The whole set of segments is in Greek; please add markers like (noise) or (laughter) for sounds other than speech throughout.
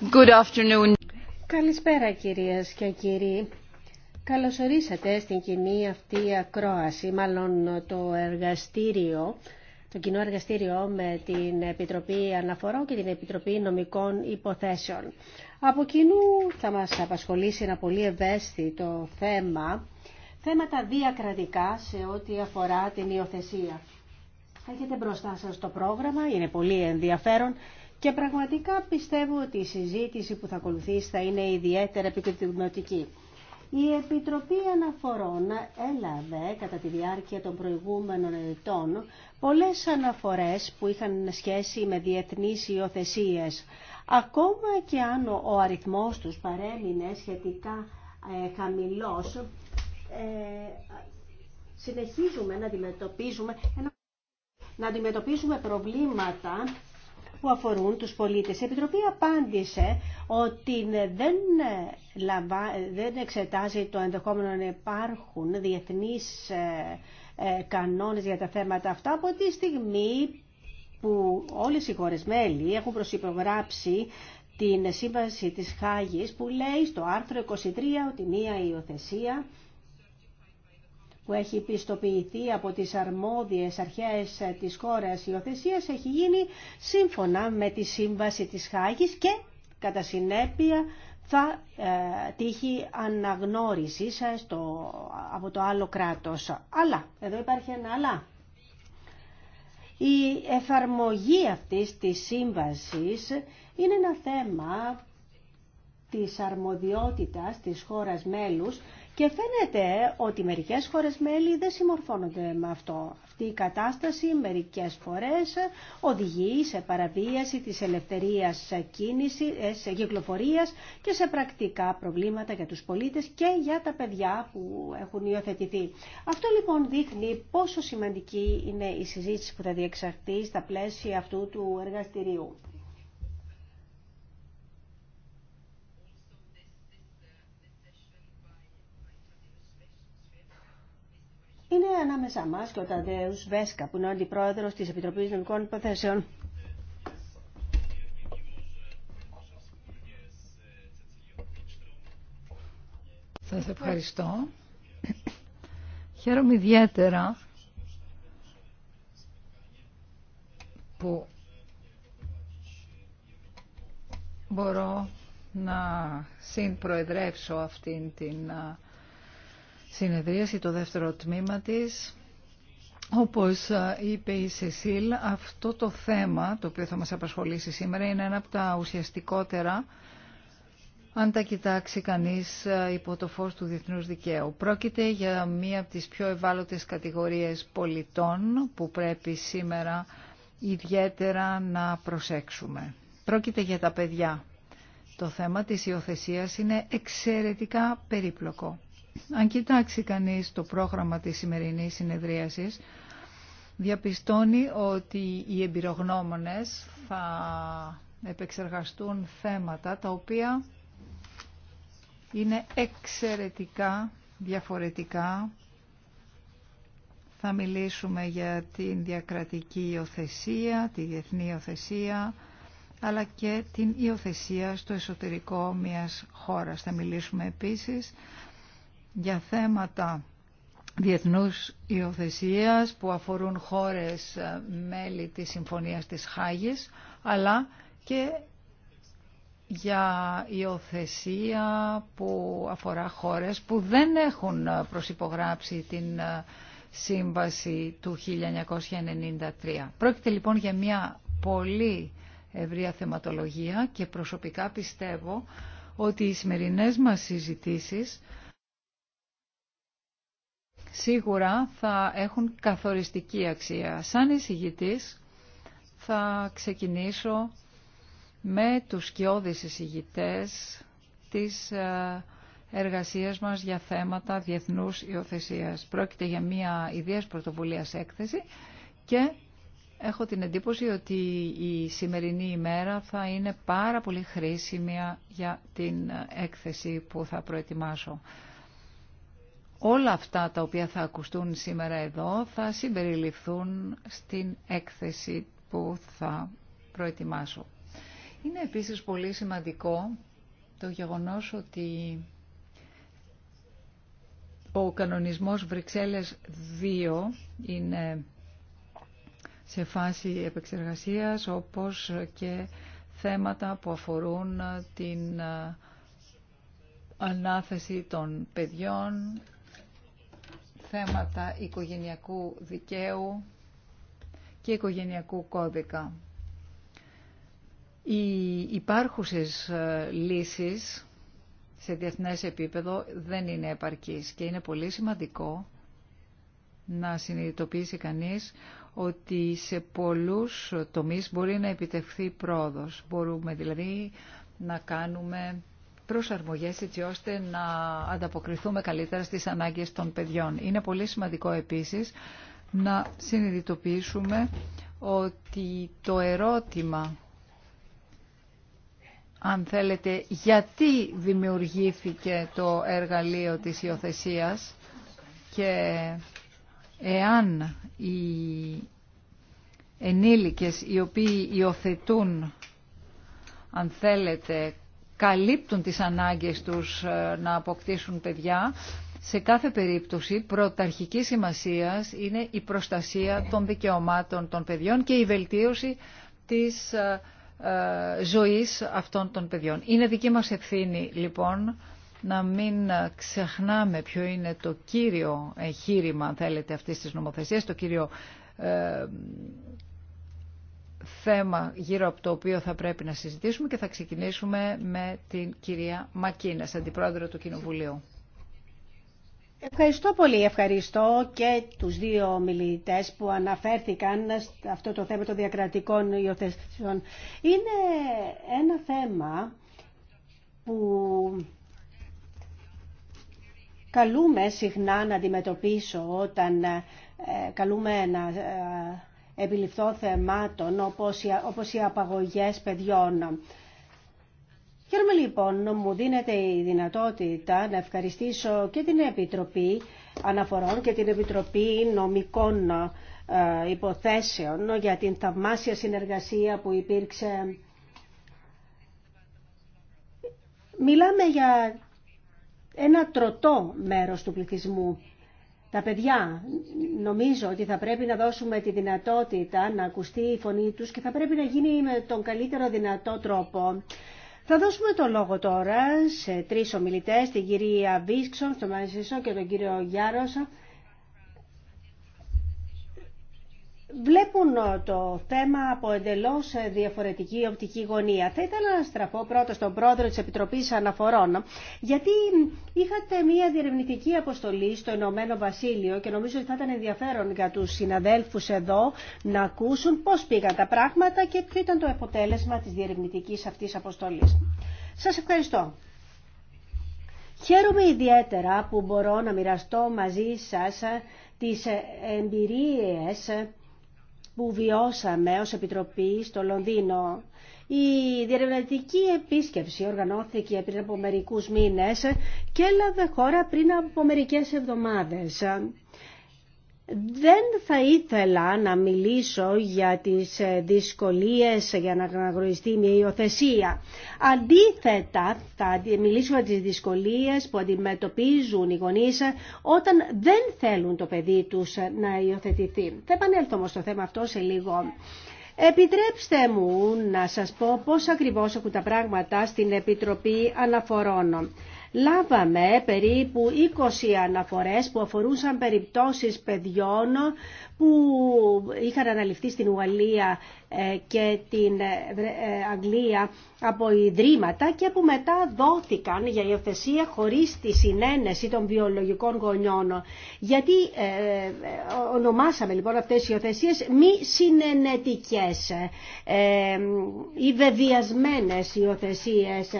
Good afternoon. Καλησπέρα κυρίες και κύριοι. Καλωσορίσατε στην κοινή αυτή ακρόαση, μάλλον το εργαστήριο, το κοινό εργαστήριο με την Επιτροπή Αναφορών και την Επιτροπή Νομικών Υποθέσεων. Από κοινού θα μας απασχολήσει ένα πολύ ευαίσθητο θέμα, θέματα διακρατικά σε ό,τι αφορά την υιοθεσία. Έχετε μπροστά σας το πρόγραμμα, είναι πολύ ενδιαφέρον και πραγματικά πιστεύω ότι η συζήτηση που θα ακολουθήσει θα είναι ιδιαίτερα επικοινωνιακή. Η Επιτροπή Αναφορών έλαβε κατά τη διάρκεια των προηγούμενων ετών πολλές αναφορές που είχαν σχέση με διεθνείς υιοθεσίε. Ακόμα και αν ο αριθμός τους παρέμεινε σχετικά ε, χαμηλός, ε, συνεχίζουμε να αντιμετωπίζουμε, να αντιμετωπίζουμε προβλήματα που αφορούν τους πολίτες. Η Επιτροπή απάντησε ότι δεν, δεν εξετάζει το ενδεχόμενο να υπάρχουν διεθνείς ε, ε, κανόνες για τα θέματα αυτά από τη στιγμή που όλες οι χώρες μέλη έχουν προσυπογράψει την σύμβαση της Χάγης που λέει στο άρθρο 23 ότι μία υιοθεσία που έχει πιστοποιηθεί από τις αρμόδιες αρχές ε, της χώρας υιοθεσία έχει γίνει σύμφωνα με τη Σύμβαση της Χάγης και κατά συνέπεια θα ε, τύχει αναγνώρισης ε, στο, από το άλλο κράτος. Αλλά, εδώ υπάρχει ένα αλλά. Η εφαρμογή αυτής της σύμβασης είναι ένα θέμα της αρμοδιότητας της χώρας μέλους και φαίνεται ότι μερικές χώρες μέλη δεν συμμορφώνονται με αυτό. Αυτή η κατάσταση μερικές φορές οδηγεί σε παραβίαση της ελευθερίας ε, σε κυκλοφορίας και σε πρακτικά προβλήματα για τους πολίτες και για τα παιδιά που έχουν υιοθετηθεί. Αυτό λοιπόν δείχνει πόσο σημαντική είναι η συζήτηση που θα διεξαχθεί στα πλαίσια αυτού του εργαστηρίου. είναι ανάμεσά μα και ο Ταντέους Βέσκα που είναι ο αντιπρόεδρο τη Επιτροπή Νομικών Υποθέσεων. Σας ευχαριστώ. Χαίρομαι ιδιαίτερα που μπορώ να συμπροεδρεύσω αυτήν την συνεδρίαση, το δεύτερο τμήμα της. Όπως είπε η Σεσίλ, αυτό το θέμα το οποίο θα μας απασχολήσει σήμερα είναι ένα από τα ουσιαστικότερα αν τα κοιτάξει κανείς ε, υπό το φως του διεθνούς δικαίου. Πρόκειται για μία από τις πιο ευάλωτες κατηγορίες πολιτών που πρέπει σήμερα ιδιαίτερα να προσέξουμε. Πρόκειται για τα παιδιά. Το θέμα της υιοθεσίας είναι εξαιρετικά περίπλοκο. Αν κοιτάξει κανείς το πρόγραμμα της σημερινής συνεδρίασης, διαπιστώνει ότι οι εμπειρογνώμονες θα επεξεργαστούν θέματα τα οποία είναι εξαιρετικά διαφορετικά. Θα μιλήσουμε για την διακρατική υιοθεσία, τη διεθνή υιοθεσία, αλλά και την υιοθεσία στο εσωτερικό μιας χώρας. Θα μιλήσουμε επίσης για θέματα διεθνούς υιοθεσία που αφορούν χώρες ε, μέλη της Συμφωνίας της Χάγης, αλλά και για υιοθεσία που αφορά χώρες που δεν έχουν ε, προσυπογράψει την ε, Σύμβαση του 1993. Πρόκειται λοιπόν για μια πολύ ευρία θεματολογία και προσωπικά πιστεύω ότι οι σημερινές μας συζητήσεις σίγουρα θα έχουν καθοριστική αξία. Σαν εισηγητής θα ξεκινήσω με τους σκιώδεις εισηγητές της ε, εργασίας μας για θέματα διεθνούς υιοθεσία. Πρόκειται για μια ιδίας πρωτοβουλία έκθεση και έχω την εντύπωση ότι η σημερινή ημέρα θα είναι πάρα πολύ χρήσιμη για την ε, έκθεση που θα προετοιμάσω όλα αυτά τα οποία θα ακουστούν σήμερα εδώ θα συμπεριληφθούν στην έκθεση που θα προετοιμάσω. Είναι επίσης πολύ σημαντικό το γεγονός ότι ο κανονισμός Βρυξέλλες 2 είναι σε φάση επεξεργασίας όπως και θέματα που αφορούν την ανάθεση των παιδιών, θέματα οικογενειακού δικαίου και οικογενειακού κώδικα. Οι υπάρχουσες ε, λύσεις σε διεθνές επίπεδο δεν είναι επαρκής και είναι πολύ σημαντικό να συνειδητοποιήσει κανείς ότι σε πολλούς τομείς μπορεί να επιτευχθεί πρόοδος. Μπορούμε δηλαδή να κάνουμε προσαρμογές έτσι ώστε να ανταποκριθούμε καλύτερα στις ανάγκες των παιδιών. Είναι πολύ σημαντικό επίσης να συνειδητοποιήσουμε ότι το ερώτημα αν θέλετε, γιατί δημιουργήθηκε το εργαλείο της υιοθεσία και εάν οι ενήλικες οι οποίοι υιοθετούν, αν θέλετε, καλύπτουν τις ανάγκες τους ε, να αποκτήσουν παιδιά. Σε κάθε περίπτωση πρωταρχική σημασίας είναι η προστασία των δικαιωμάτων των παιδιών και η βελτίωση της ε, ε, ζωής αυτών των παιδιών. Είναι δική μας ευθύνη λοιπόν να μην ξεχνάμε ποιο είναι το κύριο εγχείρημα, αν θέλετε, αυτής της νομοθεσίας, το κύριο θέμα γύρω από το οποίο θα πρέπει να συζητήσουμε και θα ξεκινήσουμε με την κυρία Μακίνα, Αντιπρόεδρο του Κοινοβουλίου. Ευχαριστώ πολύ. Ευχαριστώ και τους δύο μιλητές που αναφέρθηκαν σε αυτό το θέμα των διακρατικών υιοθεσιών. Είναι ένα θέμα που καλούμε συχνά να αντιμετωπίσω όταν ε, καλούμε να ε, επιληφθώ θεμάτων όπως οι, όπως οι απαγωγές παιδιών. Χαίρομαι λοιπόν, μου δίνεται η δυνατότητα να ευχαριστήσω και την Επιτροπή Αναφορών και την Επιτροπή Νομικών ε, Υποθέσεων για την θαυμάσια συνεργασία που υπήρξε. Μιλάμε για ένα τροτό μέρος του πληθυσμού τα παιδιά. Νομίζω ότι θα πρέπει να δώσουμε τη δυνατότητα να ακουστεί η φωνή τους και θα πρέπει να γίνει με τον καλύτερο δυνατό τρόπο. Θα δώσουμε το λόγο τώρα σε τρεις ομιλητές, την κυρία Βίσκσον, τον Μανσίσο και τον κύριο Γιάροσα. βλέπουν ε, το θέμα από εντελώς ε, διαφορετική οπτική γωνία. Θα ήθελα να στραφώ πρώτα στον πρόεδρο της Επιτροπής Αναφορών, γιατί είχατε μια διερευνητική αποστολή στο Ηνωμένο Βασίλειο και νομίζω ότι θα ήταν ενδιαφέρον για τους συναδέλφους εδώ να ακούσουν πώς πήγαν τα πράγματα και ποιο ήταν το αποτέλεσμα της διερευνητικής αυτής αποστολής. Σας ευχαριστώ. Χαίρομαι ιδιαίτερα που μπορώ να μοιραστώ μαζί σας ε, τις εμπειρίες που βιώσαμε ως Επιτροπή στο Λονδίνο. Η διερευνητική επίσκεψη οργανώθηκε πριν από μερικούς μήνες και έλαβε χώρα πριν από μερικές εβδομάδες. Δεν θα ήθελα να μιλήσω για τις ε, δυσκολίες για να αναγνωριστεί μια υιοθεσία. Αντίθετα, θα μιλήσω για τις δυσκολίες που αντιμετωπίζουν οι γονείς όταν δεν θέλουν το παιδί τους ε, να υιοθετηθεί. Θα επανέλθω όμως στο θέμα αυτό σε λίγο. Επιτρέψτε μου να σας πω πώς ακριβώς έχουν τα πράγματα στην Επιτροπή Αναφορών λάβαμε περίπου 20 αναφορές που αφορούσαν περιπτώσεις παιδιών που είχαν αναλυφθεί στην Ουαλία ε, και την ε, ε, Αγγλία από ιδρύματα και που μετά δόθηκαν για υιοθεσία χωρίς τη συνένεση των βιολογικών γονιών. Γιατί ονομάσαμε λοιπόν αυτές οι υιοθεσίες μη συνενετικές ε, ή βεβιασμένες υιοθεσίες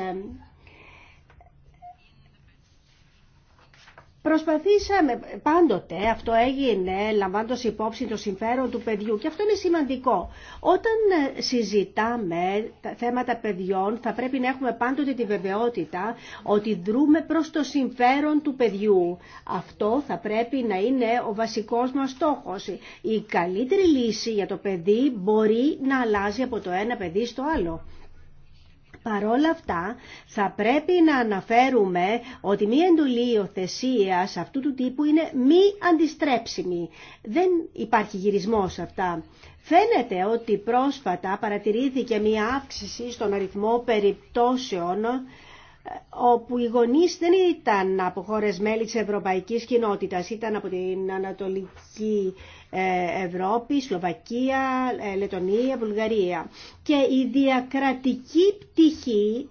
Προσπαθήσαμε πάντοτε, αυτό έγινε λαμβάνοντας υπόψη το συμφέρον του παιδιού και αυτό είναι σημαντικό. Όταν ε, συζητάμε θέματα παιδιών θα πρέπει να έχουμε πάντοτε τη βεβαιότητα ότι δρούμε προς το συμφέρον του παιδιού. Αυτό θα πρέπει να είναι ο βασικός μας στόχος. Η καλύτερη λύση για το παιδί μπορεί να αλλάζει από το ένα παιδί στο άλλο. Παρόλα αυτά, θα πρέπει να αναφέρουμε ότι μία εντολή υιοθεσία αυτού του τύπου είναι μη αντιστρέψιμη. Δεν υπάρχει γυρισμο σε αυτά. Φαίνεται ότι πρόσφατα παρατηρήθηκε μία αύξηση στον αριθμό περιπτώσεων ε, όπου οι γονείς δεν ήταν από χώρες μέλη της Ευρωπαϊκής Κοινότητας, ήταν από την Ανατολική ε, Ευρώπη, Σλοβακία, ε, Λετωνία, Βουλγαρία. Και η διακρατική πτυχή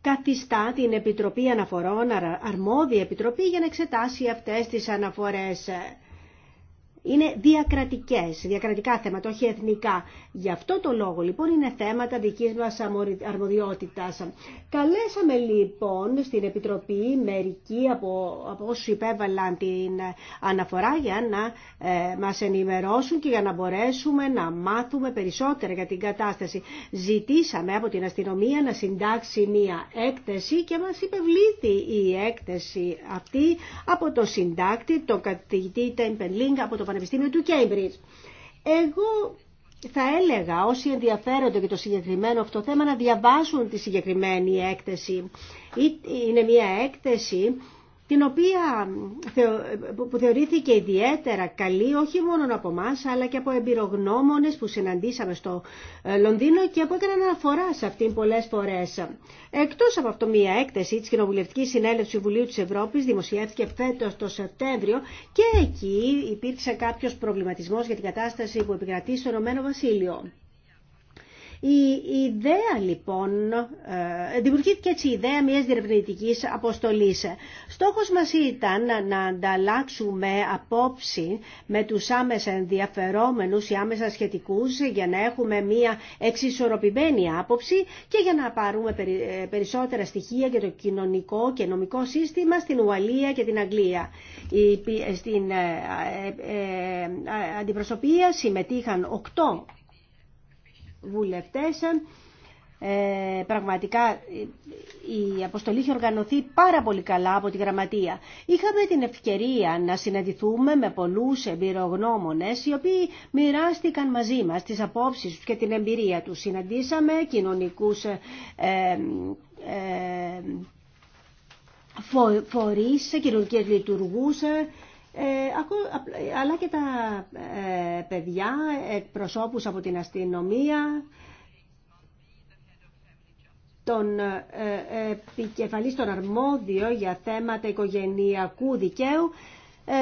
καθιστά την Επιτροπή Αναφορών, αρμόδια επιτροπή για να εξετάσει αυτές τις αναφορές είναι διακρατικές, διακρατικά θέματα, όχι εθνικά. Γι' αυτό το λόγο λοιπόν είναι θέματα δικής μας αρμοδιότητας. Καλέσαμε λοιπόν στην Επιτροπή μερικοί από, από όσους υπέβαλαν την αναφορά για να ε, μας ενημερώσουν και για να μπορέσουμε να μάθουμε περισσότερα για την κατάσταση. Ζητήσαμε από την αστυνομία να συντάξει μία έκθεση και μας υπευλήθη η έκθεση αυτή από το συντάκτη, το καθηγητή Τέμπερ από το Πανεπιστήμιο του Cambridge. Εγώ θα έλεγα όσοι ενδιαφέρονται για το συγκεκριμένο αυτό θέμα να διαβάσουν τη συγκεκριμένη έκθεση. Είναι μια έκθεση την οποία ε, που θεωρήθηκε ιδιαίτερα καλή όχι μόνο από εμά, αλλά και από εμπειρογνώμονες που συναντήσαμε στο ε, Λονδίνο και που έκαναν αναφορά σε αυτήν πολλές φορές. Εκτός από αυτό μια έκθεση της κοινοβουλευτική Συνέλευσης του Βουλίου της Ευρώπης δημοσιεύθηκε φέτος το Σεπτέμβριο και εκεί υπήρξε κάποιος προβληματισμός για την κατάσταση που επικρατεί στο Ηνωμένο Βασίλειο. Η ιδέα λοιπόν, ε, δημιουργήθηκε έτσι η ιδέα μιας διερευνητικής αποστολής. Στόχος μας ήταν να ανταλλάξουμε απόψη με τους άμεσα ενδιαφερόμενους ή άμεσα σχετικούς για να έχουμε μια εξισορροπημένη άποψη και για να πάρουμε ε, περισσότερα στοιχεία για το κοινωνικό και νομικό σύστημα στην Ουαλία και την Αγγλία. Ε, στην αντιπροσωπεία συμμετείχαν οκτώ βουλευτές. Ε, πραγματικά η αποστολή είχε οργανωθεί πάρα πολύ καλά από τη γραμματεία. Είχαμε την ευκαιρία να συναντηθούμε με πολλούς εμπειρογνώμονες οι οποίοι μοιράστηκαν μαζί μας τις απόψεις τους και την εμπειρία τους. Συναντήσαμε κοινωνικούς ε, ε, ε φορείς, κοινωνικές λειτουργούς, ε, αλλά και τα ε, παιδιά, προσώπους από την αστυνομία, τον ε, επικεφαλής, τον αρμόδιο για θέματα οικογενειακού δικαίου ε,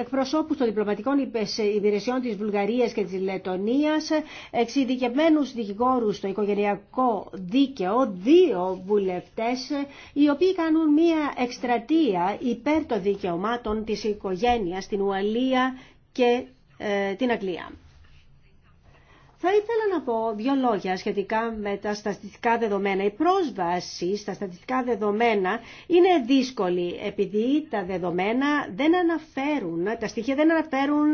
εκπροσώπους των διπλωματικών υπηρεσιών της Βουλγαρίας και της Λετωνίας, εξειδικευμένους δικηγόρους στο οικογενειακό δίκαιο, δύο βουλευτές, οι οποίοι κάνουν μία εκστρατεία υπέρ των δικαιωμάτων της οικογένειας στην Ουαλία και ε, την Αγγλία. Θα ήθελα να πω δύο λόγια σχετικά με τα στατιστικά δεδομένα. Η πρόσβαση στα στατιστικά δεδομένα είναι δύσκολη επειδή τα δεδομένα δεν αναφέρουν, τα στοιχεία δεν αναφέρουν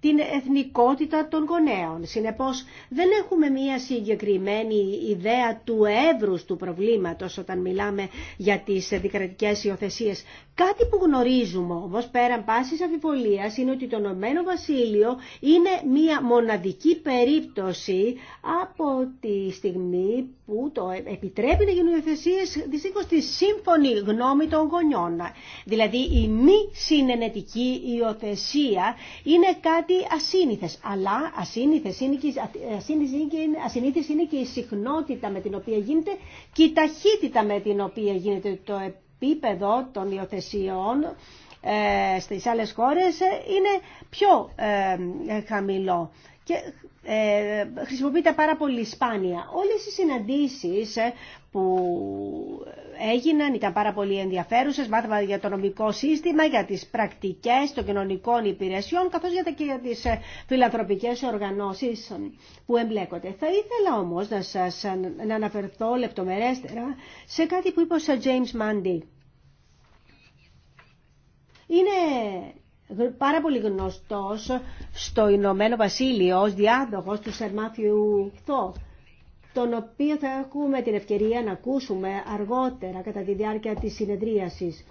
την εθνικότητα των γονέων. Συνεπώς δεν έχουμε μία συγκεκριμένη ιδέα του εύρους του προβλήματος όταν μιλάμε για τις δικρατικές υιοθεσίες. Κάτι που γνωρίζουμε όμω πέραν πάσης αμφιβολίας είναι ότι το Ηνωμένο Βασίλειο είναι μία μοναδική περίπτωση από τη στιγμή που το επιτρέπει να γίνουν υιοθεσίες δυστυχώς στη σύμφωνη γνώμη των γονιών. Δηλαδή η μη συνενετική υιοθεσία είναι κάτι ασύνηθες, αλλά ασύνηθες είναι και, ασύνηθες είναι και η συχνότητα με την οποία γίνεται και η ταχύτητα με την οποία γίνεται το επίπεδο των υιοθεσιών ε, στις άλλες χώρες ε, είναι πιο ε, χαμηλό και ε, χρησιμοποιείται πάρα πολύ σπάνια. Όλες οι συναντήσεις ε, που έγιναν ήταν πάρα πολύ ενδιαφέρουσες, μάθαμε για το νομικό σύστημα, για τις πρακτικές των κοινωνικών υπηρεσιών, καθώς και για τις ε, φιλανθρωπικές οργανώσεις που εμπλέκονται. Θα ήθελα όμως να σας να αναφερθώ λεπτομερέστερα σε κάτι που είπε ο Sir Μάντι πάρα πολύ γνωστός στο Ηνωμένο Βασίλειο ως διάδοχος του Σερ Μάθιου τον οποίο θα έχουμε την ευκαιρία να ακούσουμε αργότερα κατά τη διάρκεια της συνεδρίασης.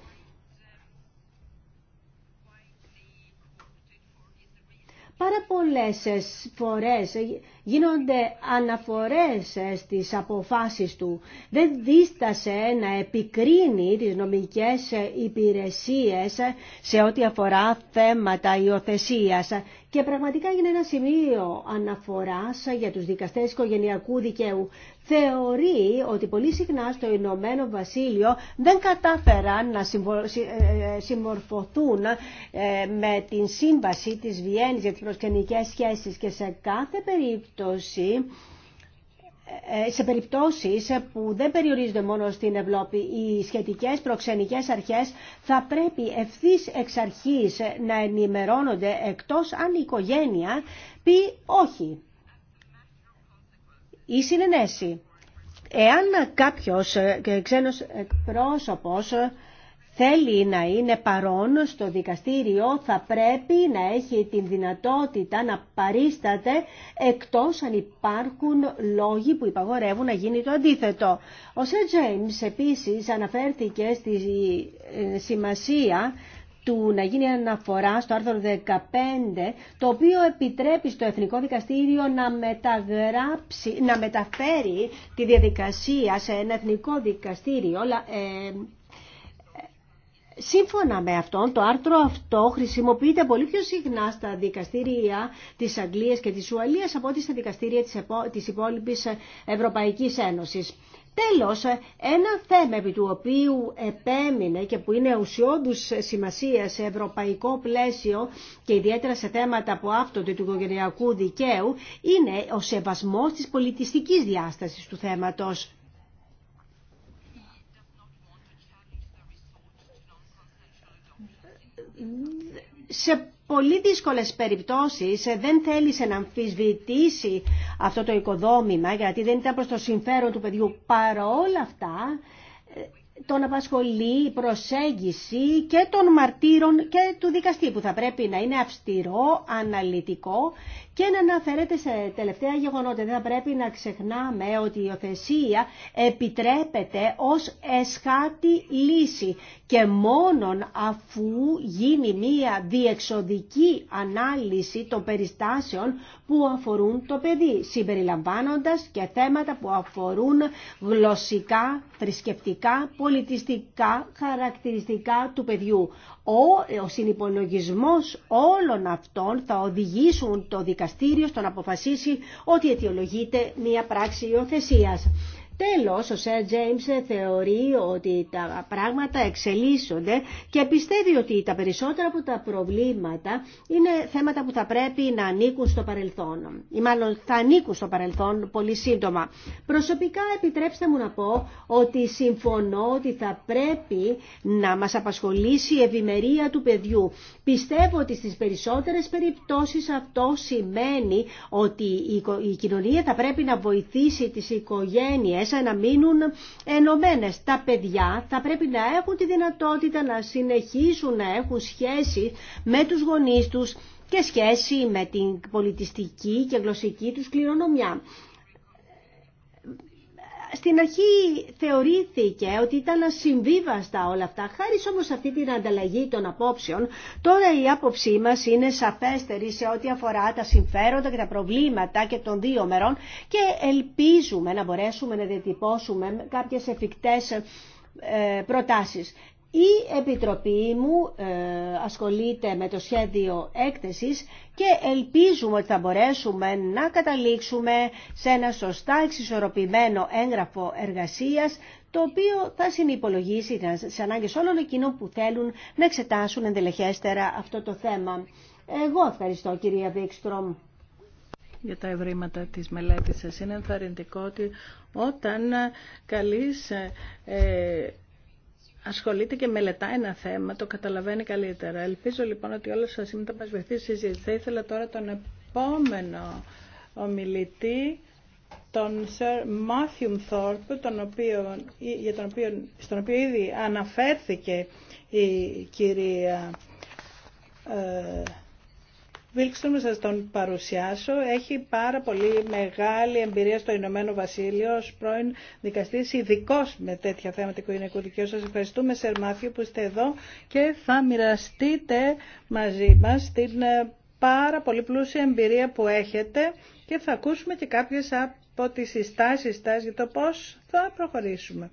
Πάρα πολλές ε, φορές ε, γίνονται αναφορές ε, στις αποφάσεις του. Δεν δίστασε να επικρίνει τις νομικές υπηρεσίες σε ό,τι αφορά θέματα υιοθεσία. Και πραγματικά είναι ένα σημείο αναφοράς για τους δικαστές οικογενειακού δικαίου θεωρεί ότι πολύ συχνά στο Ηνωμένο Βασίλειο δεν κατάφεραν να ε, ε, συμμορφωθούν ε, με την σύμβαση της Βιέννης για τις προσκενικές σχέσεις και σε κάθε περίπτωση σε περιπτώσεις που δεν περιορίζονται μόνο στην Ευλόπη οι σχετικές προξενικές αρχές θα πρέπει ευθύς εξ αρχής να ενημερώνονται εκτός αν η οικογένεια πει όχι η συνενέση. Εάν κάποιος ε, ξένος πρόσωπος ε, θέλει να είναι παρόν στο δικαστήριο θα πρέπει να έχει την δυνατότητα να παρίσταται εκτός αν υπάρχουν λόγοι που υπαγορεύουν να γίνει το αντίθετο. Ο Σε Τζέιμς επίσης αναφέρθηκε στη ε, σημασία του να γίνει αναφορά στο άρθρο 15, το οποίο επιτρέπει στο Εθνικό Δικαστήριο να, μεταγράψει, να μεταφέρει τη διαδικασία σε ένα Εθνικό Δικαστήριο, ε, ε, Σύμφωνα με αυτόν, το άρθρο αυτό χρησιμοποιείται πολύ πιο συχνά στα δικαστήρια της Αγγλίας και της Ουαλίας από ό,τι στα δικαστήρια της υπόλοιπης Ευρωπαϊκής Ένωσης. Τέλος, ένα θέμα επί του οποίου επέμεινε και που είναι ουσιώδους σημασία σε ευρωπαϊκό πλαίσιο και ιδιαίτερα σε θέματα που αυτό του οικογενειακού δικαίου είναι ο σεβασμός της πολιτιστικής διάστασης του θέματος σε πολύ δύσκολες περιπτώσεις ε, δεν θέλησε να αμφισβητήσει αυτό το οικοδόμημα γιατί δεν ήταν προς το συμφέρον του παιδιού. Παρόλα αυτά ε, τον απασχολεί η προσέγγιση και των μαρτύρων και του δικαστή που θα πρέπει να είναι αυστηρό, αναλυτικό και να αναφέρεται σε τελευταία γεγονότα. Δεν θα πρέπει να ξεχνάμε ότι η υιοθεσία επιτρέπεται ως εσχάτη λύση και μόνον αφού γίνει μία διεξοδική ανάλυση των περιστάσεων που αφορούν το παιδί, συμπεριλαμβάνοντας και θέματα που αφορούν γλωσσικά, θρησκευτικά, πολιτιστικά χαρακτηριστικά του παιδιού ο, ο συνυπολογισμός όλων αυτών θα οδηγήσουν το δικαστήριο στο να αποφασίσει ότι αιτιολογείται μια πράξη υιοθεσία. Τέλος, ο Σερ Τζέιμς θεωρεί ότι τα πράγματα εξελίσσονται και πιστεύει ότι τα περισσότερα από τα προβλήματα είναι θέματα που θα πρέπει να ανήκουν στο παρελθόν. Ή μάλλον θα ανήκουν στο παρελθόν πολύ σύντομα. Προσωπικά επιτρέψτε μου να πω ότι συμφωνώ ότι θα πρέπει να μας απασχολήσει η ευημερία του παιδιού. Πιστεύω ότι στις περισσότερες περιπτώσεις αυτό σημαίνει ότι η κοινωνία θα πρέπει να βοηθήσει τις οικογένειες να μείνουν ενωμένε. Τα παιδιά θα πρέπει να έχουν τη δυνατότητα να συνεχίσουν να έχουν σχέση με τους γονείς τους και σχέση με την πολιτιστική και γλωσσική τους κληρονομιά στην αρχή θεωρήθηκε ότι ήταν ασυμβίβαστα όλα αυτά. Χάρη όμως αυτή την ανταλλαγή των απόψεων, τώρα η άποψή μας είναι σαφέστερη σε ό,τι αφορά τα συμφέροντα και τα προβλήματα και των δύο μερών και ελπίζουμε να μπορέσουμε να διατυπώσουμε κάποιες εφικτές ε, προτάσεις. Η Επιτροπή μου ε, ασχολείται με το σχέδιο έκθεσης και ελπίζουμε ότι θα μπορέσουμε να καταλήξουμε σε ένα σωστά εξισορροπημένο έγγραφο εργασίας το οποίο θα συνυπολογίσει τις ανάγκες όλων εκείνων που θέλουν να εξετάσουν εντελεχέστερα αυτό το θέμα. Εγώ ευχαριστώ κυρία Βίξτρομ για τα ευρήματα της μελέτης σας. Είναι ενθαρρυντικό ότι όταν καλείς ε, ασχολείται και μελετά ένα θέμα, το καταλαβαίνει καλύτερα. Ελπίζω λοιπόν ότι όλα σας είναι τα μας βοηθήσει Θα ήθελα τώρα τον επόμενο ομιλητή, τον Sir Matthew Thorpe, τον οποίο, για τον οποίο, στον οποίο ήδη αναφέρθηκε η κυρία ε, να σας τον παρουσιάσω. Έχει πάρα πολύ μεγάλη εμπειρία στο Ηνωμένο Βασίλειο ως πρώην δικαστής ειδικό με τέτοια θέματα οικογενειακού δικαίου. Σας ευχαριστούμε Μάθιο, που είστε εδώ και θα μοιραστείτε μαζί μας την ε, πάρα πολύ πλούσια εμπειρία που έχετε και θα ακούσουμε και κάποιες από τις συστάσεις για το πώς θα προχωρήσουμε.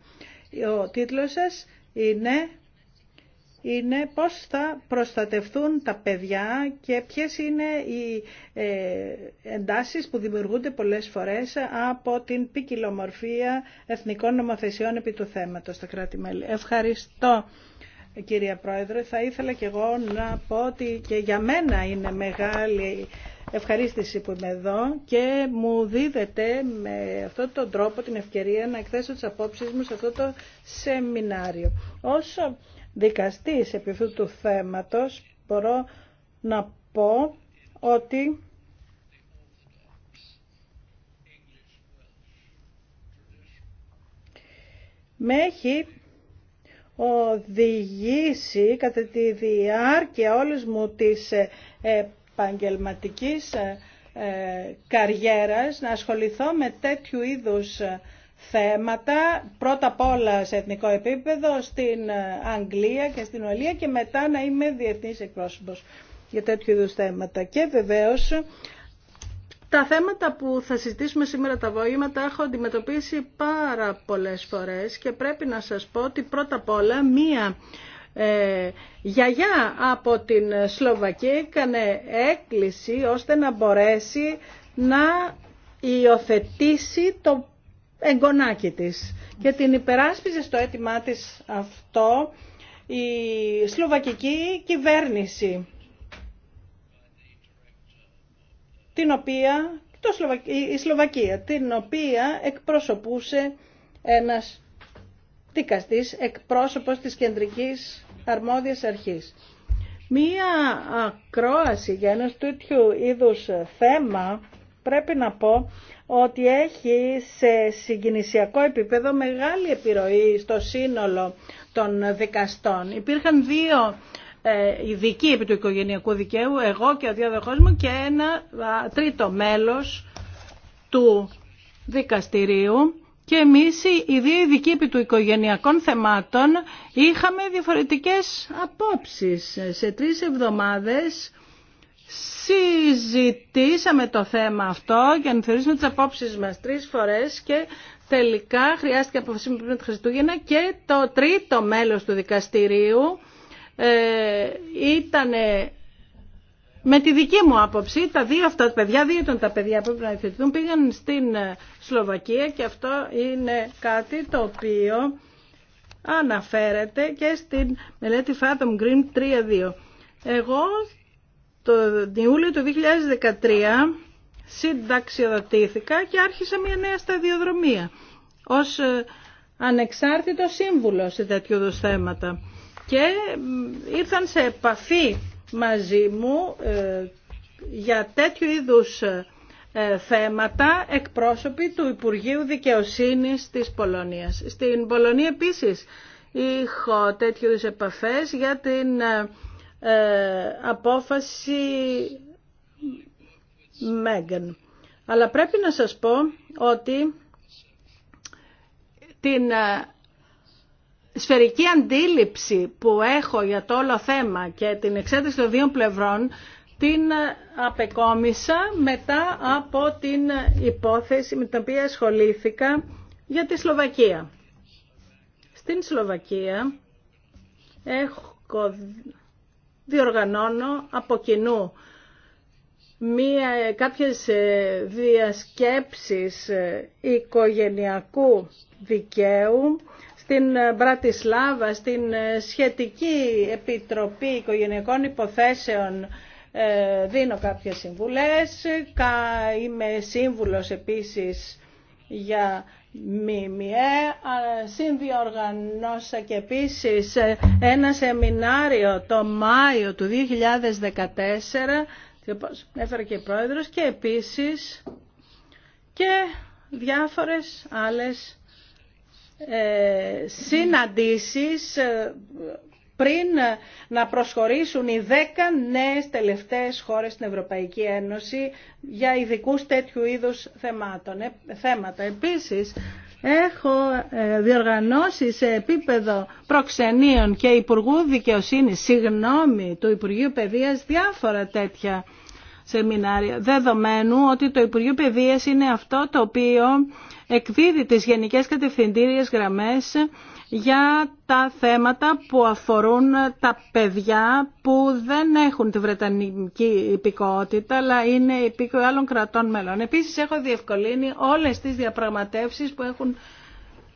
Ο τίτλος σας είναι είναι πώς θα προστατευτούν τα παιδιά και ποιες είναι οι ε, εντάσεις που δημιουργούνται πολλές φορές από την ποικιλομορφία εθνικών νομοθεσιών επί του θέματος στα κράτη-μέλη. Ευχαριστώ. Κυρία Πρόεδρε, θα ήθελα και εγώ να πω ότι και για μένα είναι μεγάλη ευχαρίστηση που είμαι εδώ και μου δίδεται με αυτόν τον τρόπο την ευκαιρία να εκθέσω τις απόψεις μου σε αυτό το σεμινάριο. Όσο δικαστής επί αυτού του θέματος μπορώ να πω ότι με έχει οδηγήσει κατά τη διάρκεια όλης μου της επαγγελματικής ε, ε, καριέρας να ασχοληθώ με τέτοιου είδους ε, θέματα, πρώτα απ' όλα σε εθνικό επίπεδο, στην ε, Αγγλία και στην Ολία και μετά να είμαι διεθνής εκπρόσωπος για τέτοιου είδους θέματα. Και βεβαίως τα θέματα που θα συζητήσουμε σήμερα τα βοήματα έχω αντιμετωπίσει πάρα πολλές φορές και πρέπει να σας πω ότι πρώτα απ' όλα μία ε, γιαγιά από την Σλοβακία έκανε έκκληση ώστε να μπορέσει να υιοθετήσει το εγγονάκι Και την υπεράσπιζε στο αίτημά της αυτό η σλοβακική κυβέρνηση, την οποία, το η Σλοβακία, την οποία εκπροσωπούσε ένας δικαστής, εκπρόσωπος της κεντρικής αρμόδιας αρχής. Μία ακρόαση για ένα τέτοιου είδους θέμα πρέπει να πω ότι έχει σε συγκινησιακό επίπεδο μεγάλη επιρροή στο σύνολο των δικαστών. Υπήρχαν δύο ε, ειδικοί επί του οικογενειακού δικαίου, εγώ και ο διάδοχός μου και ένα τρίτο μέλος του δικαστηρίου και εμείς οι δύο ειδικοί επί του οικογενειακών θεμάτων είχαμε διαφορετικές απόψεις. Σε τρεις εβδομάδες συζητήσαμε το θέμα αυτό και ανθεωρήσαμε τις απόψεις μας τρεις φορές και τελικά χρειάστηκε αποφασίσουμε πριν τα Χριστούγεννα και το τρίτο μέλος του δικαστηρίου ε, ήταν με τη δική μου άποψη, τα δύο αυτά τα παιδιά, δύο ήταν τα παιδιά που έπρεπε να υιοθετηθούν, πήγαν στην ε, Σλοβακία και αυτό είναι κάτι το οποίο αναφέρεται και στην μελέτη Fathom Green 3.2. Εγώ το Ιούλιο του 2013 συνταξιοδοτήθηκα και άρχισα μια νέα σταδιοδρομία ως ε, ανεξάρτητο σύμβουλο σε τέτοιου είδου θέματα. Και ήρθαν σε επαφή μαζί μου ε, για τέτοιου είδους ε, θέματα εκπρόσωποι του Υπουργείου Δικαιοσύνης της Πολωνίας. Στην Πολωνία επίσης είχα τέτοιου είδους επαφές για την ε, απόφαση Μέγαν. Αλλά πρέπει να σας πω ότι την ε, σφαιρική αντίληψη που έχω για το όλο θέμα και την εξέταση των δύο πλευρών την ε, απεκόμισα μετά από την υπόθεση με την οποία ασχολήθηκα για τη Σλοβακία. Στην Σλοβακία έχω διοργανώνω από κοινού μία, κάποιες ε, διασκέψεις ε, οικογενειακού δικαίου στην ε, Μπρατισλάβα, στην σχετική Επιτροπή Οικογενειακών Υποθέσεων δίνω κάποιες συμβουλές, είμαι σύμβουλος επίσης για ΜΜΕ, συνδιοργανώσα και επίσης ένα σεμινάριο το Μάιο του 2014, έφερε και πρόεδρος και επίσης και διάφορες άλλες ε, συναντήσεις ε, πριν ε, να προσχωρήσουν οι 10 νέες τελευταίες χώρες στην Ευρωπαϊκή Ένωση για ειδικού τέτοιου είδους θεμάτων, ε, θέματα. Επίσης, έχω ε, διοργανώσει σε επίπεδο προξενείων και Υπουργού Δικαιοσύνη, συγγνώμη, του Υπουργείου Παιδείας, διάφορα τέτοια σεμινάρια, δεδομένου ότι το Υπουργείο Παιδείας είναι αυτό το οποίο εκδίδει τις γενικές κατευθυντήριες γραμμές για τα θέματα που αφορούν τα παιδιά που δεν έχουν τη Βρετανική υπηκότητα αλλά είναι υπήκοοι άλλων κρατών μέλων. Επίσης έχω διευκολύνει όλες τις διαπραγματεύσεις που έχουν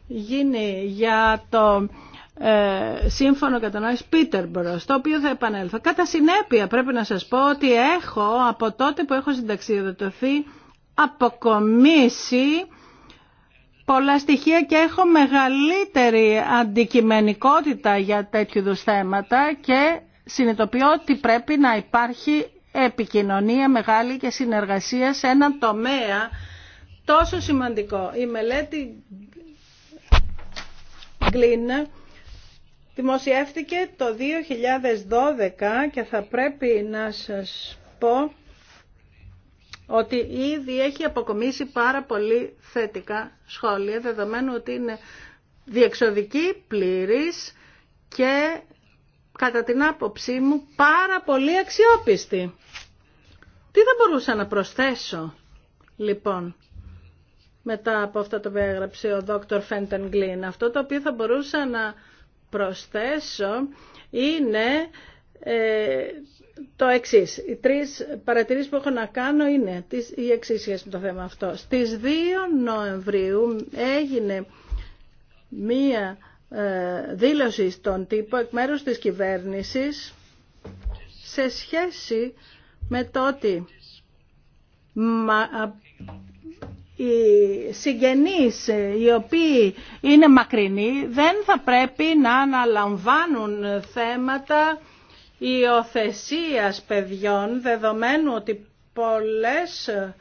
γίνει για το ε, σύμφωνο κατανόηση Πίτερμπρο, στο οποίο θα επανέλθω. Κατά συνέπεια πρέπει να σας πω ότι έχω από τότε που έχω συνταξιδοτηθεί αποκομίσει πολλά στοιχεία και έχω μεγαλύτερη αντικειμενικότητα για τέτοιου είδους θέματα και συνειδητοποιώ ότι πρέπει να υπάρχει επικοινωνία μεγάλη και συνεργασία σε έναν τομέα τόσο σημαντικό. Η μελέτη Γκλίν δημοσιεύτηκε το 2012 και θα πρέπει να σας πω ότι ήδη έχει αποκομίσει πάρα πολύ θετικά σχόλια, δεδομένου ότι είναι διεξοδική, πλήρης και κατά την άποψή μου πάρα πολύ αξιόπιστη. Τι θα μπορούσα να προσθέσω, λοιπόν, μετά από αυτό το που έγραψε ο Δόκτωρ Φέντεν Γκλίν. Αυτό το οποίο θα μπορούσα να προσθέσω είναι ε, το εξή. Οι τρει παρατηρήσει που έχω να κάνω είναι οι εξή σχέση με το θέμα αυτό. Στι 2 Νοεμβρίου έγινε μία ε, δήλωση στον τύπο εκ μέρου τη κυβέρνηση σε σχέση με το ότι οι συγγενείς ε, οι οποίοι είναι μακρινοί δεν θα πρέπει να αναλαμβάνουν θέματα υιοθεσία παιδιών, δεδομένου ότι πολλές ε,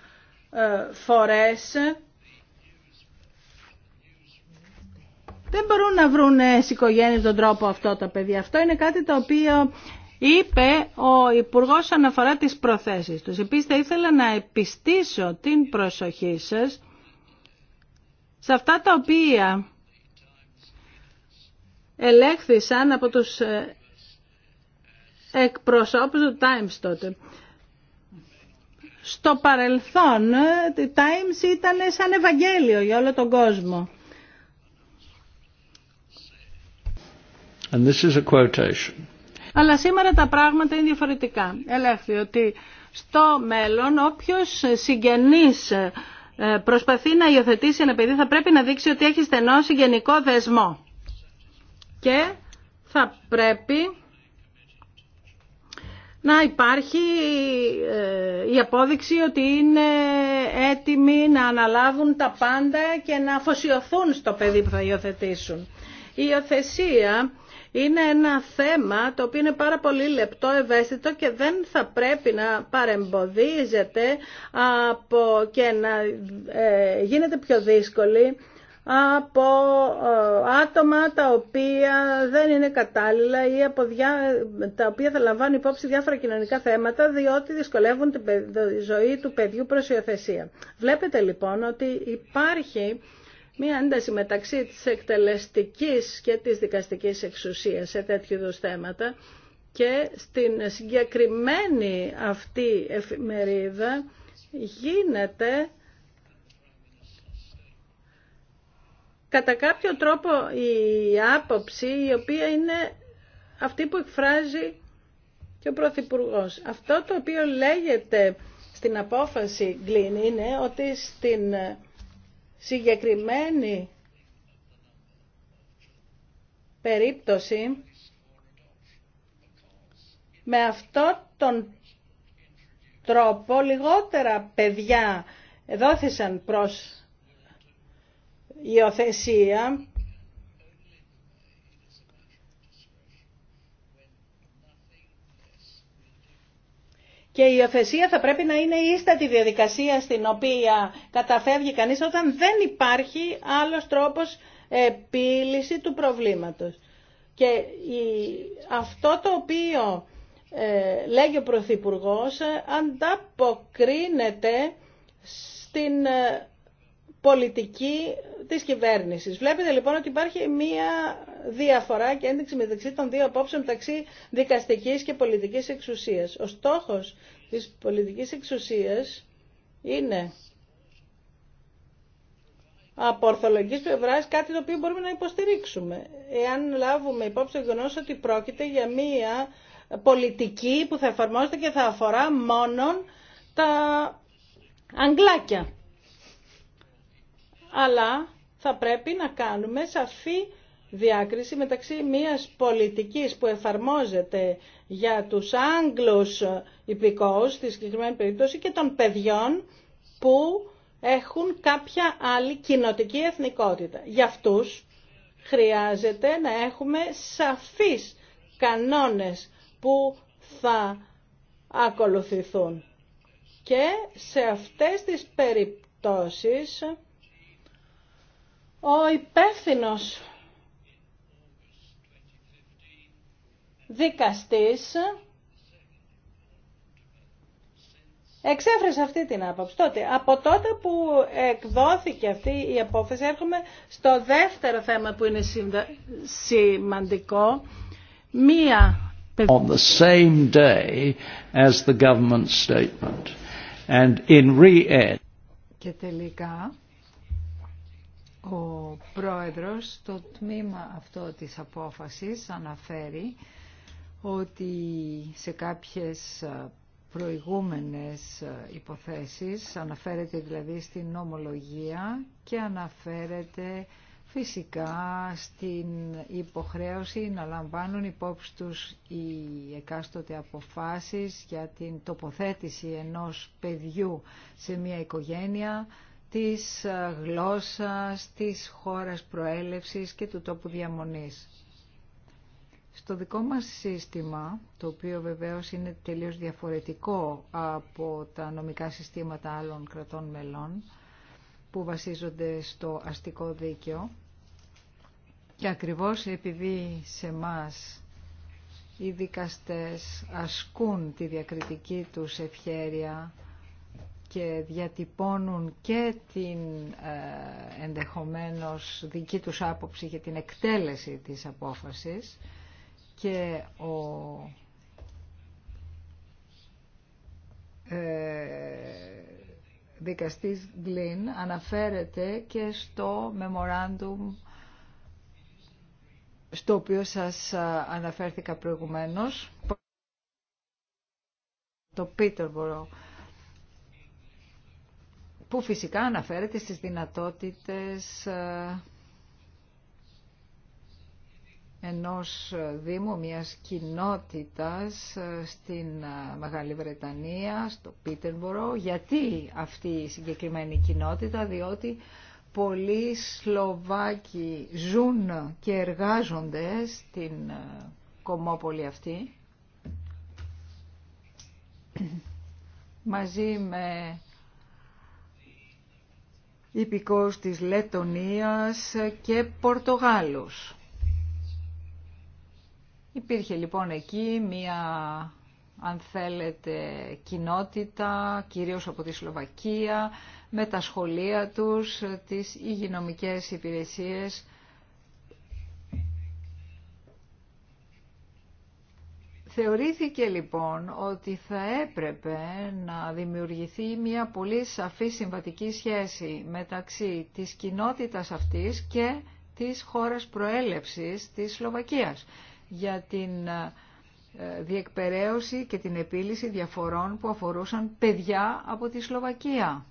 φορές δεν μπορούν να βρουν στις τον τρόπο αυτό τα παιδιά. Αυτό είναι κάτι το οποίο είπε ο υπουργό αναφορά τις προθέσεις τους. Επίσης θα ήθελα να επιστήσω την προσοχή σας σε αυτά τα οποία ελέγχθησαν από τους ε, εκπροσώπου του Times τότε. Στο παρελθόν, ε, το Times ήταν σαν Ευαγγέλιο για όλο τον κόσμο. And this is a quotation. Αλλά σήμερα τα πράγματα είναι διαφορετικά. Ελέγχθη ότι στο μέλλον όποιος συγγενής ε, προσπαθεί να υιοθετήσει ένα παιδί θα πρέπει να δείξει ότι έχει στενό συγγενικό δεσμό. Και θα πρέπει να υπάρχει ε, η απόδειξη ότι είναι έτοιμοι να αναλάβουν τα πάντα και να αφοσιωθούν στο παιδί που θα υιοθετήσουν. Η υιοθεσία είναι ένα θέμα το οποίο είναι πάρα πολύ λεπτό, ευαίσθητο και δεν θα πρέπει να παρεμποδίζεται από και να ε, γίνεται πιο δύσκολη από ε, άτομα τα οποία δεν είναι κατάλληλα ή από διά... τα οποία θα λαμβάνουν υπόψη διάφορα κοινωνικά θέματα διότι δυσκολεύουν τη ζωή του παιδιού προς υιοθεσία. Βλέπετε λοιπόν ότι υπάρχει μία ένταση μεταξύ της εκτελεστικής και της δικαστικής εξουσίας σε τέτοιου είδους θέματα και στην συγκεκριμένη αυτή εφημερίδα γίνεται κατά κάποιο τρόπο η άποψη η οποία είναι αυτή που εκφράζει και ο Πρωθυπουργό. Αυτό το οποίο λέγεται στην απόφαση Γκλίν είναι ότι στην συγκεκριμένη περίπτωση με αυτό τον τρόπο λιγότερα παιδιά δόθησαν προς υιοθεσία Και η υιοθεσία θα πρέπει να είναι η ίστατη διαδικασία στην οποία καταφεύγει κανείς όταν δεν υπάρχει άλλος τρόπος επίλυση του προβλήματος. Και αυτό το οποίο ε, λέγει ο Πρωθυπουργό ε, ανταποκρίνεται στην ε, πολιτική της κυβέρνησης. Βλέπετε λοιπόν ότι υπάρχει μία διαφορά και ένδειξη μεταξύ των δύο απόψεων μεταξύ δικαστικής και πολιτικής εξουσίας. Ο στόχος της πολιτικής εξουσίας είναι από ορθολογική πλευρά κάτι το οποίο μπορούμε να υποστηρίξουμε. Εάν λάβουμε υπόψη το γεγονό ότι πρόκειται για μία πολιτική που θα εφαρμόζεται και θα αφορά μόνο τα αγγλάκια αλλά θα πρέπει να κάνουμε σαφή διάκριση μεταξύ μιας πολιτικής που εφαρμόζεται για τους Άγγλους υπηκόους στη συγκεκριμένη περίπτωση και των παιδιών που έχουν κάποια άλλη κοινοτική εθνικότητα. Για αυτούς χρειάζεται να έχουμε σαφείς κανόνες που θα ακολουθηθούν. Και σε αυτές τις περιπτώσεις ο υπεύθυνο δικαστής εξέφρασε αυτή την άποψη. Τότε, από τότε που εκδόθηκε αυτή η απόφαση, έρχομαι στο δεύτερο θέμα που είναι σημαντικό. Μία on the same day as the government statement. And in και τελικά ο πρόεδρος στο τμήμα αυτό της απόφασης αναφέρει ότι σε κάποιες ε, προηγούμενες ε, υποθέσεις αναφέρεται δηλαδή στην ομολογία και αναφέρεται φυσικά στην υποχρέωση να λαμβάνουν υπόψη τους οι εκάστοτε αποφάσεις για την τοποθέτηση ενός παιδιού σε μια οικογένεια της ε, γλώσσας, της χώρας προέλευσης και του τόπου διαμονής. Στο δικό μας σύστημα, το οποίο βεβαίως είναι τελείως διαφορετικό από τα νομικά συστήματα άλλων κρατών μελών, που βασίζονται στο αστικό δίκαιο, και ακριβώς επειδή σε μας οι δικαστές ασκούν τη διακριτική τους ευχέρεια και διατυπώνουν και την ε, ενδεχομένως δική τους άποψη για την εκτέλεση της απόφασης και ο ε, δικαστής Γκλίν αναφέρεται και στο memorandum στο οποίο σας ε, αναφέρθηκα προηγουμένως το Peterborough που φυσικά αναφέρεται στις δυνατότητες ε, ενός Δήμου, μιας κοινότητας ε, στην ε, Μεγάλη Βρετανία, στο Πίτερμπορο. Γιατί αυτή η συγκεκριμένη κοινότητα, διότι πολλοί Σλοβάκοι ζουν και εργάζονται στην κομμόπολη αυτή, μαζί με υπηκός της Λετωνίας και Πορτογάλος. Υπήρχε λοιπόν εκεί μία, αν θέλετε, κοινότητα, κυρίως από τη Σλοβακία, με τα σχολεία τους, τις υγειονομικές υπηρεσίες Θεωρήθηκε λοιπόν ότι θα έπρεπε να δημιουργηθεί μια πολύ σαφή συμβατική σχέση μεταξύ της κοινότητας αυτής και της χώρας προέλευσης της Σλοβακίας για την ε, διεκπεραίωση και την επίλυση διαφορών που αφορούσαν παιδιά από τη Σλοβακία.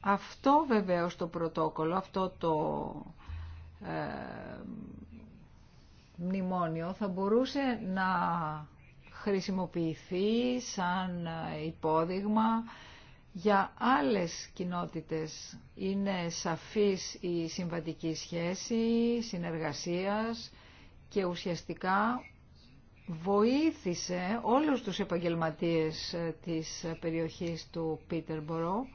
Αυτό βεβαίως το πρωτόκολλο, αυτό το ε, μνημόνιο θα μπορούσε να χρησιμοποιηθεί σαν υπόδειγμα για άλλες κοινότητες. Είναι σαφής η συμβατική σχέση συνεργασίας και ουσιαστικά βοήθησε όλους τους επαγγελματίες της περιοχής του Πίτερμπορο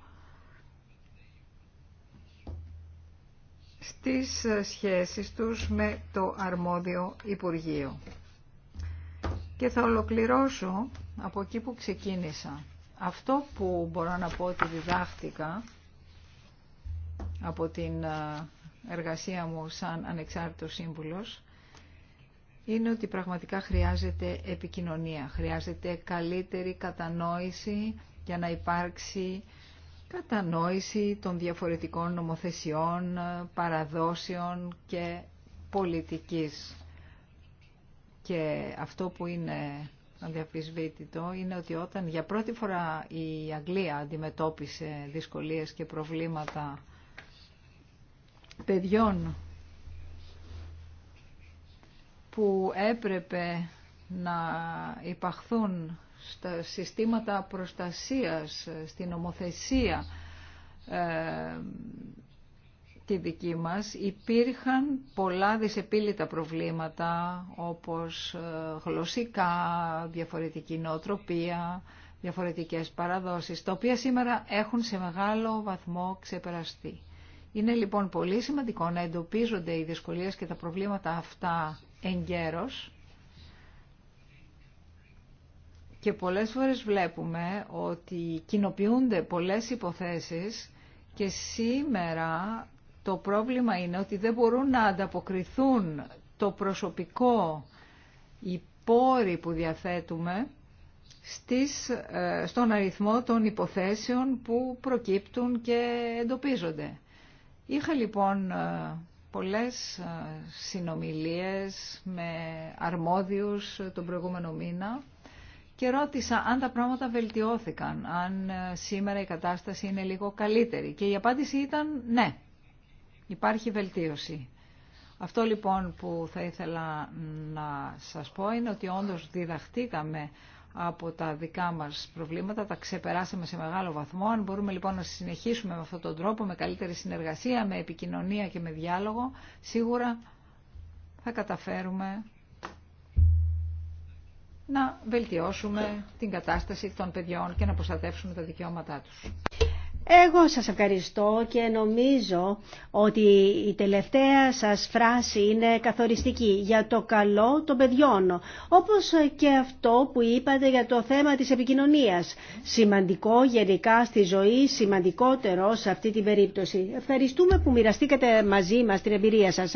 στις σχέσεις τους με το αρμόδιο Υπουργείο. Και θα ολοκληρώσω από εκεί που ξεκίνησα. Αυτό που μπορώ να πω ότι διδάχτηκα από την ε, εργασία μου σαν ανεξάρτητος σύμβουλος είναι ότι πραγματικά χρειάζεται επικοινωνία, χρειάζεται καλύτερη κατανόηση για να υπάρξει κατανόηση των διαφορετικών νομοθεσιών, παραδόσεων και πολιτικής. Και αυτό που είναι αδιαφυσβήτητο είναι ότι όταν για πρώτη φορά η Αγγλία αντιμετώπισε δυσκολίες και προβλήματα παιδιών που έπρεπε να υπαχθούν στα συστήματα προστασίας, στην ομοθεσία ε, τη δική μας υπήρχαν πολλά δυσεπίλητα προβλήματα όπως ε, γλωσσικά, διαφορετική νοοτροπία, διαφορετικές παραδόσεις, τα οποία σήμερα έχουν σε μεγάλο βαθμό ξεπεραστεί. Είναι λοιπόν πολύ σημαντικό να εντοπίζονται οι δυσκολίες και τα προβλήματα αυτά εγκαίρως Και πολλές φορές βλέπουμε ότι κοινοποιούνται πολλές υποθέσεις και σήμερα το πρόβλημα είναι ότι δεν μπορούν να ανταποκριθούν το προσωπικό, οι που διαθέτουμε στις, ε, στον αριθμό των υποθέσεων που προκύπτουν και εντοπίζονται. Είχα λοιπόν ε, πολλές ε, συνομιλίες με αρμόδιους τον προηγούμενο μήνα και ρώτησα αν τα πράγματα βελτιώθηκαν, αν ε, σήμερα η κατάσταση είναι λίγο καλύτερη. Και η απάντηση ήταν ναι, υπάρχει βελτίωση. Αυτό λοιπόν που θα ήθελα να σας πω είναι ότι όντως διδαχτήκαμε από τα δικά μας προβλήματα, τα ξεπεράσαμε σε μεγάλο βαθμό. Αν μπορούμε λοιπόν να συνεχίσουμε με αυτόν τον τρόπο, με καλύτερη συνεργασία, με επικοινωνία και με διάλογο, σίγουρα θα καταφέρουμε να βελτιώσουμε την κατάσταση των παιδιών και να προστατεύσουμε τα δικαιώματά τους. Εγώ σας ευχαριστώ και νομίζω ότι η τελευταία σας φράση είναι καθοριστική για το καλό των παιδιών, όπως και αυτό που είπατε για το θέμα της επικοινωνίας. Σημαντικό γενικά στη ζωή, σημαντικότερο σε αυτή την περίπτωση. Ευχαριστούμε που μοιραστήκατε μαζί μας την εμπειρία σας.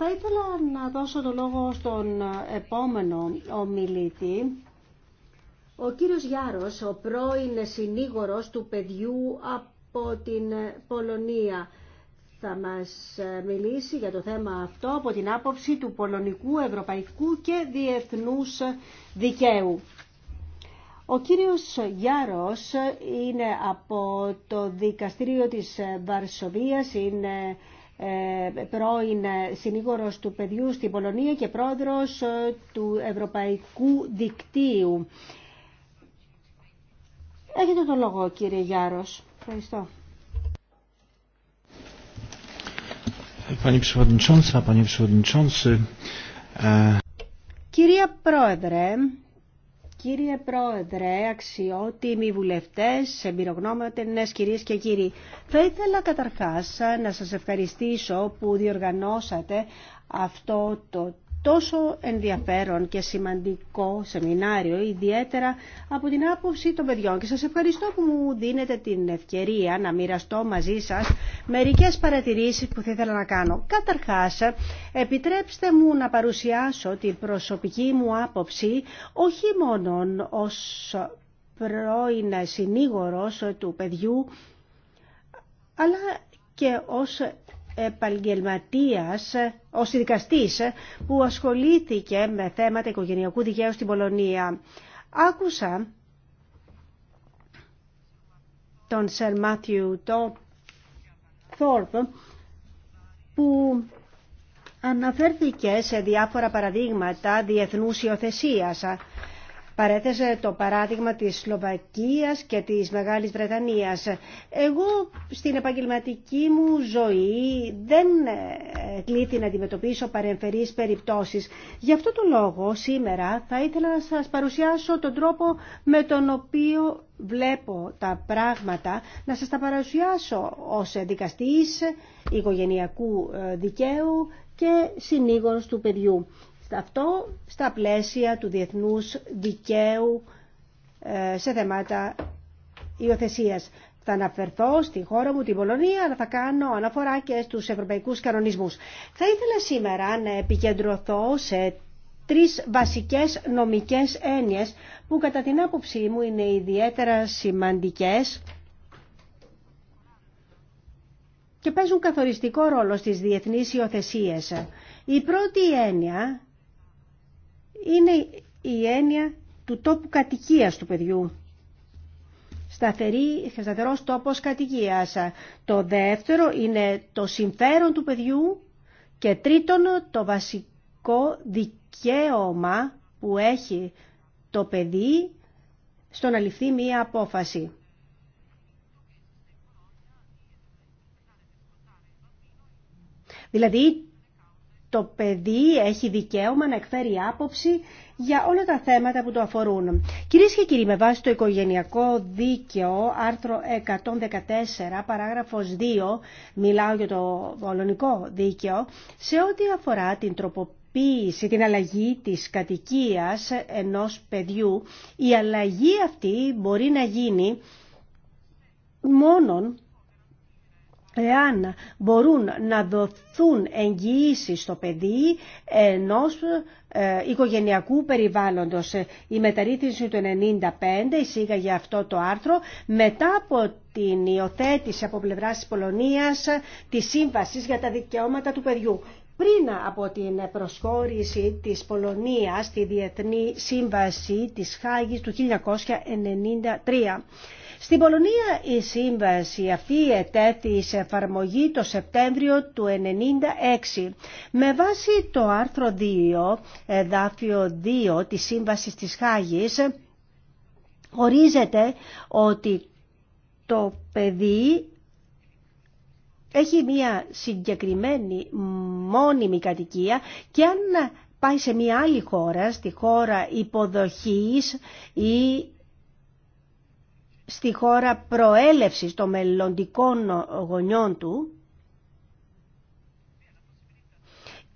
Θα ήθελα να δώσω το λόγο στον επόμενο ομιλητή, ο κύριος Γιάρος, ο πρώην συνήγορος του παιδιού από την Πολωνία. Θα μας μιλήσει για το θέμα αυτό από την άποψη του πολωνικού, ευρωπαϊκού και διεθνούς δικαίου. Ο κύριος Γιάρος είναι από το δικαστήριο της Βαρσοβίας, ε, πρώην συνήγορος του παιδιού στην Πολωνία και πρόεδρος ε, του Ευρωπαϊκού Δικτύου. Έχετε τον λόγο κύριε Γιάρος. Ευχαριστώ. E- Κυρία Πρόεδρε, Κύριε Πρόεδρε, αξιότιμοι βουλευτές, εμπειρογνώμενες κυρίες και κύριοι, θα ήθελα καταρχάς να σας ευχαριστήσω που διοργανώσατε αυτό το τόσο ενδιαφέρον και σημαντικό σεμινάριο, ιδιαίτερα από την άποψη των παιδιών. Και σας ευχαριστώ που μου δίνετε την ευκαιρία να μοιραστώ μαζί σας μερικές παρατηρήσεις που θα ήθελα να κάνω. Καταρχάς, επιτρέψτε μου να παρουσιάσω την προσωπική μου άποψη, όχι μόνο ως πρώην συνήγορος του παιδιού, αλλά και ως επαγγελματίας, ο δικαστής που ασχολήθηκε με θέματα οικογενειακού δικαίου στην Πολωνία. Άκουσα τον Σερ Μάθιου το που αναφέρθηκε σε διάφορα παραδείγματα διεθνούς υιοθεσίας. Παρέθεσε το παράδειγμα της Σλοβακίας και της Μεγάλης Βρετανίας. Εγώ στην επαγγελματική μου ζωή δεν ε, κλείτη να αντιμετωπίσω παρεμφερείς περιπτώσεις. Γι' αυτό το λόγο σήμερα θα ήθελα να σας παρουσιάσω τον τρόπο με τον οποίο βλέπω τα πράγματα, να σας τα παρουσιάσω ως δικαστής οικογενειακού ε, δικαίου και συνήγορος του παιδιού. Αυτό στα πλαίσια του διεθνούς δικαίου ε, σε θέματα υιοθεσία. Θα αναφερθώ στη χώρα μου, την Πολωνία, αλλά θα κάνω αναφορά και στους ευρωπαϊκούς κανονισμούς. Θα ήθελα σήμερα να επικεντρωθώ σε τρεις βασικές νομικές έννοιες που κατά την άποψή μου είναι ιδιαίτερα σημαντικές και παίζουν καθοριστικό ρόλο στις διεθνείς υιοθεσίες. Η πρώτη έννοια είναι η έννοια του τόπου κατοικίας του παιδιού. Σταθερή, σταθερός τόπος κατοικίας. Το δεύτερο είναι το συμφέρον του παιδιού και τρίτον το βασικό δικαίωμα που έχει το παιδί στο να ληφθεί μία απόφαση. Δηλαδή το παιδί έχει δικαίωμα να εκφέρει άποψη για όλα τα θέματα που το αφορούν. Κυρίες και κύριοι, με βάση το οικογενειακό δίκαιο, άρθρο 114, παράγραφος 2, μιλάω για το ολονικό δίκαιο, σε ό,τι αφορά την τροποποίηση, την αλλαγή της κατοικίας ενός παιδιού, η αλλαγή αυτή μπορεί να γίνει μόνον εάν μπορούν να δοθούν εγγυήσει στο παιδί ενός ε, οικογενειακού περιβάλλοντος. Η μεταρρύθμιση του 1995 εισήγαγε αυτό το άρθρο μετά από την υιοθέτηση από πλευράς της Πολωνίας της Σύμβασης για τα Δικαιώματα του Παιδιού πριν από την προσχώρηση της Πολωνίας στη Διεθνή Σύμβαση της Χάγης του 1993. Στην Πολωνία η σύμβαση αυτή ετέθη σε εφαρμογή το Σεπτέμβριο του 1996 με βάση το άρθρο 2, εδάφιο 2 της Σύμβασης της Χάγης ορίζεται ότι το παιδί έχει μία συγκεκριμένη μόνιμη κατοικία και αν πάει σε μία άλλη χώρα, στη χώρα υποδοχής ή στη χώρα προέλευσης των μελλοντικών γονιών του,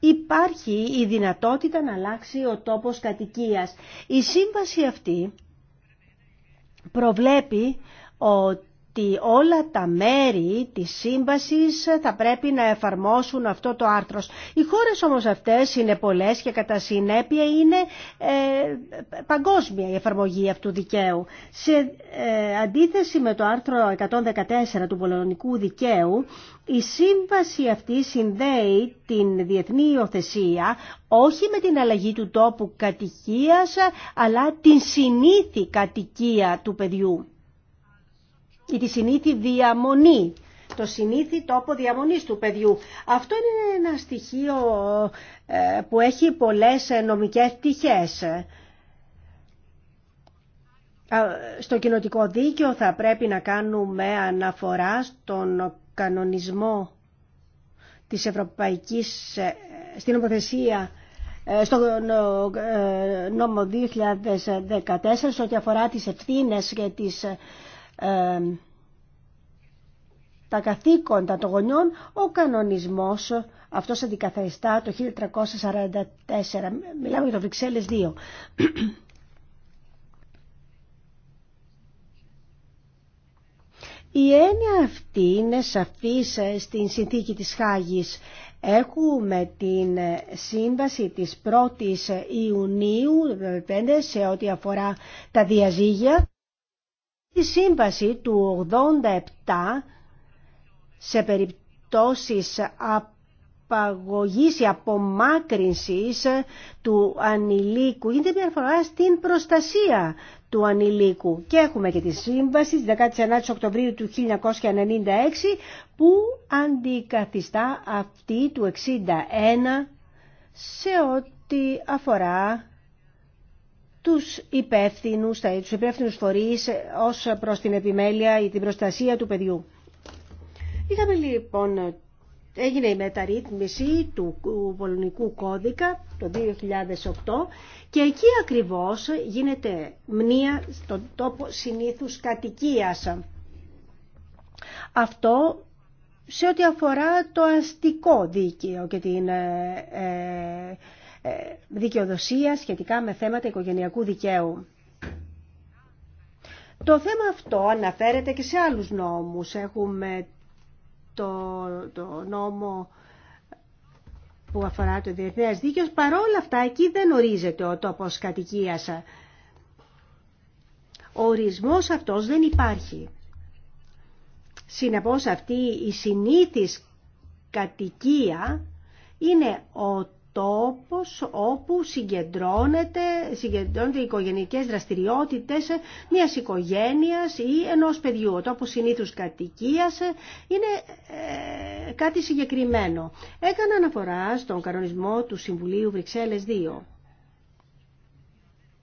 υπάρχει η δυνατότητα να αλλάξει ο τόπος κατοικίας. Η σύμβαση αυτή προβλέπει ότι ότι όλα τα μέρη της σύμβασης θα πρέπει να εφαρμόσουν αυτό το άρθρο. Οι χώρες όμως αυτές είναι πολλές και κατά συνέπεια είναι ε, παγκόσμια η εφαρμογή αυτού δικαίου. Σε ε, αντίθεση με το άρθρο 114 του πολωνικού δικαίου, η σύμβαση αυτή συνδέει την διεθνή υιοθεσία όχι με την αλλαγή του τόπου κατοικίας, αλλά την συνήθη κατοικία του παιδιού ή τη συνήθη διαμονή το συνήθι τόπο διαμονής του παιδιού. Αυτό είναι ένα στοιχείο ε, που έχει πολλές ε, νομικές τυχές. Στο κοινοτικό δίκαιο θα πρέπει να κάνουμε αναφορά στον κανονισμό της Ευρωπαϊκής, ε, στην νομοθεσία στο νόμο 2014 σε ό,τι αφορά τις ευθύνες και τις τα καθήκοντα των γονιών, ο κανονισμός αυτός αντικαθαριστά το 1344. Μιλάμε για το Βρυξέλλες 2. Η έννοια αυτή είναι σαφής ε, στην συνθήκη της Χάγης. Έχουμε την ε, σύμβαση της 1ης ε, Ιουνίου 2005 σε ό,τι αφορά τα διαζύγια. Η σύμβαση του 87 σε περιπτώσεις απαγωγής ή απομάκρυνσης του ανηλίκου είναι μια φορά στην προστασία του ανηλίκου. Και έχουμε και τη σύμβαση της 19 Οκτωβρίου του 1996 που αντικαθιστά αυτή του 61 σε ό,τι αφορά τους υπεύθυνους, τους υπεύθυνους φορείς ως προς την επιμέλεια ή την προστασία του παιδιού. Είχαμε λοιπόν, έγινε η μεταρρύθμιση του Πολωνικού Κώδικα το 2008 και εκεί ακριβώς γίνεται μνήα στον τόπο συνήθους κατοικίας. Αυτό σε ό,τι αφορά το αστικό δίκαιο και την ε, ε, ε, δικαιοδοσία σχετικά με θέματα οικογενειακού δικαίου. Το θέμα αυτό αναφέρεται και σε άλλους νόμους. Έχουμε το, το νόμο που αφορά το διεθνές δίκαιο. Παρόλα αυτά εκεί δεν ορίζεται ο τόπος κατοικίας. Ο ορισμός αυτός δεν υπάρχει. Συνεπώς αυτή η συνήθις κατοικία είναι ο τόπος όπου συγκεντρώνεται, συγκεντρώνεται οι οικογενειακές δραστηριότητες μιας οικογένειας ή ενός παιδιού. Ο τόπος συνήθους κατοικίας είναι ε, κάτι συγκεκριμένο. Έκανα αναφορά στον κανονισμό του Συμβουλίου Βρυξέλλες 2.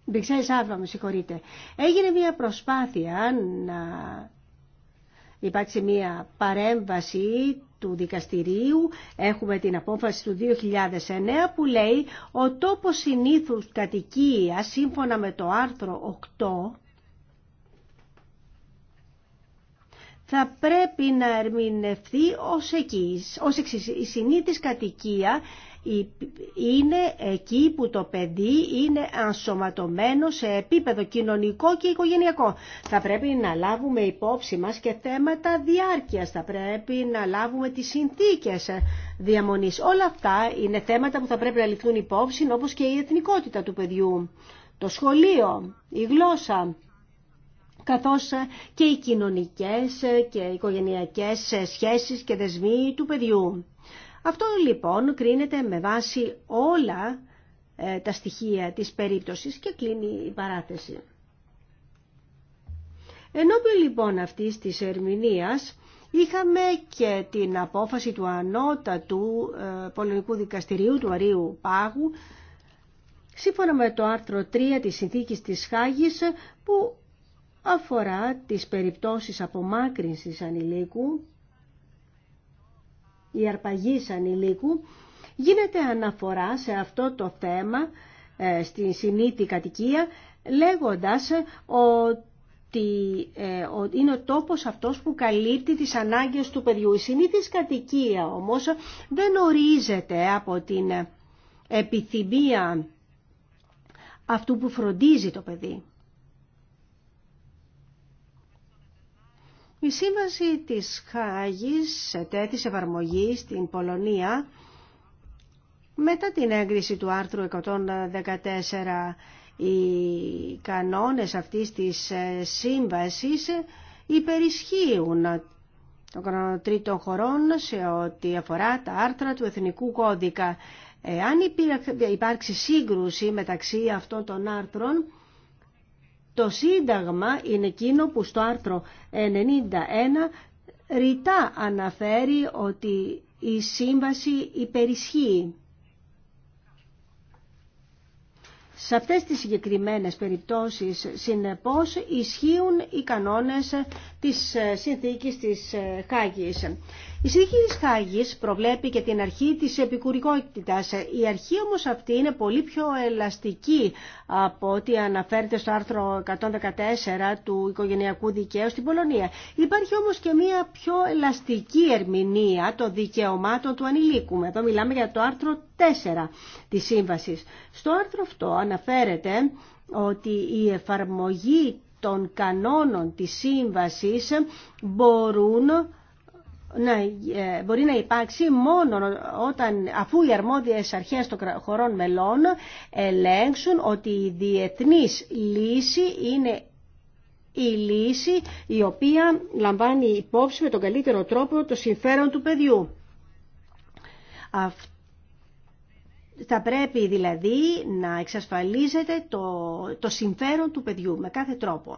Βρυξέλλες Α, με συγχωρείτε. Έγινε μια προσπάθεια να υπάρξει μια παρέμβαση του δικαστηρίου έχουμε την απόφαση του 2009 που λέει ο τόπος συνήθους κατοικία σύμφωνα με το άρθρο 8 θα πρέπει να ερμηνευθεί ως, εκείς, ως Η συνήθις κατοικία είναι εκεί που το παιδί είναι ανσωματωμένο σε επίπεδο κοινωνικό και οικογενειακό. Θα πρέπει να λάβουμε υπόψη μας και θέματα διάρκειας, θα πρέπει να λάβουμε τις συνθήκες διαμονής. Όλα αυτά είναι θέματα που θα πρέπει να ληφθούν υπόψη όπως και η εθνικότητα του παιδιού, το σχολείο, η γλώσσα καθώς και οι κοινωνικές και οικογενειακές σχέσεις και δεσμοί του παιδιού. Αυτό λοιπόν κρίνεται με βάση όλα ε, τα στοιχεία της περίπτωσης και κλείνει η παράθεση. Ενώπιον λοιπόν αυτής της ερμηνείας είχαμε και την απόφαση του ανώτατου ε, πολωνικού δικαστηρίου του Αρίου Πάγου σύμφωνα με το άρθρο 3 της Συνθήκης της Χάγης που αφορά τις περιπτώσεις απομάκρυνσης ανηλίκου η σαν ανηλίκου, γίνεται αναφορά σε αυτό το θέμα ε, στην συνήτη κατοικία λέγοντας ότι ε, είναι ο τόπος αυτός που καλύπτει τις ανάγκες του παιδιού. Η συνήθις κατοικία όμως δεν ορίζεται από την επιθυμία αυτού που φροντίζει το παιδί. Η σύμβαση της Χάγης τέτοις εφαρμογή στην Πολωνία μετά την έγκριση του άρθρου 114 οι κανόνες αυτής της ε, σύμβασης ε, υπερισχύουν των κανονοτρίτων χωρών σε ό,τι αφορά τα άρθρα του Εθνικού Κώδικα. Εάν υπάρξει σύγκρουση μεταξύ αυτών των άρθρων, το Σύνταγμα είναι εκείνο που στο άρθρο 91 ρητά αναφέρει ότι η σύμβαση υπερισχύει. Σε αυτές τις συγκεκριμένες περιπτώσεις, συνεπώς, ισχύουν οι κανόνες της ε, συνθήκης της ε, Χάγης. Η συνθήκη της Χάγης προβλέπει και την αρχή της επικουρικότητας. Η αρχή όμως αυτή είναι πολύ πιο ελαστική από ό,τι αναφέρεται στο άρθρο 114 του οικογενειακού δικαίου στην Πολωνία. Υπάρχει όμως και μια πιο ελαστική ερμηνεία των δικαιωμάτων του ανηλίκου. Εδώ μιλάμε για το άρθρο 4 της σύμβασης. Στο άρθρο αυτό αναφέρεται ότι η εφαρμογή των κανόνων της σύμβασης μπορούν να, ε, μπορεί να υπάρξει μόνο όταν, αφού οι αρμόδιες αρχές των χωρών μελών ελέγξουν ότι η διεθνής λύση είναι η λύση η οποία λαμβάνει υπόψη με τον καλύτερο τρόπο το συμφέρον του παιδιού. Αυτό θα πρέπει δηλαδή να εξασφαλίζεται το, το συμφέρον του παιδιού με κάθε τρόπο.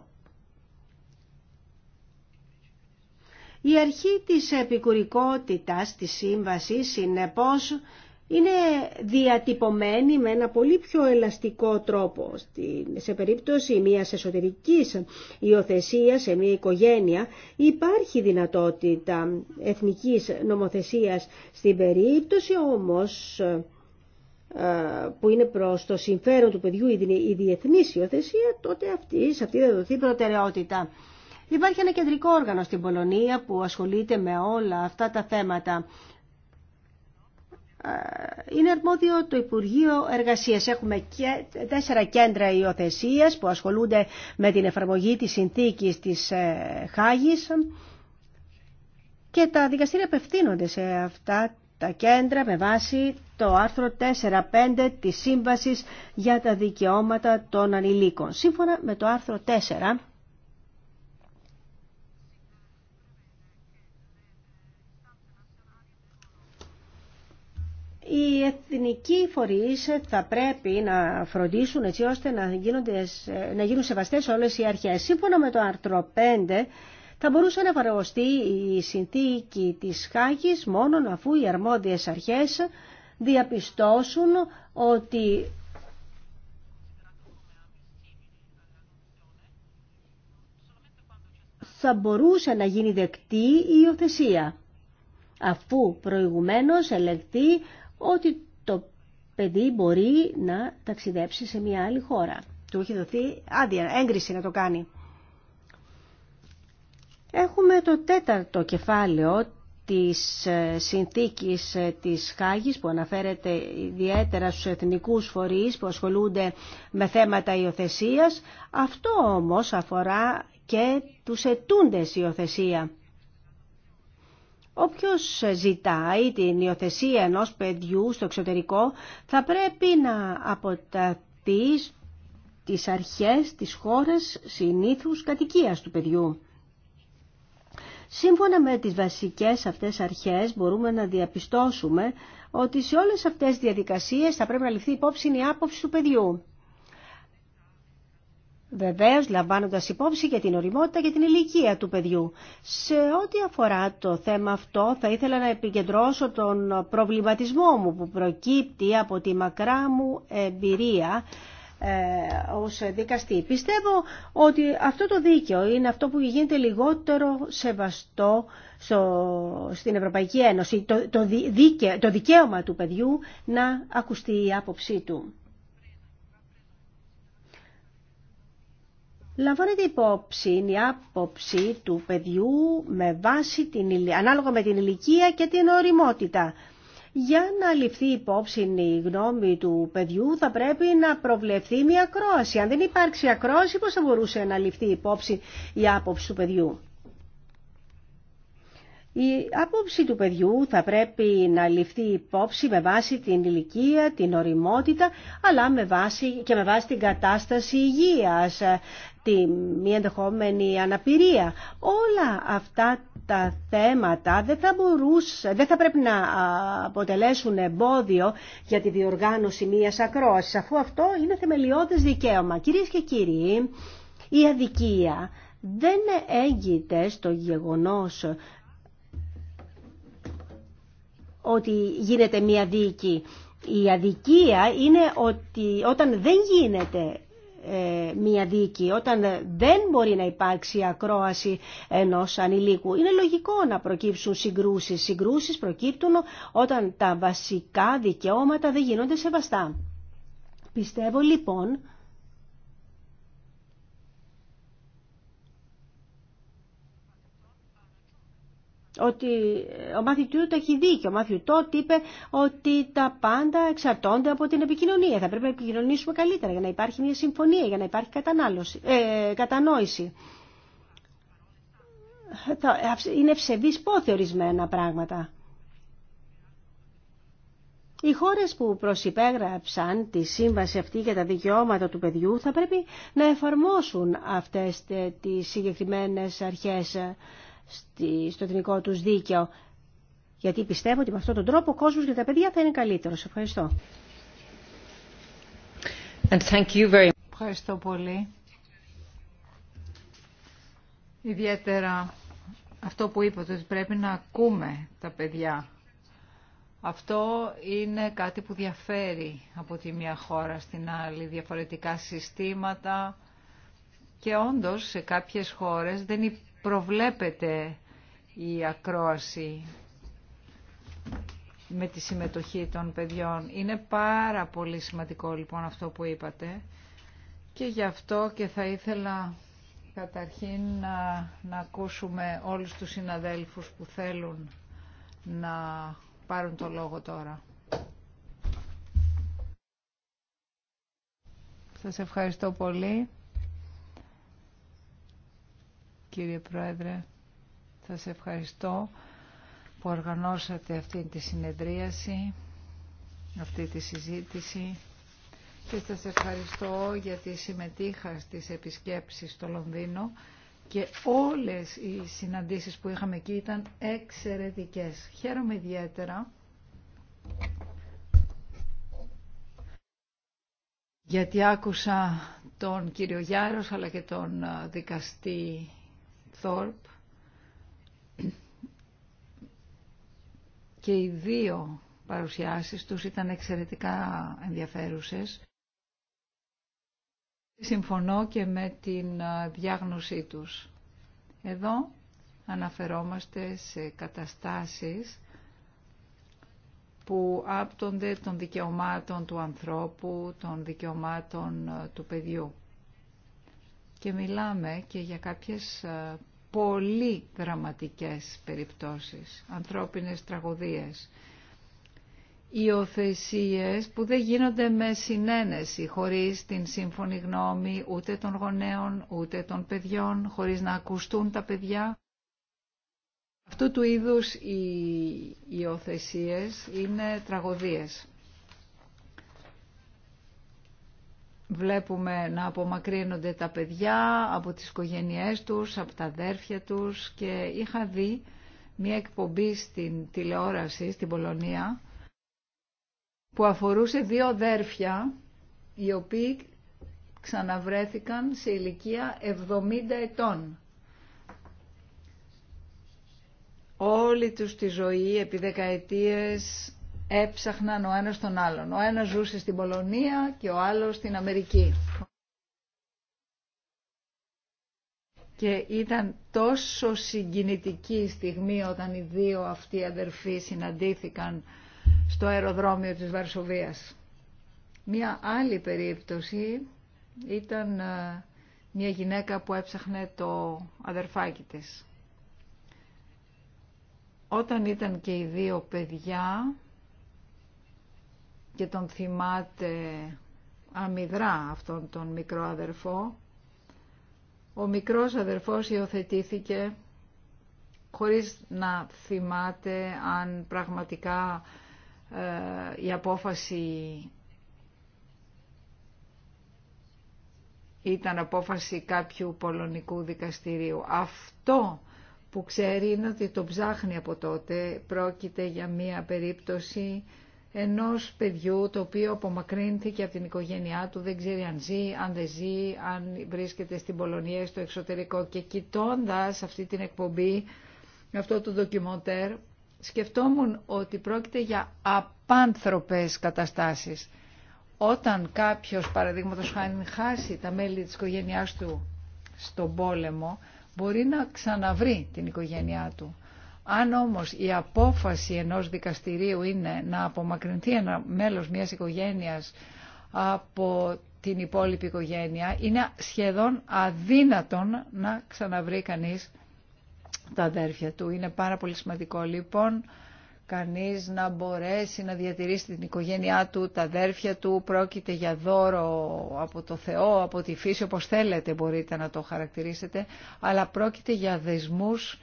Η αρχή της επικουρικότητας της σύμβασης πως είναι διατυπωμένη με ένα πολύ πιο ελαστικό τρόπο σε περίπτωση μιας εσωτερικής υιοθεσία σε μια οικογένεια υπάρχει δυνατότητα εθνικής νομοθεσίας στην περίπτωση όμως ε, που είναι προς το συμφέρον του παιδιού η διεθνής υιοθεσία, τότε αυτή, σε αυτή θα δοθεί προτεραιότητα. Υπάρχει ένα κεντρικό όργανο στην Πολωνία που ασχολείται με όλα αυτά τα θέματα. Ε, είναι αρμόδιο το Υπουργείο Εργασίας. Έχουμε και τέσσερα κέντρα υιοθεσία που ασχολούνται με την εφαρμογή της συνθήκης της ε, χάγη. και τα δικαστήρια απευθύνονται σε αυτά τα κέντρα με βάση το άρθρο 4.5 της Σύμβασης για τα Δικαιώματα των Ανηλίκων. Σύμφωνα με το άρθρο 4... Οι εθνικοί φορείς θα πρέπει να φροντίσουν έτσι ώστε να, γίνονται, να γίνουν σεβαστές όλες οι αρχές. Σύμφωνα με το άρθρο 5 θα μπορούσε να εφαρμοστεί η συνθήκη της Χάγης μόνο αφού οι αρμόδιες αρχές διαπιστώσουν ότι θα μπορούσε να γίνει δεκτή η υιοθεσία, αφού προηγουμένως ελεγχθεί ότι το παιδί μπορεί να ταξιδέψει σε μια άλλη χώρα. Του έχει δοθεί άδεια, έγκριση να το κάνει. Έχουμε το τέταρτο κεφάλαιο της ε, συνθήκης ε, της Χάγης που αναφέρεται ιδιαίτερα στους εθνικούς φορείς που ασχολούνται με θέματα υιοθεσία. Αυτό όμως αφορά και τους ετούντες υιοθεσία. Όποιος ζητάει την υιοθεσία ενός παιδιού στο εξωτερικό θα πρέπει να αποταθεί τις αρχές της χώρας συνήθους κατοικίας του παιδιού. Σύμφωνα με τις βασικές αυτές αρχές μπορούμε να διαπιστώσουμε ότι σε όλες αυτές τις διαδικασίες θα πρέπει να ληφθεί υπόψη η άποψη του παιδιού. Βεβαίω, λαμβάνοντας υπόψη και την οριμότητα και την ηλικία του παιδιού. Σε ό,τι αφορά το θέμα αυτό θα ήθελα να επικεντρώσω τον προβληματισμό μου που προκύπτει από τη μακρά μου εμπειρία ε, ως δικαστή. Πιστεύω ότι αυτό το δίκαιο είναι αυτό που γίνεται λιγότερο σεβαστό στην Ευρωπαϊκή Ένωση. Το, το δικαίωμα του παιδιού να ακουστεί η άποψή του. Λαμβάνεται υπόψη η άποψη του παιδιού με βάση την, ανάλογα με την ηλικία και την οριμότητα. Για να ληφθεί υπόψη η γνώμη του παιδιού θα πρέπει να προβλεφθεί μια ακρόαση. Αν δεν υπάρξει ακρόαση πώς θα μπορούσε να ληφθεί υπόψη η άποψη του παιδιού. Η άποψη του παιδιού θα πρέπει να ληφθεί υπόψη με βάση την ηλικία, την οριμότητα, αλλά με βάση και με βάση την κατάσταση υγείας, τη μη ενδεχόμενη αναπηρία. Όλα αυτά τα θέματα δεν θα, μπορούς δεν θα πρέπει να αποτελέσουν εμπόδιο για τη διοργάνωση μιας ακρόασης, αφού αυτό είναι θεμελιώδες δικαίωμα. Κυρίες και κύριοι, η αδικία δεν έγκυται στο γεγονός ότι γίνεται μία δίκη. Η αδικία είναι ότι όταν δεν γίνεται ε, μία δίκη, όταν δεν μπορεί να υπάρξει ακρόαση ενός ανηλίκου. Είναι λογικό να προκύψουν συγκρούσεις. Συγκρούσεις προκύπτουν όταν τα βασικά δικαιώματα δεν γίνονται σεβαστά. Πιστεύω λοιπόν ότι ο Μάθιου το έχει δίκιο. Ο Μάθιου Τότ είπε ότι τα πάντα εξαρτώνται από την επικοινωνία. Θα πρέπει να επικοινωνήσουμε καλύτερα για να υπάρχει μια συμφωνία, για να υπάρχει ε, κατανόηση. Είναι ευσεβείς πόθη ορισμένα πράγματα. Οι χώρες που προσυπέγραψαν τη σύμβαση αυτή για τα δικαιώματα του παιδιού θα πρέπει να εφαρμόσουν αυτές τις συγκεκριμένες αρχές στο εθνικό τους δίκαιο. Γιατί πιστεύω ότι με αυτόν τον τρόπο ο κόσμος για τα παιδιά θα είναι καλύτερος. Ευχαριστώ. And thank Ευχαριστώ πολύ. Ιδιαίτερα αυτό που είπατε ότι πρέπει να ακούμε τα παιδιά. Αυτό είναι κάτι που διαφέρει από τη μία χώρα στην άλλη, διαφορετικά συστήματα και όντως σε κάποιες χώρες δεν υπάρχει προβλέπεται η ακρόαση με τη συμμετοχή των παιδιών. Είναι πάρα πολύ σημαντικό λοιπόν αυτό που είπατε και γι' αυτό και θα ήθελα καταρχήν να, να ακούσουμε όλους τους συναδέλφους που θέλουν να πάρουν το λόγο τώρα. Σας ευχαριστώ πολύ κύριε Πρόεδρε. θα σε ευχαριστώ που οργανώσατε αυτή τη συνεδρίαση, αυτή τη συζήτηση και σε ευχαριστώ γιατί συμμετείχα στις επισκέψεις στο Λονδίνο και όλες οι συναντήσεις που είχαμε εκεί ήταν εξαιρετικές. Χαίρομαι ιδιαίτερα γιατί άκουσα τον κύριο Γιάρος αλλά και τον δικαστή και οι δύο παρουσιάσεις τους ήταν εξαιρετικά ενδιαφέρουσες. Συμφωνώ και με την διάγνωσή τους. Εδώ αναφερόμαστε σε καταστάσεις που άπτονται των δικαιωμάτων του ανθρώπου, των δικαιωμάτων του παιδιού. Και μιλάμε και για κάποιες πολύ δραματικές περιπτώσεις, ανθρώπινες τραγωδίες. Υιοθεσίε που δεν γίνονται με συνένεση, χωρίς την σύμφωνη γνώμη ούτε των γονέων, ούτε των παιδιών, χωρίς να ακουστούν τα παιδιά. Αυτού του είδους οι υιοθεσίε είναι τραγωδίες. Βλέπουμε να απομακρύνονται τα παιδιά από τις οικογένειές τους, από τα αδέρφια τους και είχα δει μια εκπομπή στην τηλεόραση στην Πολωνία που αφορούσε δύο αδέρφια οι οποίοι ξαναβρέθηκαν σε ηλικία 70 ετών. Όλη τους τη ζωή επί δεκαετίες έψαχναν ο ένας τον άλλον. Ο ένας ζούσε στην Πολωνία και ο άλλος στην Αμερική. Και ήταν τόσο συγκινητική στιγμή όταν οι δύο αυτοί αδερφοί συναντήθηκαν στο αεροδρόμιο της Βαρσοβίας. Μία άλλη περίπτωση ήταν ε, μια γυναίκα που έψαχνε το αδερφάκι της. Όταν ήταν και οι δύο παιδιά, και τον θυμάται αμυδρά αυτόν τον μικρό αδερφό. Ο μικρός αδερφός υιοθετήθηκε χωρίς να θυμάται αν πραγματικά ε, η απόφαση ήταν απόφαση κάποιου πολωνικού δικαστηρίου. Αυτό που ξέρει είναι ότι το ψάχνει από τότε. Πρόκειται για μία περίπτωση ενός παιδιού το οποίο απομακρύνθηκε από την οικογένειά του, δεν ξέρει αν ζει, αν δεν ζει, αν βρίσκεται στην Πολωνία στο εξωτερικό. Και κοιτώντα αυτή την εκπομπή, αυτό το ντοκιμότερ σκεφτόμουν ότι πρόκειται για απάνθρωπες καταστάσεις. Όταν κάποιος, παραδείγματος χάρη χάσει τα μέλη της οικογένειάς του στον πόλεμο, μπορεί να ξαναβρει την οικογένειά του. Αν όμως η απόφαση ενός δικαστηρίου είναι να απομακρυνθεί ένα μέλος μιας οικογένειας από την υπόλοιπη οικογένεια, είναι σχεδόν αδύνατον να ξαναβρει κανείς τα αδέρφια του. Είναι πάρα πολύ σημαντικό λοιπόν κανείς να μπορέσει να διατηρήσει την οικογένειά του, τα αδέρφια του, πρόκειται για δώρο από το Θεό, από τη φύση, όπως θέλετε μπορείτε να το χαρακτηρίσετε, αλλά πρόκειται για δεσμούς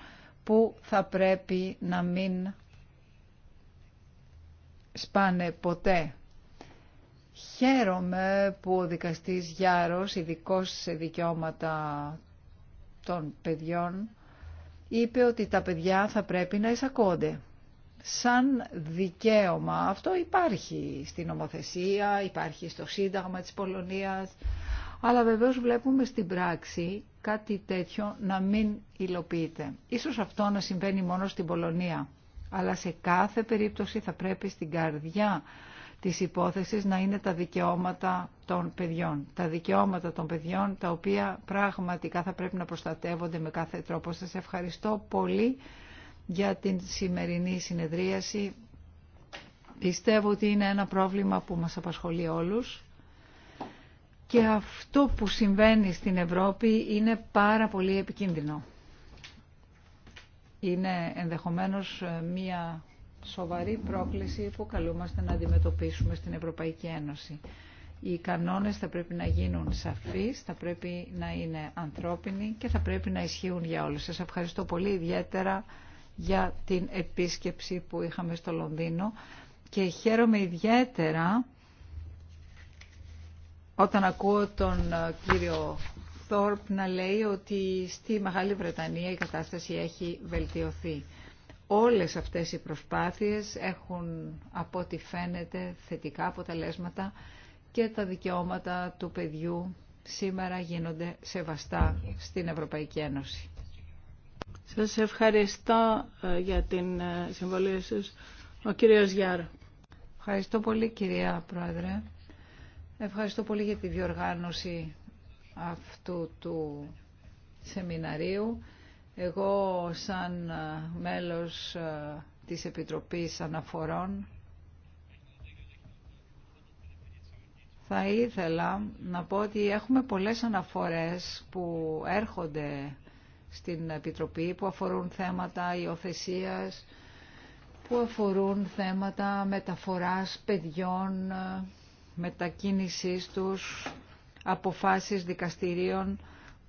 που θα πρέπει να μην σπάνε ποτέ. Χαίρομαι που ο δικαστής Γιάρος, ειδικό σε δικαιώματα των παιδιών, είπε ότι τα παιδιά θα πρέπει να εισακόνται. Σαν δικαίωμα αυτό υπάρχει στην νομοθεσία, υπάρχει στο Σύνταγμα της Πολωνίας, αλλά βεβαίως βλέπουμε στην πράξη κάτι τέτοιο να μην υλοποιείται. Ίσως αυτό να συμβαίνει μόνο στην Πολωνία, αλλά σε κάθε περίπτωση θα πρέπει στην καρδιά της υπόθεσης να είναι τα δικαιώματα των παιδιών. Τα δικαιώματα των παιδιών τα οποία πραγματικά θα πρέπει να προστατεύονται με κάθε τρόπο. Σας ευχαριστώ πολύ για την σημερινή συνεδρίαση. Πιστεύω ότι είναι ένα πρόβλημα που μας απασχολεί όλους. Και αυτό που συμβαίνει στην Ευρώπη είναι πάρα πολύ επικίνδυνο. Είναι ενδεχομένως ε, μία σοβαρή πρόκληση που καλούμαστε να αντιμετωπίσουμε στην Ευρωπαϊκή Ένωση. Οι κανόνες θα πρέπει να γίνουν σαφείς, θα πρέπει να είναι ανθρώπινοι και θα πρέπει να ισχύουν για όλους. Σας ευχαριστώ πολύ ιδιαίτερα για την επίσκεψη που είχαμε στο Λονδίνο και χαίρομαι ιδιαίτερα όταν ακούω τον ε, κύριο Θόρπ να λέει ότι στη Μεγάλη Βρετανία η κατάσταση έχει βελτιωθεί. Όλες αυτές οι προσπάθειες έχουν από ό,τι φαίνεται θετικά αποτελέσματα και τα δικαιώματα του παιδιού σήμερα γίνονται σεβαστά στην Ευρωπαϊκή Ένωση. Σας ευχαριστώ ε, για την ε, συμβολή σας. Ο κύριος Γιάρα. Ευχαριστώ πολύ κυρία Πρόεδρε. Ευχαριστώ πολύ για τη διοργάνωση αυτού του σεμιναρίου. Εγώ σαν ε, μέλος ε, της Επιτροπής Αναφορών θα ήθελα να πω ότι έχουμε πολλές αναφορές που έρχονται στην Επιτροπή που αφορούν θέματα υιοθεσίας, που αφορούν θέματα μεταφοράς παιδιών, μετακίνησής τους, αποφάσεις δικαστηρίων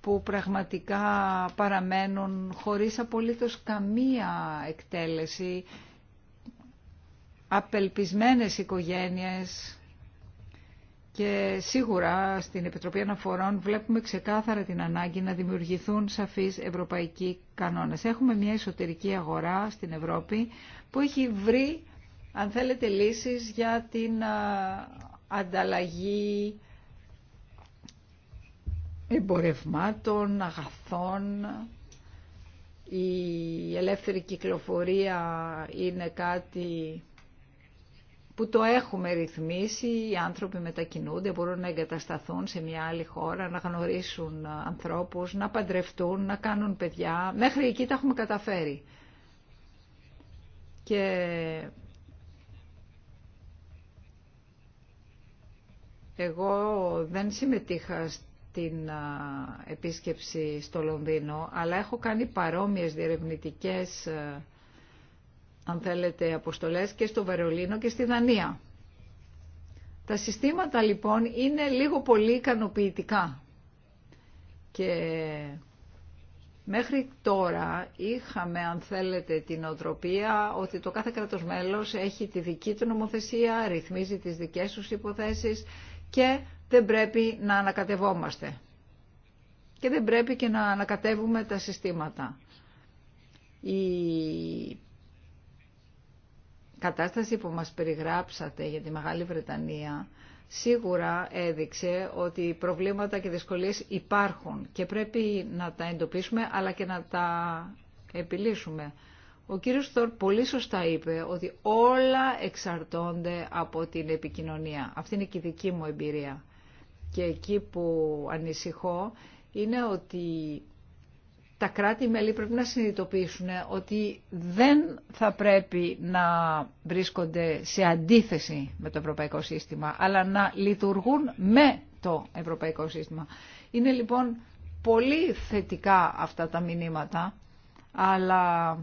που πραγματικά παραμένουν χωρίς απολύτως καμία εκτέλεση, απελπισμένες οικογένειες και σίγουρα στην Επιτροπή Αναφορών βλέπουμε ξεκάθαρα την ανάγκη να δημιουργηθούν σαφείς ευρωπαϊκοί κανόνες. Έχουμε μια εσωτερική αγορά στην Ευρώπη που έχει βρει, αν θέλετε, λύσεις για την ανταλλαγή εμπορευμάτων, αγαθών. Η ελεύθερη κυκλοφορία είναι κάτι που το έχουμε ρυθμίσει, οι άνθρωποι μετακινούνται, μπορούν να εγκατασταθούν σε μια άλλη χώρα, να γνωρίσουν ανθρώπους, να παντρευτούν, να κάνουν παιδιά. Μέχρι εκεί τα έχουμε καταφέρει. Και Εγώ δεν συμμετείχα στην επίσκεψη στο Λονδίνο, αλλά έχω κάνει παρόμοιες διερευνητικές, αν θέλετε, αποστολές και στο Βερολίνο και στη Δανία. Τα συστήματα λοιπόν είναι λίγο πολύ ικανοποιητικά. Και μέχρι τώρα είχαμε, αν θέλετε, την οτροπία ότι το κάθε κράτος μέλος έχει τη δική του νομοθεσία, ρυθμίζει τις δικές τους υποθέσεις και δεν πρέπει να ανακατευόμαστε. Και δεν πρέπει και να ανακατεύουμε τα συστήματα. Η κατάσταση που μας περιγράψατε για τη Μεγάλη Βρετανία σίγουρα έδειξε ότι προβλήματα και δυσκολίες υπάρχουν και πρέπει να τα εντοπίσουμε αλλά και να τα επιλύσουμε. Ο κύριος Θόρ πολύ σωστά είπε ότι όλα εξαρτώνται από την επικοινωνία. Αυτή είναι και η δική μου εμπειρία. Και εκεί που ανησυχώ είναι ότι τα κράτη-μέλη πρέπει να συνειδητοποιήσουν ότι δεν θα πρέπει να βρίσκονται σε αντίθεση με το ευρωπαϊκό σύστημα, αλλά να λειτουργούν με το ευρωπαϊκό σύστημα. Είναι λοιπόν πολύ θετικά αυτά τα μηνύματα, αλλά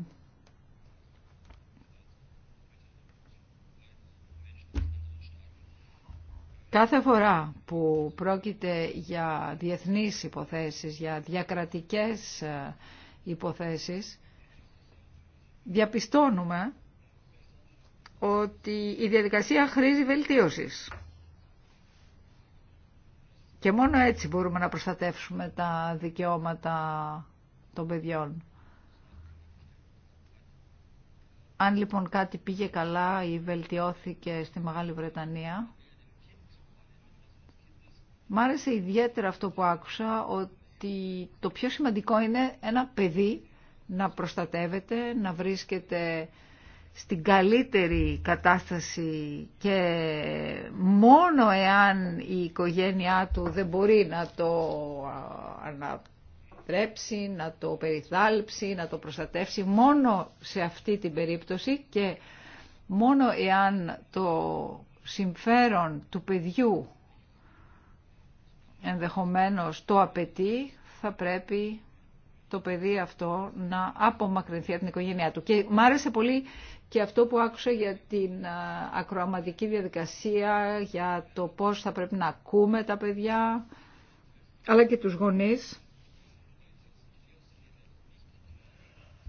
Κάθε φορά που πρόκειται για διεθνείς υποθέσεις, για διακρατικές ε, υποθέσεις, διαπιστώνουμε ότι η διαδικασία χρήζει βελτίωσης. Και μόνο έτσι μπορούμε να προστατεύσουμε τα δικαιώματα των παιδιών. Αν λοιπόν κάτι πήγε καλά ή βελτιώθηκε στη Μεγάλη Βρετανία, Μ' άρεσε ιδιαίτερα αυτό που άκουσα ότι το πιο σημαντικό είναι ένα παιδί να προστατεύεται, να βρίσκεται στην καλύτερη κατάσταση και μόνο εάν η οικογένειά του δεν μπορεί να το ανατρέψει, να το περιθάλψει, να το προστατεύσει, μόνο σε αυτή την περίπτωση και μόνο εάν το συμφέρον του παιδιού ενδεχομένως το απαιτεί, θα πρέπει το παιδί αυτό να απομακρυνθεί από την οικογένειά του. Και μ' άρεσε πολύ και αυτό που άκουσα για την ακροαματική διαδικασία, για το πώς θα πρέπει να ακούμε τα παιδιά, αλλά και τους γονείς.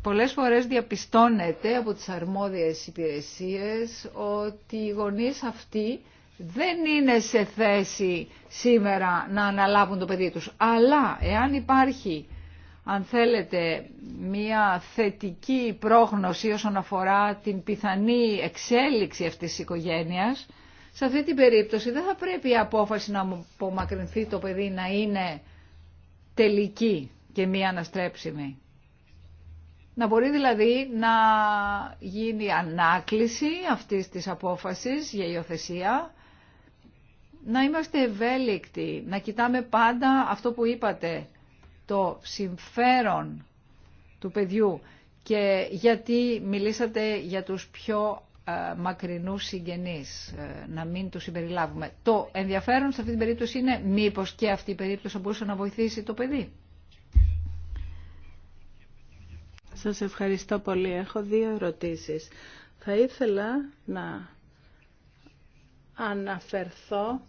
Πολλές φορές διαπιστώνεται από τις αρμόδιες υπηρεσίες ότι οι γονείς αυτοί δεν είναι σε θέση σήμερα να αναλάβουν το παιδί τους. Αλλά εάν υπάρχει, αν θέλετε, μια θετική πρόγνωση όσον αφορά την πιθανή εξέλιξη αυτής της οικογένειας, σε αυτή την περίπτωση δεν θα πρέπει η απόφαση να απομακρυνθεί το παιδί να είναι τελική και μη αναστρέψιμη. Να μπορεί δηλαδή να γίνει ανάκληση αυτής της απόφασης για υιοθεσία να είμαστε ευέλικτοι, να κοιτάμε πάντα αυτό που είπατε, το συμφέρον του παιδιού και γιατί μιλήσατε για τους πιο ε, μακρινούς συγγενείς, ε, να μην τους συμπεριλάβουμε. Το ενδιαφέρον σε αυτή την περίπτωση είναι μήπως και αυτή η περίπτωση θα μπορούσε να βοηθήσει το παιδί. Σας ευχαριστώ πολύ. Έχω δύο ερωτήσεις. Θα ήθελα να αναφερθώ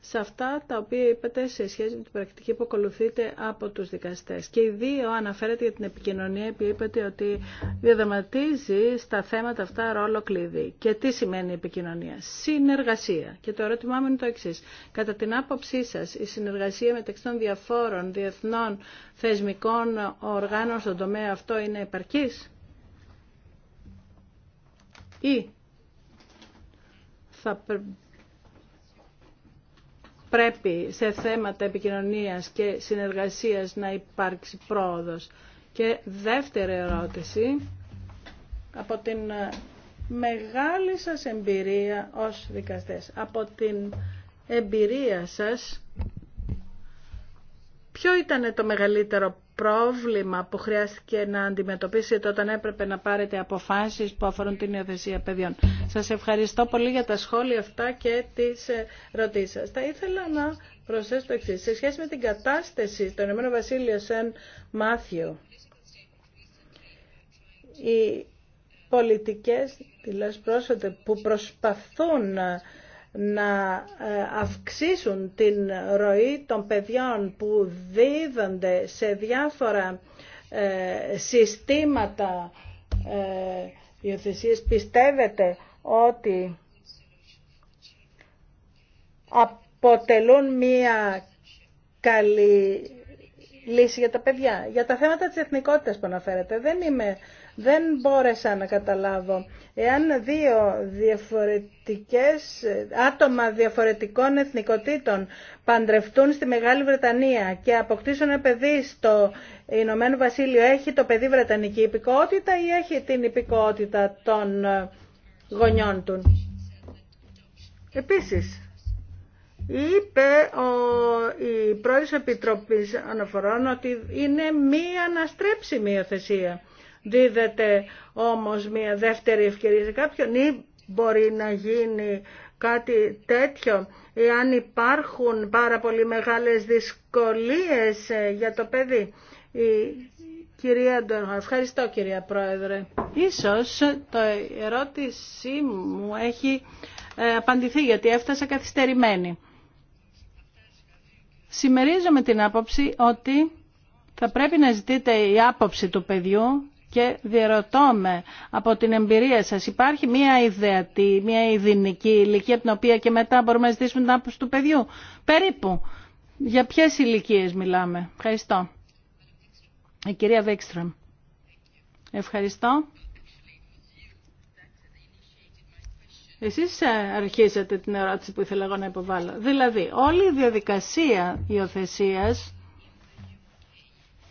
σε αυτά τα οποία είπατε σε σχέση με την πρακτική που ακολουθείτε από τους δικαστές. Και οι δύο αναφέρεται για την επικοινωνία που είπατε ότι διαδραματίζει στα θέματα αυτά ρόλο κλειδί. Και τι σημαίνει επικοινωνία. Συνεργασία. Και το ερώτημά μου είναι το εξή. Κατά την άποψή σας, η συνεργασία μεταξύ των διαφόρων διεθνών θεσμικών οργάνων στον τομέα αυτό είναι επαρκής. Ή θα πρέπει σε θέματα επικοινωνίας και συνεργασίας να υπάρξει πρόοδος. Και δεύτερη ερώτηση, από την ε, μεγάλη σας εμπειρία ως δικαστές, από την εμπειρία σας, ποιο ήταν το μεγαλύτερο πρόβλημα που χρειάστηκε να αντιμετωπίσετε όταν έπρεπε να πάρετε αποφάσεις που αφορούν την υιοθεσία παιδιών. Σας ευχαριστώ πολύ για τα σχόλια αυτά και τις ερωτήσεις σας. Θα ήθελα να προσθέσω το εξής. Σε σχέση με την κατάσταση στο Ηνωμένο Βασίλειο Σεν Μάθιο, οι πολιτικές δηλαδή πρόσφατα που προσπαθούν να ε, αυξήσουν την ροή των παιδιών που δίδονται σε διάφορα ε, συστήματα υιοθεσίες. Ε, Πιστεύετε ότι αποτελούν μία καλή λύση για τα παιδιά. Για τα θέματα της εθνικότητας που αναφέρετε, δεν είμαι δεν μπόρεσα να καταλάβω εάν δύο διαφορετικές άτομα διαφορετικών εθνικοτήτων παντρευτούν στη Μεγάλη Βρετανία και αποκτήσουν ένα παιδί στο Ηνωμένο Βασίλειο, έχει το παιδί βρετανική υπηκότητα ή έχει την υπηκότητα των ε, γονιών του. Επίσης, είπε ο, η πρόεδρος Επιτροπής Αναφορών ότι είναι μη αναστρέψιμη η οθεσία δίδεται όμως μια δεύτερη ευκαιρία σε κάποιον ή μπορεί να γίνει κάτι τέτοιο εάν υπάρχουν πάρα πολύ μεγάλες δυσκολίες ε, για το παιδί. Η... Κυρία Ντοργα, ευχαριστώ κυρία Πρόεδρε. Ίσως το ερώτησή μου έχει ε, απαντηθεί γιατί έφτασα καθυστερημένη. Συμμερίζομαι την άποψη ότι θα πρέπει να ζητείτε η άποψη του παιδιού και διαρωτώ με από την εμπειρία σας υπάρχει μια ιδεατή, μια ιδινική ηλικία από την οποία και μετά μπορούμε να ζητήσουμε την άποψη του παιδιού. Περίπου. Για ποιες ηλικίε μιλάμε. Ευχαριστώ. Η κυρία Βέξτρομ. Ευχαριστώ. Εσείς ε, αρχίσατε την ερώτηση που ήθελα εγώ να υποβάλω. Δηλαδή, όλη η διαδικασία υιοθεσίας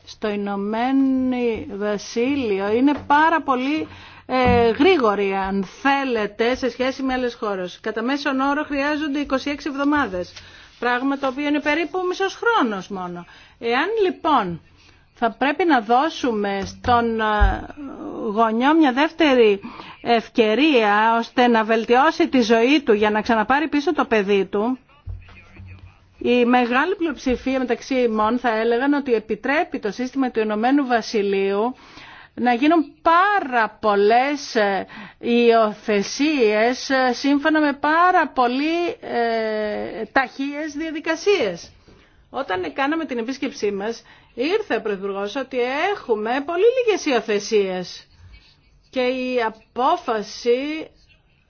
στο Ηνωμένο Βασίλειο είναι πάρα πολύ ε, γρήγορη αν θέλετε σε σχέση με άλλες χώρες. Κατά μέσον όρο χρειάζονται 26 εβδομάδες, πράγμα το οποίο είναι περίπου μισός χρόνος μόνο. Εάν λοιπόν θα πρέπει να δώσουμε στον ε, γονιό μια δεύτερη ευκαιρία ώστε να βελτιώσει τη ζωή του για να ξαναπάρει πίσω το παιδί του, η μεγάλη πλειοψηφία μεταξύ ημών θα έλεγαν ότι επιτρέπει το σύστημα του Ηνωμένου Βασιλείου να γίνουν πάρα πολλές ε, υιοθεσίε ε, σύμφωνα με πάρα πολύ ε, ταχείες διαδικασίες. Όταν κάναμε την επίσκεψή μας, ήρθε ο Πρωθυπουργός ότι έχουμε πολύ λίγες υιοθεσίε και η απόφαση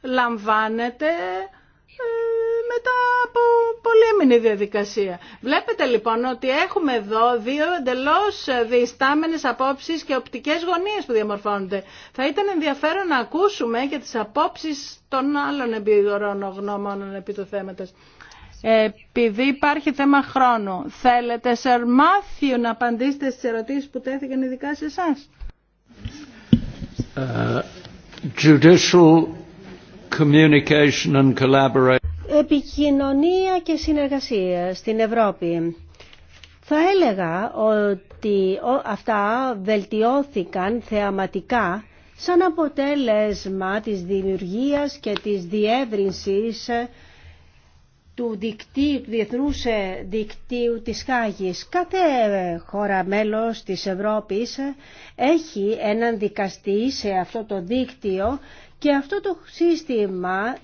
λαμβάνεται ε, μετά από εμεινή διαδικασία. Βλέπετε λοιπόν ότι έχουμε εδώ δύο εντελώ διστάμενες απόψεις και οπτικές γωνίες που διαμορφώνονται. Θα ήταν ενδιαφέρον να ακούσουμε και τις απόψεις των άλλων εμπειρών γνώμων επί του θέματος. Επειδή υπάρχει θέμα χρόνου, θέλετε, Σερ Μάθιου, να απαντήσετε στις ερωτήσεις που τέθηκαν ειδικά σε εσά. Uh, judicial communication and collaboration επικοινωνία και συνεργασία στην Ευρώπη. Θα έλεγα ότι αυτά βελτιώθηκαν θεαματικά σαν αποτέλεσμα της δημιουργίας και της διεύρυνσης του, δικτύου, διεθνούς ε, δικτύου της Χάγης. Κάθε χώρα μέλος της Ευρώπης έχει έναν δικαστή σε αυτό το δίκτυο και αυτό το σύστημα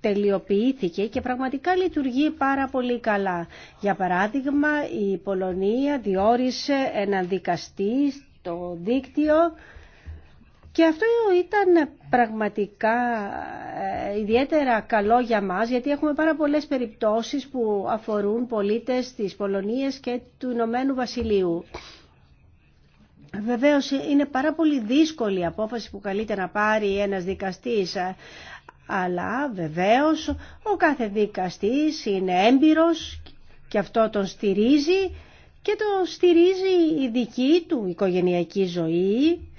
τελειοποιήθηκε και πραγματικά λειτουργεί πάρα πολύ καλά. Για παράδειγμα, η Πολωνία διόρισε έναν δικαστή στο δίκτυο και αυτό ήταν πραγματικά ε, ιδιαίτερα καλό για μας γιατί έχουμε πάρα πολλές περιπτώσεις που αφορούν πολίτες της Πολωνίας και του Ηνωμένου Βασιλείου. Βεβαίως είναι πάρα πολύ δύσκολη η απόφαση που καλείται να πάρει ένας δικαστής αλλά βεβαίως ο κάθε δικαστής είναι έμπειρος και αυτό τον στηρίζει και το στηρίζει η δική του οικογενειακή ζωή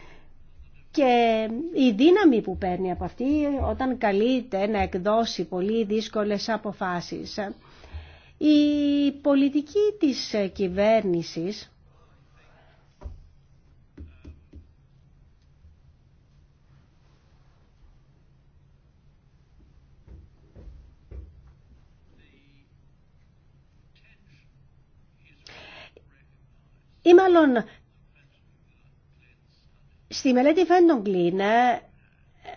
και η δύναμη που παίρνει από αυτή όταν καλείται να εκδώσει πολύ δύσκολες αποφάσεις. Η πολιτική της κυβέρνησης ή μάλλον στη μελέτη Φέντογκλιν ε,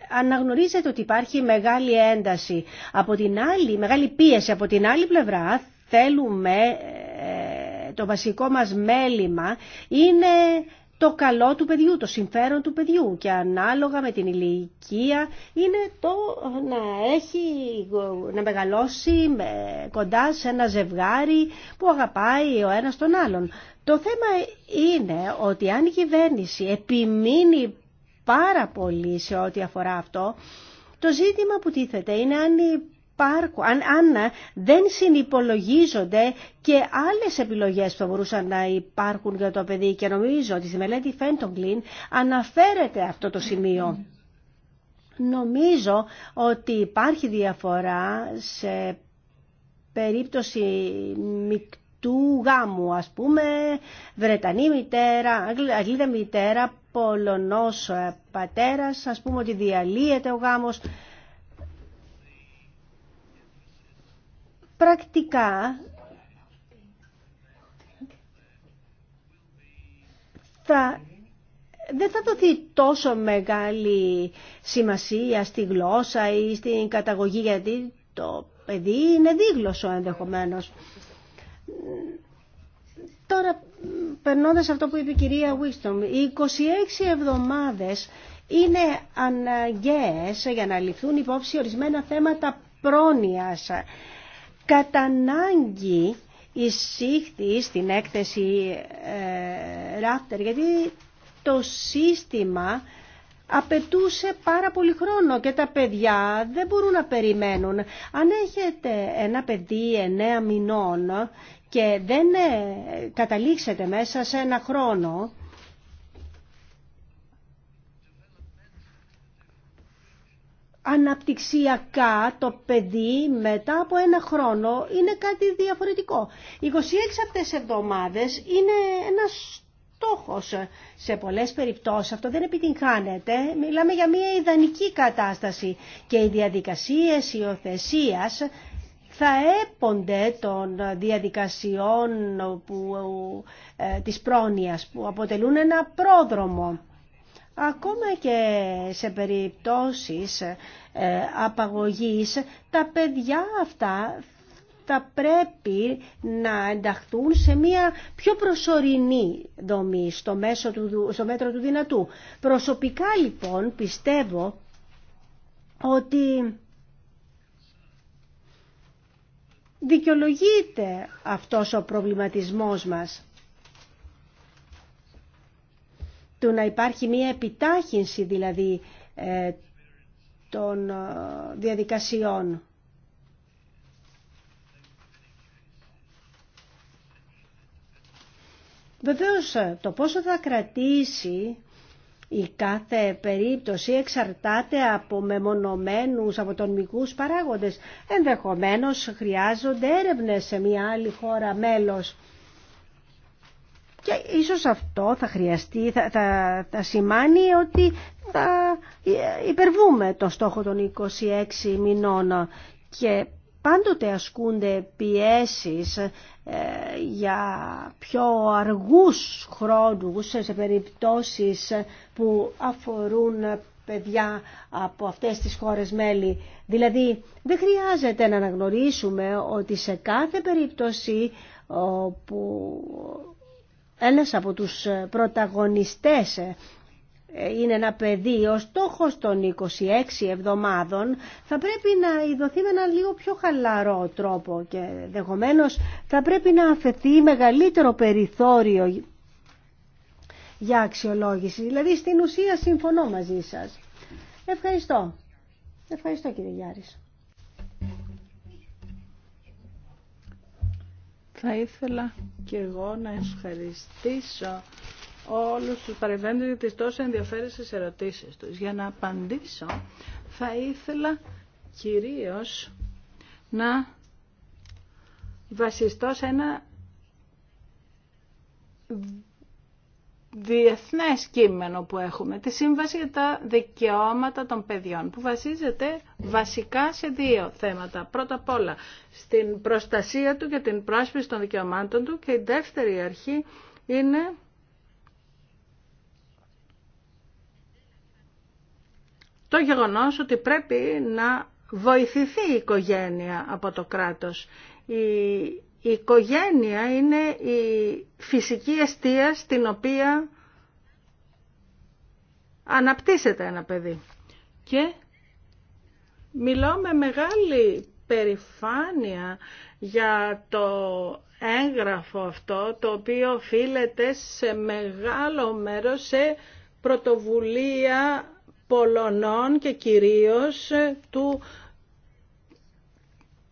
αναγνωρίζεται ότι υπάρχει μεγάλη ένταση από την άλλη, μεγάλη πίεση από την άλλη πλευρά θέλουμε ε, το βασικό μας μέλημα είναι το καλό του παιδιού, το συμφέρον του παιδιού και ανάλογα με την ηλικία είναι το να έχει, να μεγαλώσει ε, κοντά σε ένα ζευγάρι που αγαπάει ο ένας τον άλλον. Το θέμα είναι ότι αν η κυβέρνηση επιμείνει πάρα πολύ σε ό,τι αφορά αυτό, το ζήτημα που τίθεται είναι αν αν, αν δεν συνυπολογίζονται και άλλες επιλογές που θα μπορούσαν να υπάρχουν για το παιδί και νομίζω ότι στη μελέτη Φέντογκλιν αναφέρεται αυτό το σημείο. Νομίζω ότι υπάρχει διαφορά σε περίπτωση μικτή του γάμου, ας πούμε, Βρετανή μητέρα, Αγγλίδα μητέρα, Πολωνός ε, πατέρας, ας πούμε ότι διαλύεται ο γάμος. Πρακτικά δεν θα δοθεί τόσο μεγάλη σημασία στη γλώσσα ή στην καταγωγή γιατί το παιδί είναι δίγλωσσο ενδεχομένως. Τώρα, περνώντας αυτό που είπε η κυρία Wisdom, οι 26 εβδομάδες είναι αναγκαίες για να ληφθούν υπόψη ορισμένα θέματα πρόνοιας. Κατά ανάγκη εισήχθη στην έκθεση ε, Ράφτερ, γιατί το σύστημα απαιτούσε πάρα πολύ χρόνο και τα παιδιά δεν μπορούν να περιμένουν. Αν έχετε ένα παιδί εννέα μηνών και δεν ε, καταλήξετε μέσα σε ένα χρόνο, αναπτυξιακά το παιδί μετά από ένα χρόνο είναι κάτι διαφορετικό. 26 αυτές εβδομάδες είναι ένας σε πολλές περιπτώσεις αυτό δεν επιτυγχάνεται. Μιλάμε για μια ιδανική κατάσταση και οι διαδικασίες υιοθεσία θα έπονται των διαδικασιών που, ε, της πρόνοιας που αποτελούν ένα πρόδρομο. Ακόμα και σε περιπτώσεις ε, απαγωγής, τα παιδιά αυτά θα πρέπει να ενταχθούν σε μια πιο προσωρινή δομή στο, μέσο του, στο μέτρο του δυνατού. Προσωπικά λοιπόν πιστεύω ότι δικαιολογείται αυτός ο προβληματισμός μας του να υπάρχει μια επιτάχυνση δηλαδή ε, των ε, διαδικασιών. Βεβαίως ε, το πόσο θα κρατήσει η κάθε περίπτωση εξαρτάται από μεμονωμένους, από τον μικούς παράγοντες. Ενδεχομένως χρειάζονται έρευνες σε μια άλλη χώρα μέλος. Και ίσως αυτό θα χρειαστεί, θα, θα, σημάνει ότι θα ε, υπερβούμε το στόχο των 26 μηνών και πάντοτε ασκούνται πιέσεις ε, για πιο αργούς χρόνους σε περιπτώσεις που αφορούν παιδιά από αυτές τις χώρες μέλη. Δηλαδή δεν χρειάζεται να αναγνωρίσουμε ότι σε κάθε περίπτωση που ένας από τους πρωταγωνιστές είναι ένα παιδί, ο στόχος των 26 εβδομάδων θα πρέπει να ειδωθεί με ένα λίγο πιο χαλαρό τρόπο και δεχομένω θα πρέπει να αφαιθεί μεγαλύτερο περιθώριο για αξιολόγηση. Δηλαδή στην ουσία συμφωνώ μαζί σας. Ευχαριστώ. Ευχαριστώ κύριε Γιάρης. Θα ήθελα και εγώ να ευχαριστήσω όλους τους παρεμβαίνοντες για τις τόσο ενδιαφέρουσες ερωτήσεις τους. Για να απαντήσω θα ήθελα κυρίως να βασιστώ σε ένα διεθνές κείμενο που έχουμε, τη Σύμβαση για τα Δικαιώματα των Παιδιών, που βασίζεται βασικά σε δύο θέματα. Πρώτα απ' όλα, στην προστασία του και την πρόσφυση των δικαιωμάτων του και η δεύτερη αρχή είναι το γεγονός ότι πρέπει να βοηθηθεί η οικογένεια από το κράτος. Η οικογένεια είναι η φυσική αιστεία στην οποία αναπτύσσεται ένα παιδί. Και μιλώ με μεγάλη περηφάνεια για το έγγραφο αυτό, το οποίο οφείλεται σε μεγάλο μέρος σε πρωτοβουλία Πολωνών και κυρίως ε, του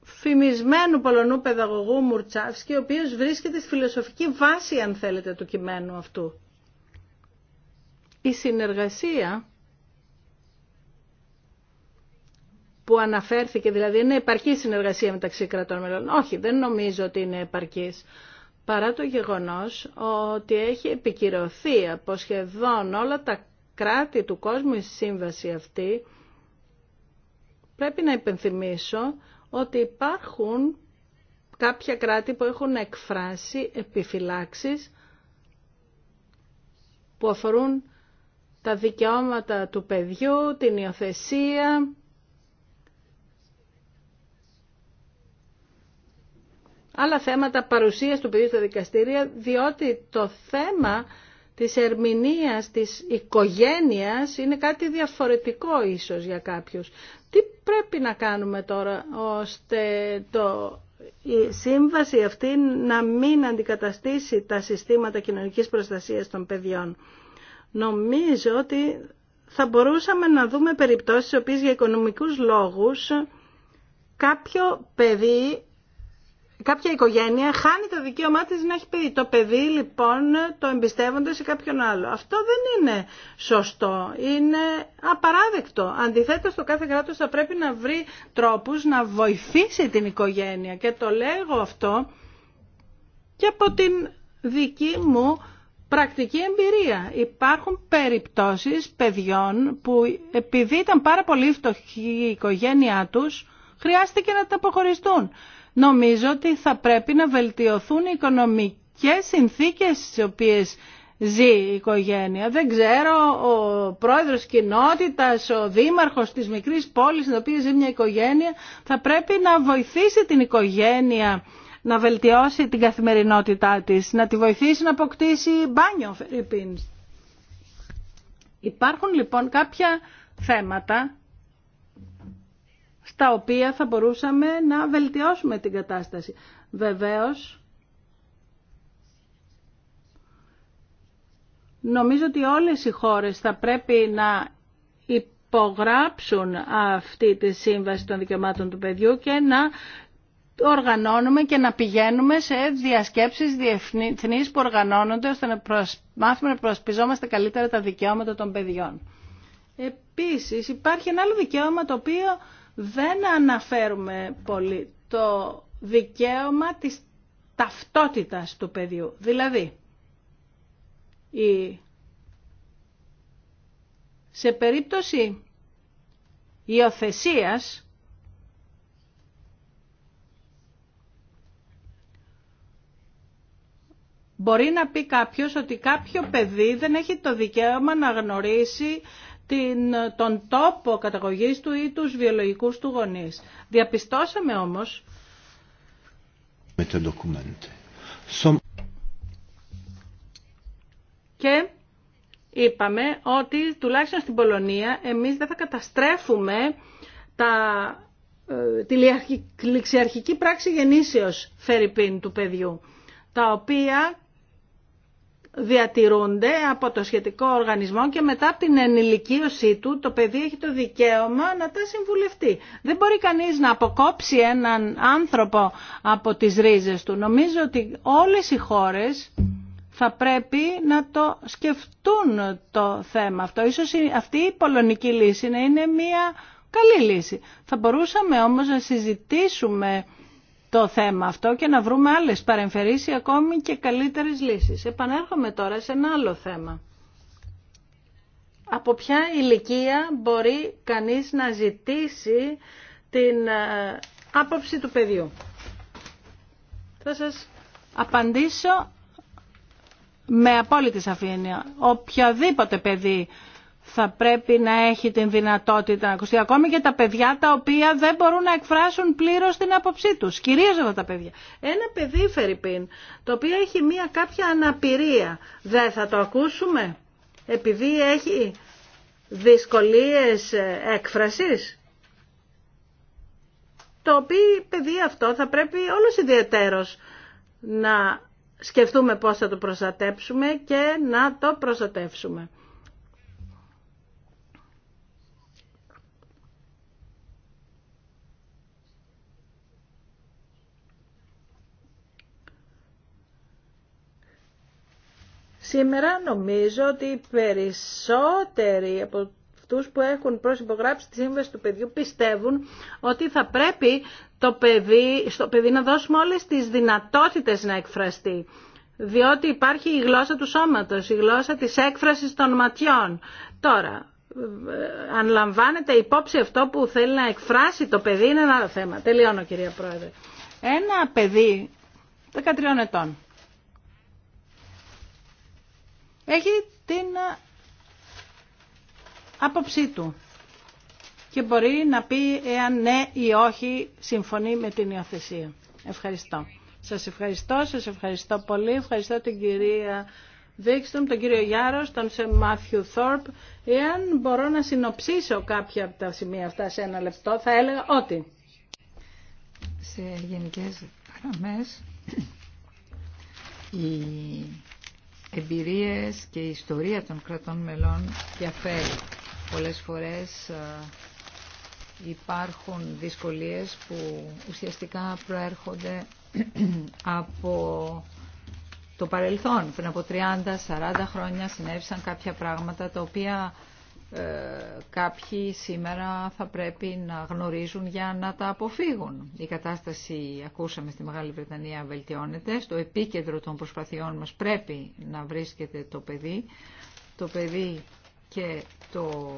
φημισμένου Πολωνού παιδαγωγού Μουρτσάφσκι, ο οποίος βρίσκεται στη φιλοσοφική βάση, αν θέλετε, του κειμένου αυτού. Η συνεργασία που αναφέρθηκε, δηλαδή είναι επαρκή συνεργασία μεταξύ κρατών μελών. Όχι, δεν νομίζω ότι είναι επαρκής. Παρά το γεγονός ότι έχει επικυρωθεί από σχεδόν όλα τα κράτη του κόσμου η σύμβαση αυτή, πρέπει να υπενθυμίσω ότι υπάρχουν κάποια κράτη που έχουν εκφράσει επιφυλάξεις που αφορούν τα δικαιώματα του παιδιού, την υιοθεσία, άλλα θέματα παρουσίας του παιδιού στα δικαστήρια, διότι το θέμα της ερμηνείας της οικογένειας είναι κάτι διαφορετικό ίσως για κάποιους. Τι πρέπει να κάνουμε τώρα ώστε το, η σύμβαση αυτή να μην αντικαταστήσει τα συστήματα κοινωνικής προστασίας των παιδιών. Νομίζω ότι θα μπορούσαμε να δούμε περιπτώσεις οι οποίες για οικονομικούς λόγους κάποιο παιδί κάποια οικογένεια χάνει το δικαίωμά της να έχει παιδί. Το παιδί λοιπόν το εμπιστεύονται σε κάποιον άλλο. Αυτό δεν είναι σωστό. Είναι απαράδεκτο. Αντιθέτως το κάθε κράτος θα πρέπει να βρει τρόπους να βοηθήσει την οικογένεια. Και το λέγω αυτό και από την δική μου πρακτική εμπειρία. Υπάρχουν περιπτώσεις παιδιών που επειδή ήταν πάρα πολύ φτωχή η οικογένειά τους χρειάστηκε να τα αποχωριστούν. Νομίζω ότι θα πρέπει να βελτιωθούν οι οικονομικές συνθήκες στις οποίες ζει η οικογένεια. Δεν ξέρω, ο πρόεδρος κοινότητας, ο δήμαρχος της μικρής πόλης στην οποία ζει μια οικογένεια θα πρέπει να βοηθήσει την οικογένεια να βελτιώσει την καθημερινότητά της, να τη βοηθήσει να αποκτήσει μπάνιο. Υπάρχουν λοιπόν κάποια θέματα στα οποία θα μπορούσαμε να βελτιώσουμε την κατάσταση. Βεβαίως, νομίζω ότι όλες οι χώρες θα πρέπει να υπογράψουν αυτή τη σύμβαση των δικαιωμάτων του παιδιού και να οργανώνουμε και να πηγαίνουμε σε διασκέψεις διεθνείς που οργανώνονται ώστε να μάθουμε να προσπιζόμαστε καλύτερα τα δικαιώματα των παιδιών. Επίσης υπάρχει ένα άλλο δικαίωμα το οποίο δεν αναφέρουμε πολύ το δικαίωμα της ταυτότητας του παιδιού. Δηλαδή, σε περίπτωση υιοθεσία. Μπορεί να πει κάποιος ότι κάποιο παιδί δεν έχει το δικαίωμα να γνωρίσει την, τον τόπο καταγωγής του ή τους βιολογικούς του γονείς. Διαπιστώσαμε όμως με και είπαμε ότι τουλάχιστον στην Πολωνία εμείς δεν θα καταστρέφουμε τα, ε, τη ληξιαρχική πράξη γεννήσεως φερρυπίν του παιδιού, τα οποία διατηρούνται από το σχετικό οργανισμό και μετά από την ενηλικίωσή του το παιδί έχει το δικαίωμα να τα συμβουλευτεί. Δεν μπορεί κανείς να αποκόψει έναν άνθρωπο από τις ρίζες του. Νομίζω ότι όλες οι χώρες θα πρέπει να το σκεφτούν το θέμα αυτό. Ίσως αυτή η πολωνική λύση να είναι μια καλή λύση. Θα μπορούσαμε όμως να συζητήσουμε το θέμα αυτό και να βρούμε άλλες παρεμφερείς ακόμη και καλύτερες λύσεις. Επανέρχομαι τώρα σε ένα άλλο θέμα. Από ποια ηλικία μπορεί κανείς να ζητήσει την ε, άποψη του παιδιού. Θα σας απαντήσω με απόλυτη σαφήνεια. Οποιαδήποτε παιδί θα πρέπει να έχει την δυνατότητα να ακουστεί ακόμη και τα παιδιά τα οποία δεν μπορούν να εκφράσουν πλήρως την άποψή τους, κυρίως αυτά τα παιδιά. Ένα παιδί, Φερρυπίν, το οποίο έχει μία κάποια αναπηρία, δεν θα το ακούσουμε επειδή έχει δυσκολίες ε, έκφρασης. Το οποίο παιδί αυτό θα πρέπει όλος ιδιαίτερος να σκεφτούμε πώς θα το προστατέψουμε και να το προστατεύσουμε. Σήμερα νομίζω ότι οι περισσότεροι από αυτούς που έχουν προσυπογράψει τη σύμβαση του παιδιού πιστεύουν ότι θα πρέπει το παιδί, στο παιδί να δώσουμε όλες τις δυνατότητες να εκφραστεί. Διότι υπάρχει η γλώσσα του σώματος, η γλώσσα της έκφρασης των ματιών. Τώρα, ε, αν λαμβάνεται υπόψη αυτό που θέλει να εκφράσει το παιδί είναι ένα άλλο θέμα. Τελειώνω κυρία Πρόεδρε. Ένα παιδί 13 ετών έχει την ε, άποψή του και μπορεί να πει εάν ναι ή όχι συμφωνεί με την υιοθεσία. Ευχαριστώ. Σας ευχαριστώ, σας ευχαριστώ πολύ. Ευχαριστώ την κυρία Δίξτον, τον κύριο Γιάρος, τον σε Μάθιου Θόρπ. Εάν μπορώ να συνοψίσω κάποια από τα σημεία αυτά σε ένα λεπτό, θα έλεγα ότι... Σε γενικές γραμμές, η εμπειρίες και η ιστορία των κρατών μελών διαφέρει. Πολλές φορές ε, υπάρχουν δυσκολίες που ουσιαστικά προέρχονται (clears throat) από το παρελθόν. Πριν από 30-40 χρόνια συνέβησαν κάποια πράγματα τα οποία ε, κάποιοι σήμερα θα πρέπει να γνωρίζουν για να τα αποφύγουν. Η κατάσταση, ακούσαμε, στη Μεγάλη Βρετανία βελτιώνεται. Στο επίκεντρο των προσπαθειών μας πρέπει να βρίσκεται το παιδί. Το παιδί και το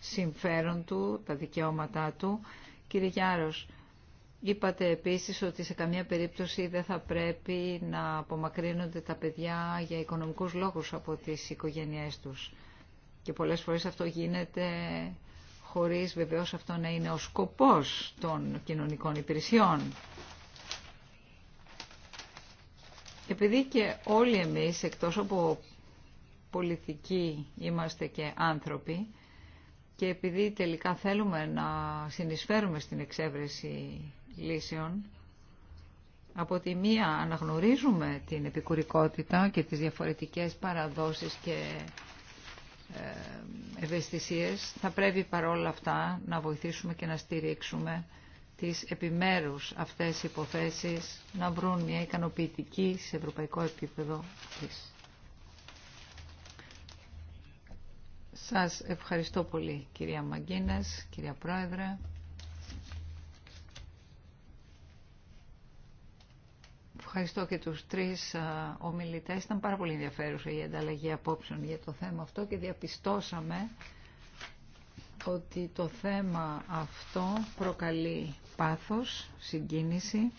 συμφέρον του, τα δικαιώματά του. Κύριε Γιάρος, είπατε επίσης ότι σε καμία περίπτωση δεν θα πρέπει να απομακρύνονται τα παιδιά για οικονομικούς λόγους από τις οικογένειές τους. Και πολλές φορές αυτό γίνεται χωρίς βεβαίως αυτό να είναι ο σκοπός των κοινωνικών υπηρεσιών. Επειδή και όλοι εμείς, εκτός από πολιτικοί, είμαστε και άνθρωποι και επειδή τελικά θέλουμε να συνεισφέρουμε στην εξέβρεση λύσεων, από τη μία αναγνωρίζουμε την επικουρικότητα και τις διαφορετικές παραδόσεις και ε, ευαισθησίες, θα πρέπει παρόλα αυτά να βοηθήσουμε και να στηρίξουμε τις επιμέρους αυτές οι υποθέσεις να βρουν μια ικανοποιητική σε ευρωπαϊκό επίπεδο της. Σας ευχαριστώ πολύ κυρία Μαγκίνας, κυρία Πρόεδρε. Ευχαριστώ και τους τρεις ομιλητές. Ήταν πάρα πολύ ενδιαφέρουσα η ανταλλαγή απόψεων για το θέμα αυτό και διαπιστώσαμε ότι το θέμα αυτό προκαλεί πάθος, συγκίνηση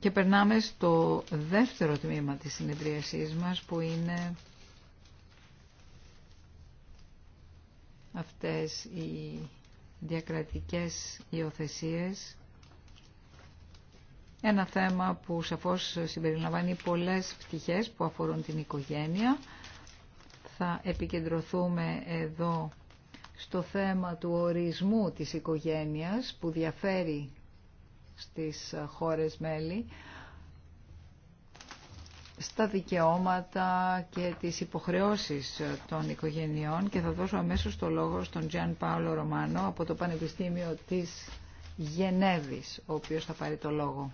και περνάμε στο δεύτερο τμήμα της συνεδρίασής μας που είναι αυτές οι διακρατικές υιοθεσίες. Ένα θέμα που σαφώς συμπεριλαμβάνει πολλές πτυχές που αφορούν την οικογένεια. Θα επικεντρωθούμε εδώ στο θέμα του ορισμού της οικογένειας που διαφέρει στις χώρες μέλη στα δικαιώματα και τις υποχρεώσεις των οικογενειών και θα δώσω αμέσως το λόγο στον Τζιάν Πάολο Ρωμάνο από το Πανεπιστήμιο της Γενέβης, ο οποίος θα πάρει το λόγο.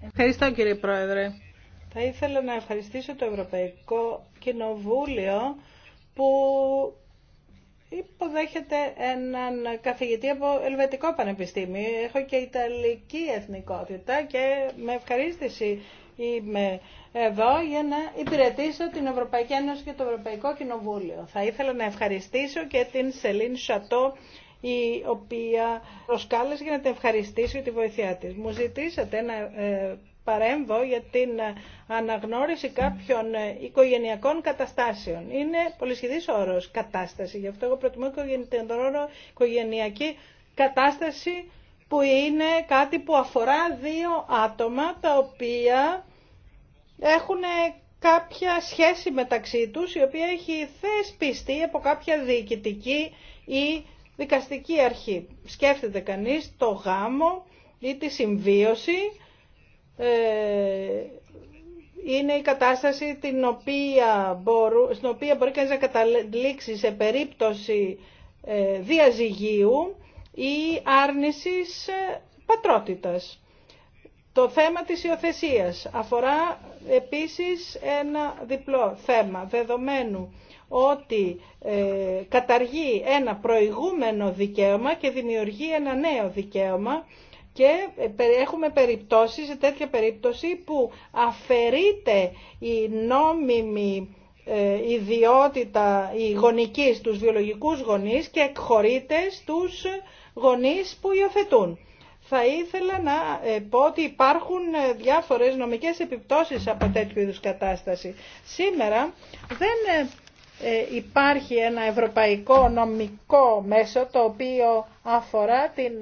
Ευχαριστώ κύριε Πρόεδρε. Θα ήθελα να ευχαριστήσω το Ευρωπαϊκό Κοινοβούλιο που υποδέχεται έναν καθηγητή από Ελβετικό Πανεπιστήμιο. Έχω και Ιταλική εθνικότητα και με ευχαρίστηση είμαι εδώ για να υπηρετήσω την Ευρωπαϊκή Ένωση και το Ευρωπαϊκό Κοινοβούλιο. Θα ήθελα να ευχαριστήσω και την Σελήν Σατό, η οποία προσκάλεσε για να την ευχαριστήσω για τη βοηθειά της. Μου ζητήσατε να ε, παρέμβω για την ε, αναγνώριση κάποιων ε, οικογενειακών καταστάσεων. Είναι πολυσχεδής όρος κατάσταση, γι' αυτό εγώ προτιμώ τον όρο οικογενειακή κατάσταση που είναι κάτι που αφορά δύο άτομα τα οποία έχουν ε, κάποια σχέση μεταξύ τους η οποία έχει θεσπιστεί από κάποια διοικητική ή δικαστική αρχή. Σκέφτεται κανείς το γάμο ή τη συμβίωση ε, είναι η κατάσταση την οποία μπορού, στην οποία μπορεί κανείς να καταλήξει σε περίπτωση ε, διαζυγίου ή άρνησης ε, πατρότητας. Το θέμα της υιοθεσία αφορά επίσης ένα διπλό θέμα, δεδομένου ότι καταργεί ένα προηγούμενο δικαίωμα και δημιουργεί ένα νέο δικαίωμα, και ε, έχουμε περιπτώσεις, σε τέτοια περίπτωση που αφαιρείται η νόμιμη ε, ιδιότητα η γονική στους βιολογικούς γονείς και εκχωρείται στους γονείς που υιοθετούν. Θα ήθελα να ε, πω ότι υπάρχουν διάφορες νομικές επιπτώσεις από τέτοιου είδους κατάσταση. Σήμερα δεν ε, υπάρχει ένα ευρωπαϊκό νομικό μέσο το οποίο αφορά την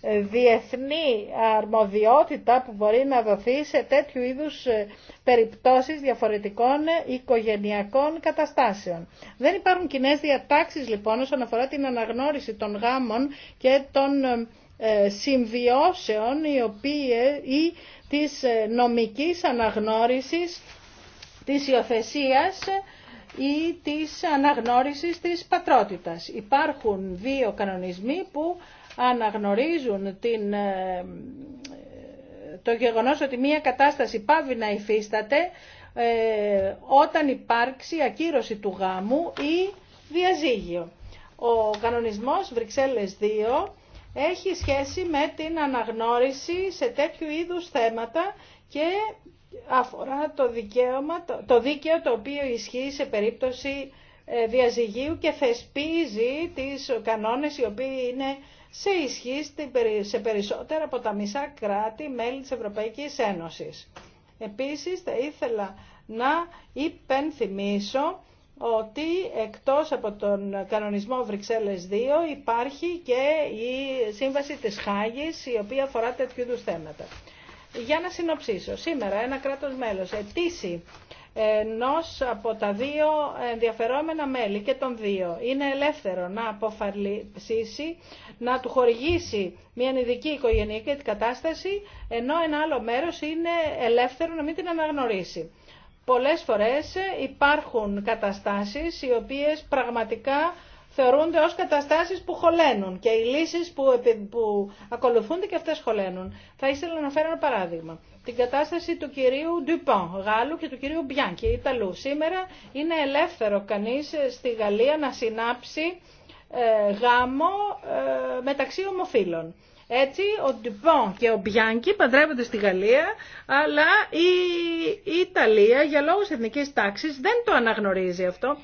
ε, διεθνή αρμοδιότητα που μπορεί να δοθεί σε τέτοιου είδους ε, περιπτώσεις διαφορετικών οικογενειακών καταστάσεων. Δεν υπάρχουν κοινέ διατάξεις λοιπόν όσον αφορά την αναγνώριση των γάμων και των συμβιώσεων οι οποίες, ή της νομικής αναγνώρισης της υιοθεσίας ή της αναγνώρισης της πατρότητας. Υπάρχουν δύο κανονισμοί που αναγνωρίζουν την, ε, το γεγονός ότι μία κατάσταση πάβει να υφίσταται ε, όταν υπάρξει ακύρωση του γάμου ή διαζύγιο. Ο κανονισμός Βρυξέλλες 2 έχει σχέση με την αναγνώριση σε τέτοιου είδους θέματα και αφορά το, δικαίωμα, το, δίκαιο το οποίο ισχύει σε περίπτωση ε, διαζυγίου και θεσπίζει τις κανόνες οι οποίοι είναι σε ισχύ σε περισσότερα από τα μισά κράτη μέλη της Ευρωπαϊκής Ένωσης. Επίσης θα ήθελα να υπενθυμίσω ότι εκτός από τον κανονισμό Βρυξέλλες 2 υπάρχει και η σύμβαση της Χάγης η οποία αφορά τέτοιου είδους θέματα. Για να συνοψίσω, σήμερα ένα κράτος μέλος ετήσει ενό από τα δύο ενδιαφερόμενα μέλη και των δύο είναι ελεύθερο να αποφασίσει, να του χορηγήσει μια ειδική οικογενειακή κατάσταση, ενώ ένα άλλο μέρος είναι ελεύθερο να μην την αναγνωρίσει. Πολλές φορές υπάρχουν καταστάσεις οι οποίες πραγματικά θεωρούνται ως καταστάσεις που χωλένουν και οι λύσεις που, που ακολουθούνται και αυτές χωλαίνουν. Θα ήθελα να φέρω ένα παράδειγμα. Την κατάσταση του κυρίου Ντουπάν, Γάλλου και του κυρίου Μπιάνκη, Ιταλού. Σήμερα είναι ελεύθερο κανείς ε, στη Γαλλία να συνάψει ε, γάμο ε, μεταξύ ομοφύλων. Έτσι, ο Ντυπών και ο Μπιάνκι παντρεύονται στη Γαλλία, αλλά η Ιταλία για λόγους εθνικής τάξης δεν το αναγνωρίζει αυτό.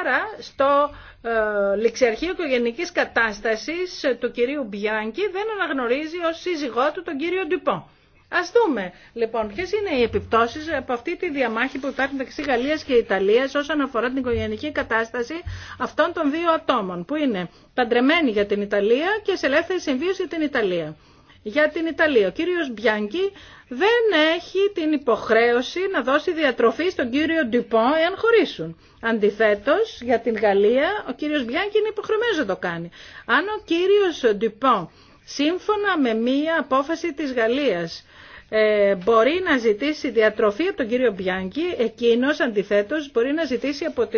Άρα, στο ε, ληξιαρχείο οικογενικής κατάστασης του κυρίου Μπιάνκι δεν αναγνωρίζει ως σύζυγό του τον κύριο Ντυπών. Ας δούμε λοιπόν ποιες είναι οι επιπτώσεις από αυτή τη διαμάχη που υπάρχει μεταξύ Γαλλίας και Ιταλίας όσον αφορά την οικογενειακή κατάσταση αυτών των δύο ατόμων που είναι παντρεμένοι για την Ιταλία και σε ελεύθερη συμβίωση για την Ιταλία. Για την Ιταλία. Ο κύριος Μπιάνκι δεν έχει την υποχρέωση να δώσει διατροφή στον κύριο Ντυπον εάν χωρίσουν. Αντιθέτως, για την Γαλλία, ο κύριος Μπιάνκι είναι υποχρεωμένος να το κάνει. Αν ο κύριος Ντυπον σύμφωνα με μία απόφαση της Γαλλίας. Ε, μπορεί να ζητήσει διατροφή από τον κύριο Μπιάνκι, εκείνος αντιθέτως μπορεί να ζητήσει από ε,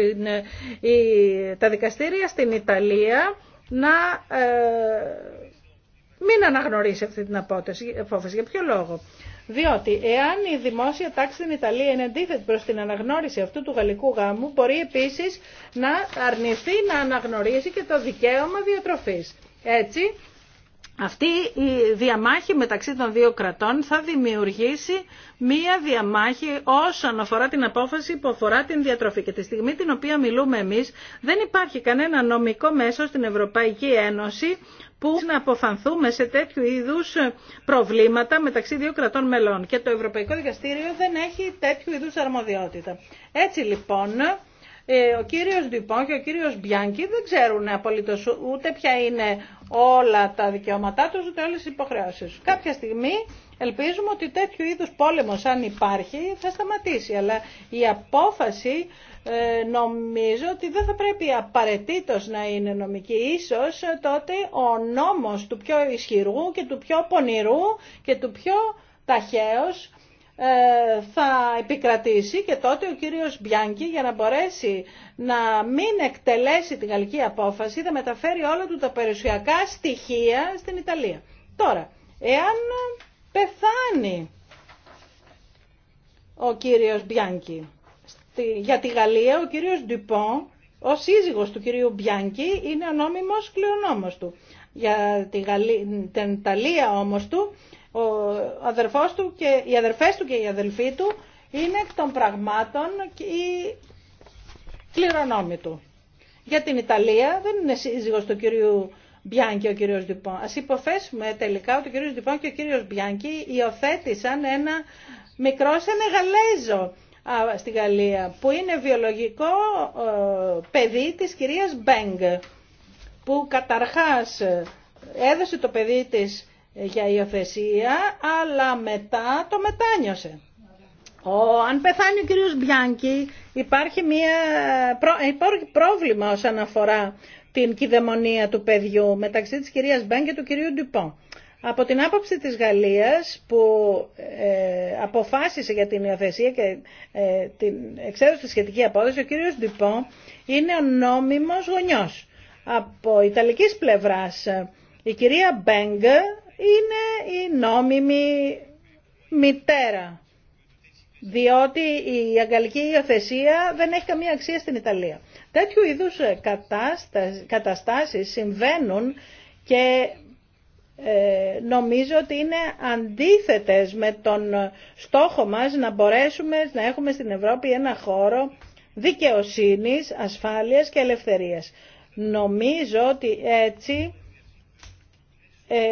τα δικαστήρια στην Ιταλία να ε, μην αναγνωρίσει αυτή την απόφαση. Για ποιο λόγο. Διότι εάν η δημόσια τάξη στην Ιταλία είναι αντίθετη προς την αναγνώριση αυτού του γαλλικού γάμου, μπορεί επίσης να αρνηθεί να αναγνωρίσει και το δικαίωμα διατροφής. Έτσι, αυτή η διαμάχη μεταξύ των δύο κρατών θα δημιουργήσει μία διαμάχη όσον αφορά την απόφαση που αφορά την διατροφή. Και τη στιγμή την οποία μιλούμε εμείς δεν υπάρχει κανένα νομικό μέσο στην Ευρωπαϊκή Ένωση που να αποφανθούμε σε τέτοιου είδους προβλήματα μεταξύ δύο κρατών μελών. Και το Ευρωπαϊκό Δικαστήριο δεν έχει τέτοιου είδους αρμοδιότητα. Έτσι λοιπόν... Ε, ο κύριος Ντυπών και ο κύριος Μπιάνκι δεν ξέρουν απολύτως ούτε ποια είναι όλα τα δικαιώματά τους, ούτε όλες τις υποχρεώσεις. Κάποια στιγμή ελπίζουμε ότι τέτοιου είδους πόλεμος, αν υπάρχει, θα σταματήσει. Αλλά η απόφαση ε, νομίζω ότι δεν θα πρέπει απαραίτητο να είναι νομική. Ίσως ε, τότε ο νόμος του πιο ισχυρού και του πιο πονηρού και του πιο ταχαίως ε, θα επικρατήσει και τότε ο κύριος Μπιάνκι για να μπορέσει να μην εκτελέσει τη γαλλική απόφαση θα μεταφέρει όλα του τα περιουσιακά στοιχεία στην Ιταλία. Τώρα, εάν πεθάνει ο κύριος Μπιάνκι για τη Γαλλία ο κύριος Ντυπών, ο σύζυγος του κυρίου Μπιάνκι είναι ο νόμιμος κλειονόμος του. Για τη Γαλλία, την Ιταλία όμως του ο αδερφός του και οι αδερφές του και οι αδελφοί του είναι εκ των πραγμάτων και οι κληρονόμοι του. Για την Ιταλία δεν είναι σύζυγος του κυρίου Μπιάνκι ο κύριος Διπών. Ας υποθέσουμε τελικά ότι ο κύριος Διπών και ο κύριος Μπιάνκι υιοθέτησαν ένα μικρό Σενεγαλέζο στη Γαλλία που είναι βιολογικό ε, παιδί της κυρίας Μπέγκ που καταρχάς ε, έδωσε το παιδί της ε, για υιοθεσία, αλλά μετά το μετάνιωσε. Ο, αν πεθάνει ο κύριος Μπιάνκι υπάρχει μια, πρόβλημα όσον αφορά την κυδαιμονία του παιδιού μεταξύ της κυρίας Μπέν και του κυρίου Ντυπών. Από την άποψη της Γαλλίας που ε, αποφάσισε για την υιοθεσία και ε, την εξέδωσε τη σχετική απόδοση, ο κύριος Ντυπών είναι ο νόμιμος γονιός. Από ιταλικής πλευράς η κυρία Μπέγκ είναι η νόμιμη μητέρα. Διότι η αγκαλική υιοθεσία δεν έχει καμία αξία στην Ιταλία. Τέτοιου είδους ε, καταστάσεις συμβαίνουν και ε, νομίζω ότι είναι αντίθετες με τον στόχο μας να μπορέσουμε να έχουμε στην Ευρώπη ένα χώρο δικαιοσύνης, ασφάλειας και ελευθερίας. Νομίζω ότι έτσι ε,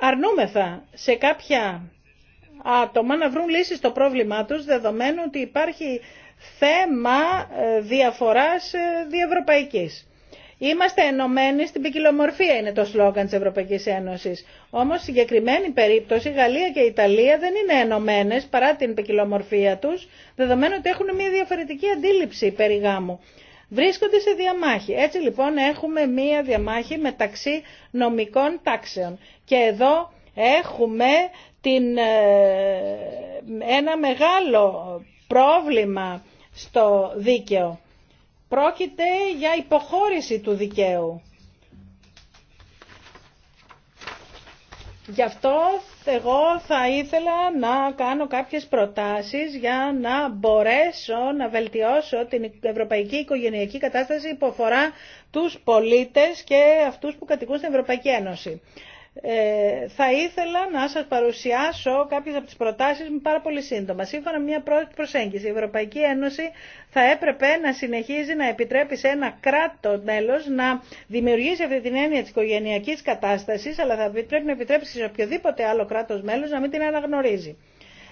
αρνούμεθα σε κάποια άτομα να βρουν λύσεις στο πρόβλημά τους, δεδομένου ότι υπάρχει θέμα ε, διαφοράς ε, διευρωπαϊκής. Είμαστε ενωμένοι στην ποικιλομορφία είναι το σλόγγαν της Ευρωπαϊκής Ένωσης. Όμως συγκεκριμένη περίπτωση η Γαλλία και η Ιταλία δεν είναι ενωμένε παρά την ποικιλομορφία τους, δεδομένου ότι έχουν μια διαφορετική αντίληψη περί γάμου βρίσκονται σε διαμάχη. Έτσι λοιπόν έχουμε μία διαμάχη μεταξύ νομικών τάξεων. Και εδώ έχουμε την, ε, ένα μεγάλο πρόβλημα στο δίκαιο. Πρόκειται για υποχώρηση του δικαίου. Γι' αυτό εγώ θα ήθελα να κάνω κάποιες προτάσεις για να μπορέσω να βελτιώσω την ευρωπαϊκή οικογενειακή κατάσταση που αφορά τους πολίτες και αυτούς που κατοικούν στην Ευρωπαϊκή Ένωση. Ε, θα ήθελα να σας παρουσιάσω κάποιες από τις προτάσεις μου πάρα πολύ σύντομα. Σύμφωνα με μια πρώτη προσέγγιση, η Ευρωπαϊκή Ένωση θα έπρεπε να συνεχίζει να επιτρέπει σε ένα κράτο μέλος να δημιουργήσει αυτή την έννοια της οικογενειακής κατάστασης, αλλά θα πρέπει να επιτρέψει σε οποιοδήποτε άλλο κράτος μέλος να μην την αναγνωρίζει.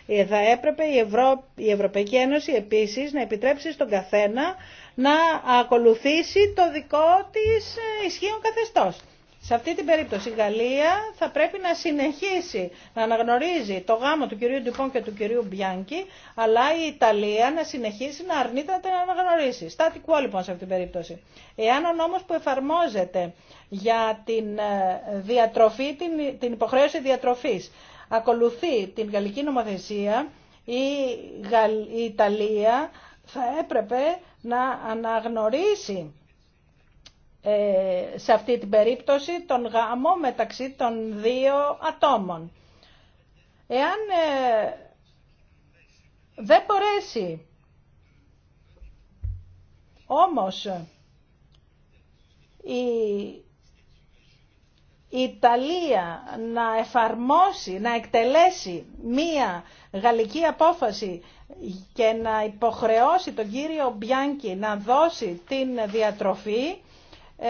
Ε, θα έπρεπε η, Ευρω... η Ευρωπαϊκή Ένωση επίσης να επιτρέψει στον καθένα να ακολουθήσει το δικό της ε, ισχύον καθεστώς. Σε αυτή την περίπτωση η Γαλλία θα πρέπει να συνεχίσει να αναγνωρίζει το γάμο του κυρίου Ντυπών και του κυρίου Μπιάνκι, αλλά η Ιταλία να συνεχίσει να αρνείται να την αναγνωρίσει. Στάτη quo λοιπόν σε αυτή την περίπτωση. Εάν ο νόμος που εφαρμόζεται για την, ε, διατροφή, την, υποχρέωση διατροφής ακολουθεί την γαλλική νομοθεσία, η, η Ιταλία θα έπρεπε να αναγνωρίσει ε, σε αυτή την περίπτωση τον γάμο μεταξύ των δύο ατόμων. Εάν ε, δεν μπορέσει όμως η η Ιταλία να εφαρμόσει, να εκτελέσει μία γαλλική απόφαση και να υποχρεώσει τον κύριο Μπιάνκι να δώσει την διατροφή, ε,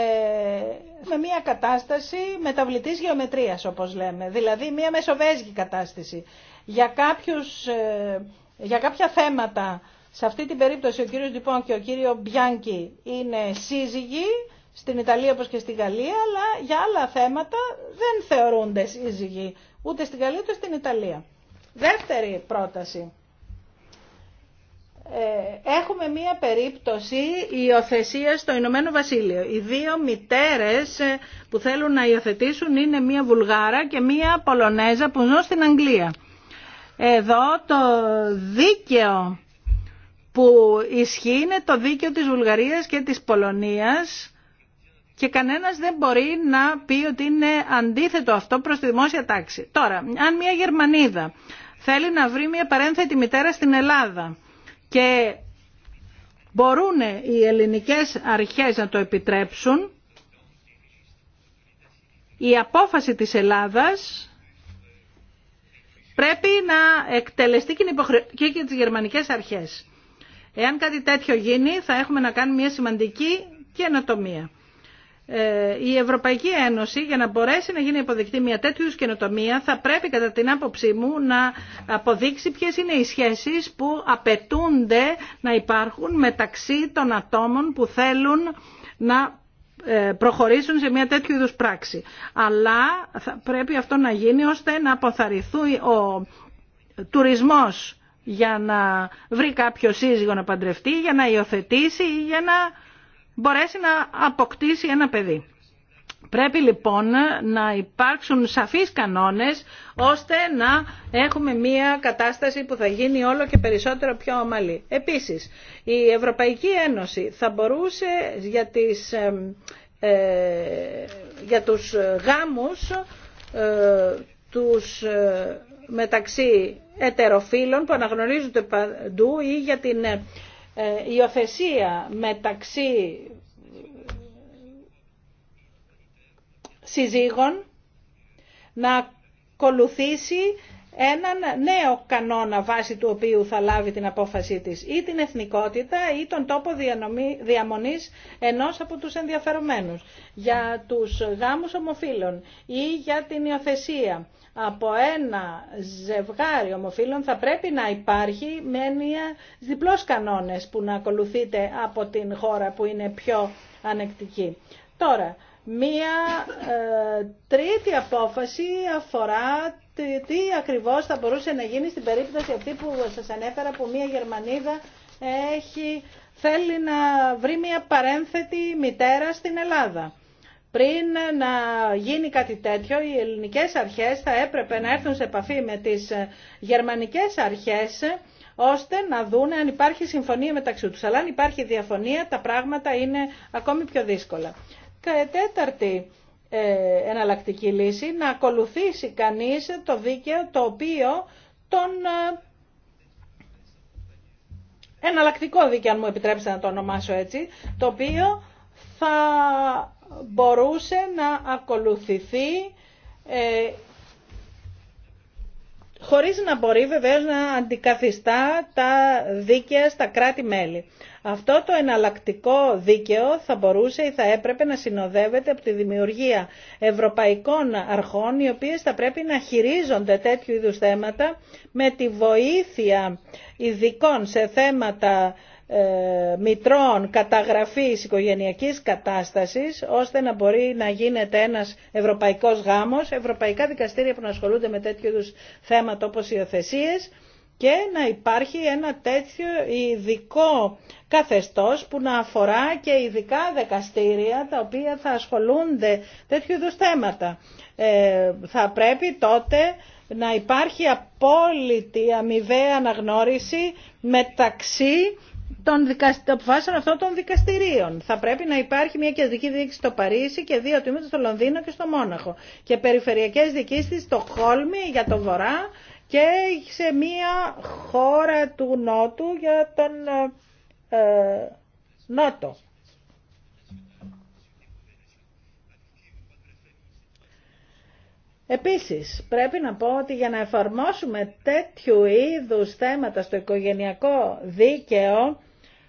με μια κατάσταση μεταβλητής γεωμετρίας όπως λέμε, δηλαδή μια μεσοβέζικη κατάσταση. Για, κάποιους, ε, για κάποια θέματα, σε αυτή την περίπτωση ο κύριος Ντυπών και ο κύριο Μπιάνκι είναι σύζυγοι, στην Ιταλία όπως και στην Γαλλία, αλλά για άλλα θέματα δεν θεωρούνται σύζυγοι, ούτε στην Γαλλία ούτε στην Ιταλία. Δεύτερη πρόταση. Ε, έχουμε μία περίπτωση υιοθεσία στο Ηνωμένο Βασίλειο. Οι δύο μητέρες ε, που θέλουν να υιοθετήσουν είναι μία Βουλγάρα και μία Πολωνέζα που ζουν στην Αγγλία. Εδώ το δίκαιο που ισχύει είναι το δίκαιο της Βουλγαρίας και της Πολωνίας και κανένας δεν μπορεί να πει ότι είναι αντίθετο αυτό προς τη δημόσια τάξη. Τώρα, αν μια Γερμανίδα θέλει να βρει μια παρένθετη μητέρα στην Ελλάδα και μπορούν οι ελληνικές αρχές να το επιτρέψουν, η απόφαση της Ελλάδας πρέπει να εκτελεστεί και και τις γερμανικές αρχές. Εάν κάτι τέτοιο γίνει θα έχουμε να κάνουμε μια σημαντική καινοτομία. Ε, η Ευρωπαϊκή Ένωση για να μπορέσει να γίνει αποδεκτή μια τέτοιου καινοτομία θα πρέπει κατά την άποψή μου να αποδείξει ποιες είναι οι σχέσεις που απαιτούνται να υπάρχουν μεταξύ των ατόμων που θέλουν να ε, προχωρήσουν σε μια τέτοιου είδους πράξη. Αλλά θα πρέπει αυτό να γίνει ώστε να αποθαρρυθεί ο τουρισμός για να βρει κάποιο σύζυγο να παντρευτεί, για να υιοθετήσει ή για να μπορέσει να αποκτήσει ένα παιδί. Πρέπει λοιπόν να υπάρξουν σαφείς κανόνες ώστε να έχουμε μια κατάσταση που θα γίνει όλο και περισσότερο πιο ομαλή. Επίσης, η Ευρωπαϊκή Ένωση θα μπορούσε για, τις, ε, για τους γάμους ε, τους, ε, μεταξύ ετεροφύλων που αναγνωρίζονται παντού ή για την ε, ε, η υιοθεσία μεταξύ συζύγων να ακολουθήσει έναν νέο κανόνα βάσει του οποίου θα λάβει την απόφασή της ή την εθνικότητα ή τον τόπο διαμονής ενός από τους ενδιαφερομένους για τους γάμους ομοφύλων ή για την υιοθεσία από ένα ζευγάρι ομοφύλων θα πρέπει να υπάρχει με μια διπλός κανόνες που να ακολουθείτε από την χώρα που είναι πιο ανεκτική. Τώρα, μία ε, τρίτη απόφαση αφορά τι ακριβώς θα μπορούσε να γίνει στην περίπτωση αυτή που σας ανέφερα που μια Γερμανίδα έχει, θέλει να βρει μια παρένθετη μητέρα στην Ελλάδα. Πριν να γίνει κάτι τέτοιο, οι ελληνικές αρχές θα έπρεπε να έρθουν σε επαφή με τις γερμανικές αρχές ώστε να δουν αν υπάρχει συμφωνία μεταξύ τους. Αλλά αν υπάρχει διαφωνία, τα πράγματα είναι ακόμη πιο δύσκολα. Τέταρτη ε, εναλλακτική λύση, να ακολουθήσει κανείς το δίκαιο το οποίο τον ε, εναλλακτικό δίκαιο, αν μου επιτρέψετε να το ονομάσω έτσι, το οποίο θα μπορούσε να ακολουθηθεί ε, χωρίς να μπορεί βεβαίως να αντικαθιστά τα δίκαια στα κράτη-μέλη. Αυτό το εναλλακτικό δίκαιο θα μπορούσε ή θα έπρεπε να συνοδεύεται από τη δημιουργία ευρωπαϊκών αρχών, οι οποίες θα πρέπει να χειρίζονται τέτοιου είδους θέματα με τη βοήθεια ειδικών σε θέματα ε, μητρών καταγραφής οικογενειακής κατάστασης ώστε να μπορεί να γίνεται ένας ευρωπαϊκός γάμος, ευρωπαϊκά δικαστήρια που να ασχολούνται με τέτοιου είδους θέματα όπως υιοθεσίες και να υπάρχει ένα τέτοιο ειδικό καθεστώς που να αφορά και ειδικά δικαστήρια τα οποία θα ασχολούνται τέτοιου είδους θέματα. Ε, θα πρέπει τότε να υπάρχει απόλυτη αμοιβαία αναγνώριση μεταξύ των δικαστή αποφάσεων αυτών των δικαστηρίων. Θα πρέπει να υπάρχει μια κεντρική διοίκηση στο Παρίσι και δύο τμήματα στο Λονδίνο και στο Μόναχο. Και περιφερειακές διοικήσει στο Χόλμη για τον Βορρά και σε μια χώρα του Νότου για τον ε, ε, Νότο. Επίσης, πρέπει να πω ότι για να εφαρμόσουμε τέτοιου είδους θέματα στο οικογενειακό δίκαιο,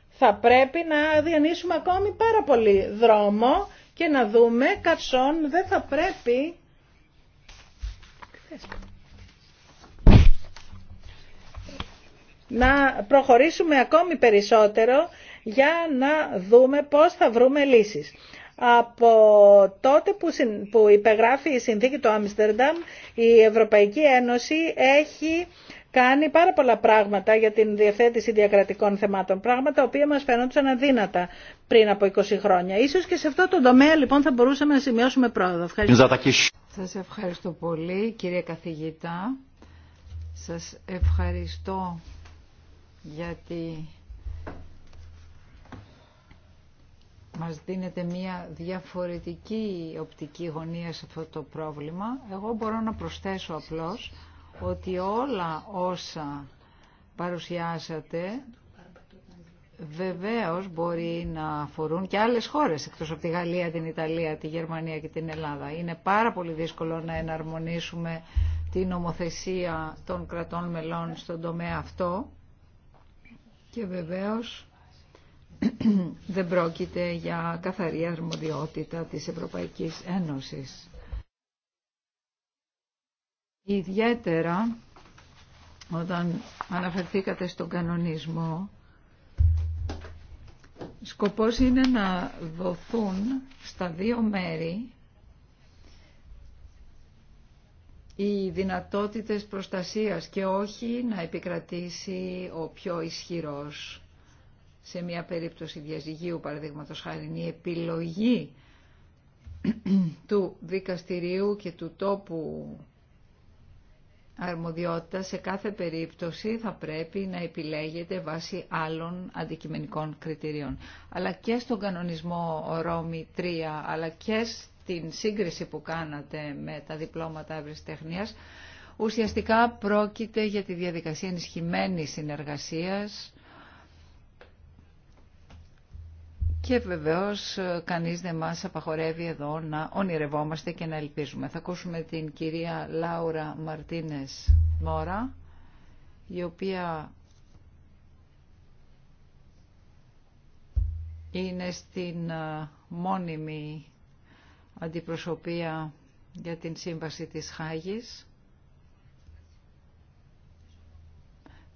θα πρέπει να διανύσουμε ακόμη πάρα πολύ δρόμο και να δούμε κατσόν δεν θα πρέπει... να προχωρήσουμε ακόμη περισσότερο για να δούμε πώς θα βρούμε λύσεις από τότε που υπεγράφει η συνθήκη του Άμστερνταμ η Ευρωπαϊκή Ένωση έχει κάνει πάρα πολλά πράγματα για την διαθέτηση διακρατικών θεμάτων, πράγματα οποία μας φαίνονταν αδύνατα πριν από 20 χρόνια. Ίσως και σε αυτό το τομέα λοιπόν θα μπορούσαμε να σημειώσουμε πρόοδο. Ευχαριστώ. Σας ευχαριστώ πολύ κύριε καθηγητά. Σας ευχαριστώ γιατί μας δίνεται μια διαφορετική οπτική γωνία σε αυτό το πρόβλημα. Εγώ μπορώ να προσθέσω απλώς ότι όλα όσα παρουσιάσατε βεβαίως μπορεί να αφορούν και άλλες χώρες εκτός από τη Γαλλία, την Ιταλία, τη Γερμανία και την Ελλάδα. Είναι πάρα πολύ δύσκολο να εναρμονίσουμε την ομοθεσία των κρατών μελών στον τομέα αυτό και βεβαίως (coughs) δεν πρόκειται για καθαρή αρμοδιότητα της Ευρωπαϊκής Ένωσης. Ιδιαίτερα όταν αναφερθήκατε στον κανονισμό, σκοπός είναι να δοθούν στα δύο μέρη οι δυνατότητες προστασίας και όχι να επικρατήσει ο πιο ισχυρός σε μια περίπτωση διαζυγίου, παραδείγματο χάρη, η επιλογή του δικαστηρίου και του τόπου αρμοδιότητα σε κάθε περίπτωση θα πρέπει να επιλέγεται βάσει άλλων αντικειμενικών κριτηρίων. Αλλά και στον κανονισμό Ρώμη 3, αλλά και στην σύγκριση που κάνατε με τα διπλώματα τεχνίας, ουσιαστικά πρόκειται για τη διαδικασία ενισχυμένη συνεργασίας Και βεβαίως ε, κανείς δεν μας απαγορεύει εδώ να ονειρευόμαστε και να ελπίζουμε. Θα ακούσουμε την κυρία Λάουρα Μαρτίνες Μόρα, η οποία είναι στην ε, μόνιμη αντιπροσωπεία για την σύμβαση της Χάγης.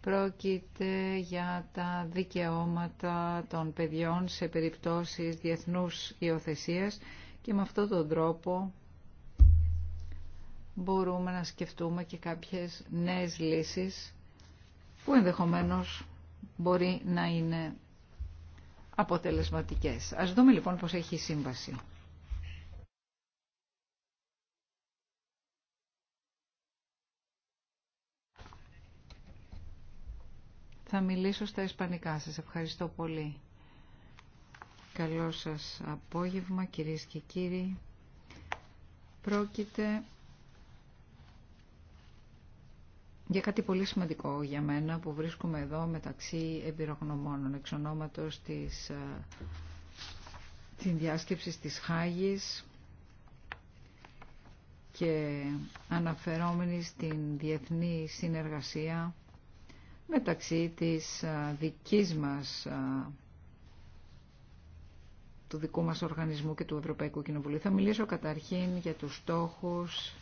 Πρόκειται για τα δικαιώματα των παιδιών σε περιπτώσεις διεθνούς υιοθεσία και με αυτόν τον τρόπο μπορούμε να σκεφτούμε και κάποιες νέες λύσεις που ενδεχομένως μπορεί να είναι αποτελεσματικές. Ας δούμε λοιπόν πώς έχει η σύμβαση. Θα μιλήσω στα ισπανικά. Σας ευχαριστώ πολύ. Καλό σας απόγευμα κυρίες και κύριοι. Πρόκειται για κάτι πολύ σημαντικό για μένα που βρίσκουμε εδώ μεταξύ εμπειρογνωμόνων εξ ονόματος της, ε, της διάσκεψης της Χάγης και αναφερόμενη στην διεθνή συνεργασία μεταξύ της δικής μας του δικού μας οργανισμού και του Ευρωπαϊκού Κοινοβουλίου. Θα μιλήσω καταρχήν για τους στόχους,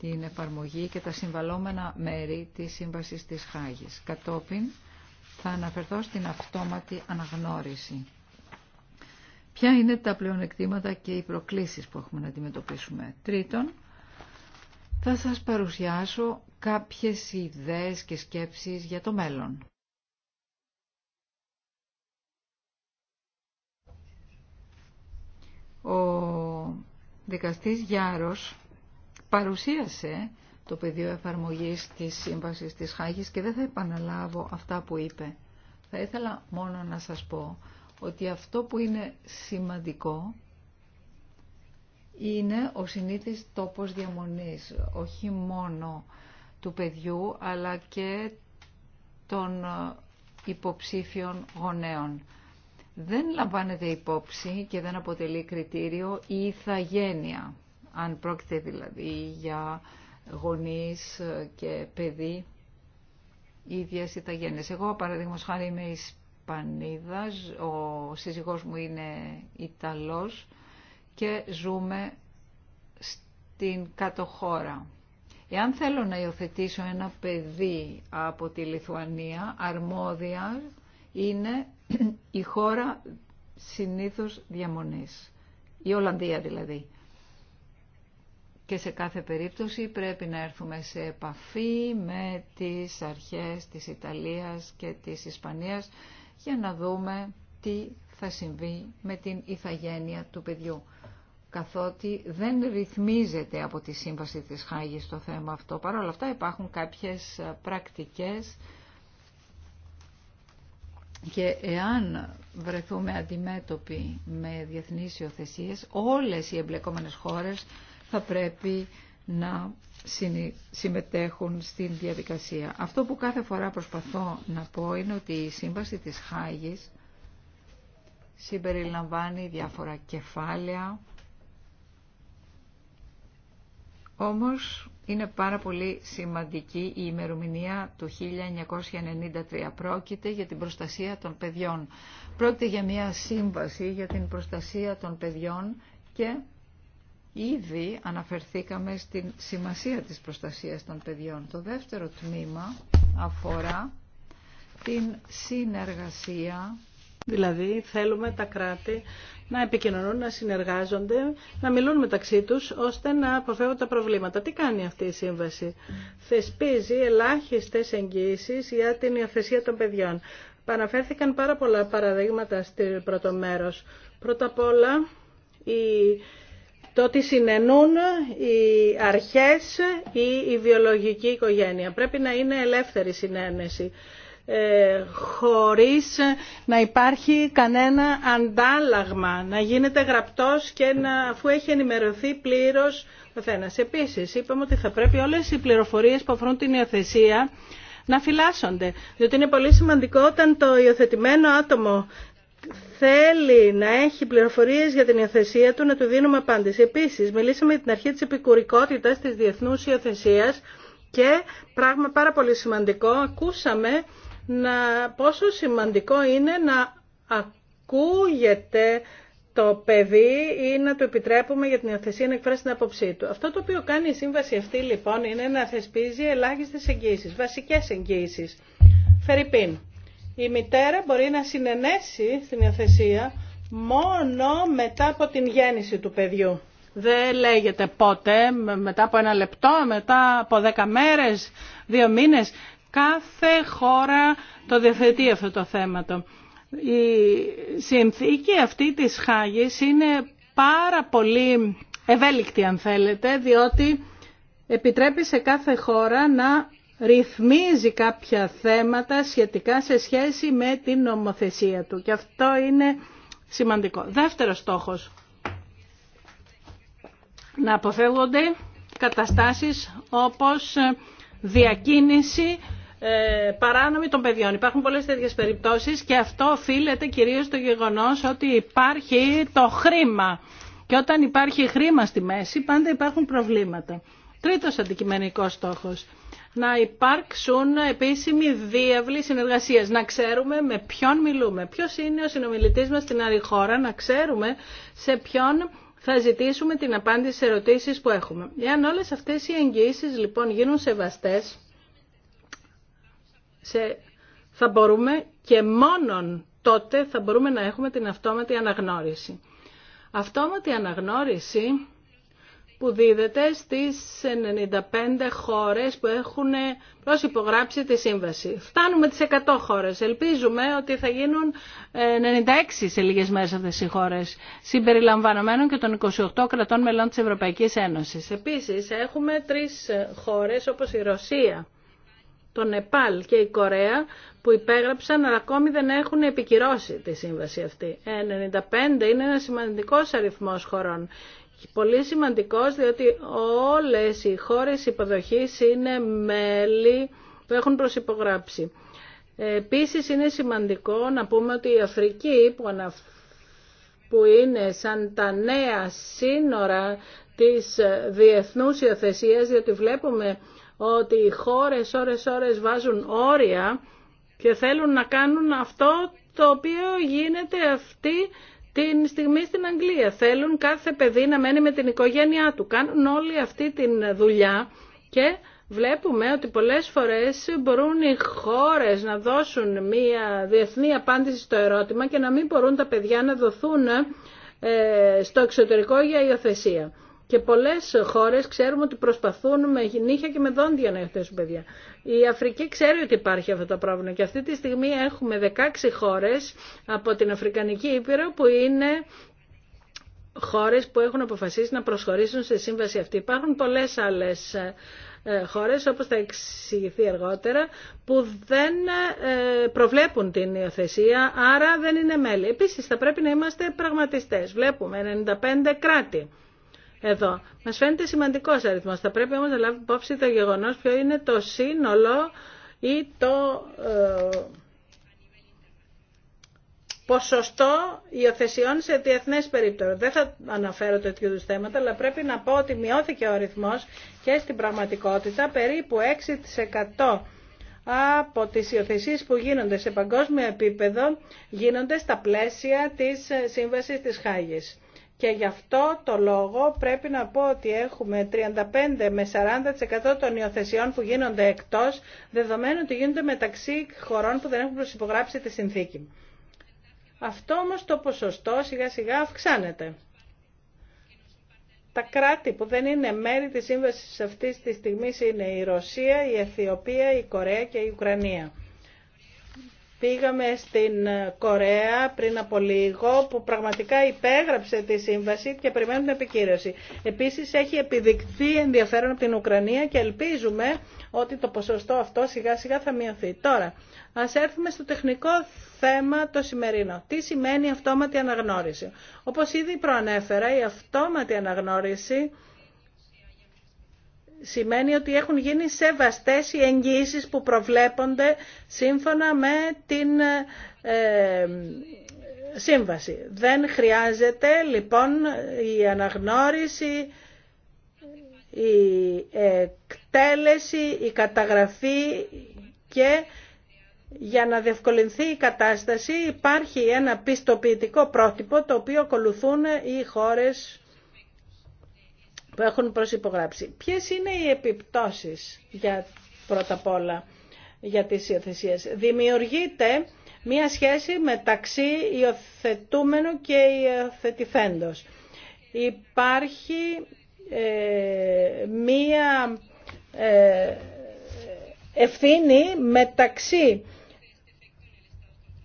την εφαρμογή και τα συμβαλόμενα μέρη της Σύμβασης της Χάγης. Κατόπιν θα αναφερθώ στην αυτόματη αναγνώριση. Ποια είναι τα πλεονεκτήματα και οι προκλήσεις που έχουμε να αντιμετωπίσουμε. Τρίτον, θα σας παρουσιάσω κάποιες ιδέες και σκέψεις για το μέλλον. Ο δικαστής Γιάρος παρουσίασε το πεδίο εφαρμογής της Σύμβασης της Χάγης και δεν θα επαναλάβω αυτά που είπε. Θα ήθελα μόνο να σας πω ότι αυτό που είναι σημαντικό είναι ο συνήθις τόπος διαμονής, όχι μόνο του παιδιού αλλά και των ε, υποψήφιων γονέων. Δεν λαμβάνεται υπόψη και δεν αποτελεί κριτήριο η ηθαγένεια, αν πρόκειται δηλαδή για γονείς ε, και παιδί ίδιας ηθαγένειας. Εγώ παραδείγματος χάρη είμαι Ισπανίδα, ο σύζυγός μου είναι Ιταλός και ζούμε στην κατοχώρα. Εάν θέλω να υιοθετήσω ένα παιδί από τη Λιθουανία, αρμόδια είναι η χώρα συνήθως διαμονής. Η Ολλανδία δηλαδή. Και σε κάθε περίπτωση πρέπει να έρθουμε σε επαφή με τις αρχές της Ιταλίας και της Ισπανίας για να δούμε τι θα συμβεί με την ηθαγένεια του παιδιού καθότι δεν ρυθμίζεται από τη Σύμβαση της Χάγης το θέμα αυτό. Παρ' όλα αυτά υπάρχουν κάποιες ε, πρακτικές και εάν βρεθούμε αντιμέτωποι με διεθνείς υιοθεσίες, όλες οι εμπλεκόμενες χώρες θα πρέπει να συμμετέχουν στην διαδικασία. Αυτό που κάθε φορά προσπαθώ να πω είναι ότι η Σύμβαση της Χάγης συμπεριλαμβάνει διάφορα κεφάλαια όμως είναι πάρα πολύ σημαντική η ημερομηνία του 1993. Πρόκειται για την προστασία των παιδιών. Πρόκειται για μια σύμβαση για την προστασία των παιδιών και ήδη αναφερθήκαμε στην σημασία της προστασίας των παιδιών. Το δεύτερο τμήμα αφορά την συνεργασία. Δηλαδή θέλουμε τα κράτη να επικοινωνούν, να συνεργάζονται, να μιλούν μεταξύ τους ώστε να αποφεύγουν τα προβλήματα. Τι κάνει αυτή η σύμβαση. Θεσπίζει ελάχιστες εγγύησεις για την υιοθεσία των παιδιών. Παναφέρθηκαν πάρα πολλά παραδείγματα στο πρώτο μέρο. Πρώτα απ' όλα η... το ότι συνενούν οι αρχές ή η βιολογική οικογένεια. Πρέπει να είναι ελεύθερη συνένεση. Ε, χωρίς να υπάρχει κανένα αντάλλαγμα, να γίνεται γραπτός και να, αφού έχει ενημερωθεί πλήρως ο Θένας. Επίσης, είπαμε ότι θα πρέπει όλες οι πληροφορίες που αφορούν την υιοθεσία να φυλάσσονται, διότι είναι πολύ σημαντικό όταν το υιοθετημένο άτομο θέλει να έχει πληροφορίες για την υιοθεσία του, να του δίνουμε απάντηση. Επίσης, μιλήσαμε για την αρχή της επικουρικότητας της διεθνούς υιοθεσίας και πράγμα πάρα πολύ σημαντικό, ακούσαμε να, πόσο σημαντικό είναι να ακούγεται το παιδί ή να το επιτρέπουμε για την υιοθεσία να εκφράσει την άποψή του. Αυτό το οποίο κάνει η σύμβαση αυτή λοιπόν είναι να θεσπίζει ελάχιστες εγγύησεις, βασικές εγγύησεις. Φερρυπίν, η μητέρα μπορεί να συνενέσει στην υιοθεσία μόνο μετά από την γέννηση του παιδιού. Δεν λέγεται πότε, μετά από ένα λεπτό, μετά από δέκα μέρες, δύο μήνες. Κάθε χώρα το διαθετεί αυτό το θέμα. Η συνθήκη αυτή της Χάγης είναι πάρα πολύ ευέλικτη αν θέλετε, διότι επιτρέπει σε κάθε χώρα να ρυθμίζει κάποια θέματα σχετικά σε σχέση με την νομοθεσία του. Και αυτό είναι σημαντικό. Δεύτερος στόχος. Να αποφεύγονται καταστάσεις όπως διακίνηση ε, παράνομη των παιδιών. Υπάρχουν πολλές τέτοιες περιπτώσεις και αυτό οφείλεται κυρίως στο γεγονός ότι υπάρχει το χρήμα. Και όταν υπάρχει χρήμα στη μέση πάντα υπάρχουν προβλήματα. Τρίτος αντικειμενικός στόχος. Να υπάρξουν επίσημοι διάβλοι συνεργασία. Να ξέρουμε με ποιον μιλούμε. ποιο είναι ο συνομιλητή μα στην άλλη χώρα. Να ξέρουμε σε ποιον θα ζητήσουμε την απάντηση σε ερωτήσει που έχουμε. Εάν όλε αυτέ οι εγγυήσει λοιπόν γίνουν σεβαστέ, σε, θα μπορούμε και μόνον τότε θα μπορούμε να έχουμε την αυτόματη αναγνώριση. Αυτόματη αναγνώριση που δίδεται στις 95 χώρες που έχουν προσυπογράψει τη σύμβαση. Φτάνουμε τις 100 χώρες. Ελπίζουμε ότι θα γίνουν 96 σε λίγες μέρες αυτές οι χώρες, συμπεριλαμβανομένων και των 28 κρατών μελών της Ευρωπαϊκής Ένωσης. Επίσης, έχουμε τρεις χώρες όπως η Ρωσία, το Νεπάλ και η Κορέα που υπέγραψαν αλλά ακόμη δεν έχουν επικυρώσει τη σύμβαση αυτή. 95 είναι ένα σημαντικός αριθμό χωρών. Πολύ σημαντικός διότι όλε οι χώρες υποδοχής είναι μέλη που έχουν προσυπογράψει. Επίση είναι σημαντικό να πούμε ότι η Αφρική που, που είναι σαν τα νέα σύνορα της διεθνούς υιοθεσίας, διότι βλέπουμε ότι οι χώρες ώρες ώρες βάζουν όρια και θέλουν να κάνουν αυτό το οποίο γίνεται αυτή την στιγμή στην Αγγλία. Θέλουν κάθε παιδί να μένει με την οικογένειά του. Κάνουν όλη αυτή την δουλειά και βλέπουμε ότι πολλές φορές μπορούν οι χώρες να δώσουν μια διεθνή απάντηση στο ερώτημα και να μην μπορούν τα παιδιά να δοθούν ε, στο εξωτερικό για υιοθεσία. Και πολλές χώρες ξέρουμε ότι προσπαθούν με νύχια και με δόντια να υιοθετήσουν παιδιά. Η Αφρική ξέρει ότι υπάρχει αυτό το πρόβλημα και αυτή τη στιγμή έχουμε 16 χώρες από την Αφρικανική Ήπειρο που είναι χώρες που έχουν αποφασίσει να προσχωρήσουν σε σύμβαση αυτή. Υπάρχουν πολλές άλλες ε, χώρες, όπως θα εξηγηθεί αργότερα, που δεν ε, προβλέπουν την υιοθεσία, άρα δεν είναι μέλη. Επίσης, θα πρέπει να είμαστε πραγματιστές. Βλέπουμε 95 κράτη εδώ. Μας φαίνεται σημαντικό αριθμό. Θα πρέπει όμως να λάβει υπόψη το γεγονός ποιο είναι το σύνολο ή το ε, ποσοστό υιοθεσιών σε διεθνέ περίπτωση. Δεν θα αναφέρω τέτοιου είδου θέματα, αλλά πρέπει να πω ότι μειώθηκε ο αριθμό και στην πραγματικότητα περίπου 6% από τις υιοθεσίες που γίνονται σε παγκόσμιο επίπεδο γίνονται στα πλαίσια της ε, Σύμβασης της Χάγης. Και γι' αυτό το λόγο πρέπει να πω ότι έχουμε 35 με 40% των υιοθεσιών που γίνονται εκτός, δεδομένου ότι γίνονται μεταξύ χωρών που δεν έχουν προσυπογράψει τη συνθήκη. Αυτό όμως το ποσοστό σιγά σιγά αυξάνεται. Τα κράτη που δεν είναι μέρη της σύμβασης αυτής της στιγμής είναι η Ρωσία, η Αιθιοπία, η Κορέα και η Ουκρανία. Πήγαμε στην ε, Κορέα πριν από λίγο που πραγματικά υπέγραψε τη σύμβαση και περιμένουμε επικύρωση. Επίσης έχει επιδεικτεί ενδιαφέρον από την Ουκρανία και ελπίζουμε ότι το ποσοστό αυτό σιγά σιγά θα μειωθεί. Τώρα, ας έρθουμε στο τεχνικό θέμα το σημερινό. Τι σημαίνει αυτόματη αναγνώριση. Όπως ήδη προανέφερα, η αυτόματη αναγνώριση σημαίνει ότι έχουν γίνει σεβαστές οι εγγύησεις που προβλέπονται σύμφωνα με την ε, ε, σύμβαση. Δεν χρειάζεται λοιπόν η αναγνώριση, η εκτέλεση, η καταγραφή και για να διευκολυνθεί η κατάσταση υπάρχει ένα πιστοποιητικό πρότυπο το οποίο ακολουθούν οι χώρες που έχουν προσυπογράψει. Ποιες είναι οι επιπτώσεις για πρώτα απ' όλα για τις υιοθεσίες. Δημιουργείται μία σχέση μεταξύ υιοθετούμενου και υιοθετηθέντος. Υπάρχει ε, μία ε, ευθύνη μεταξύ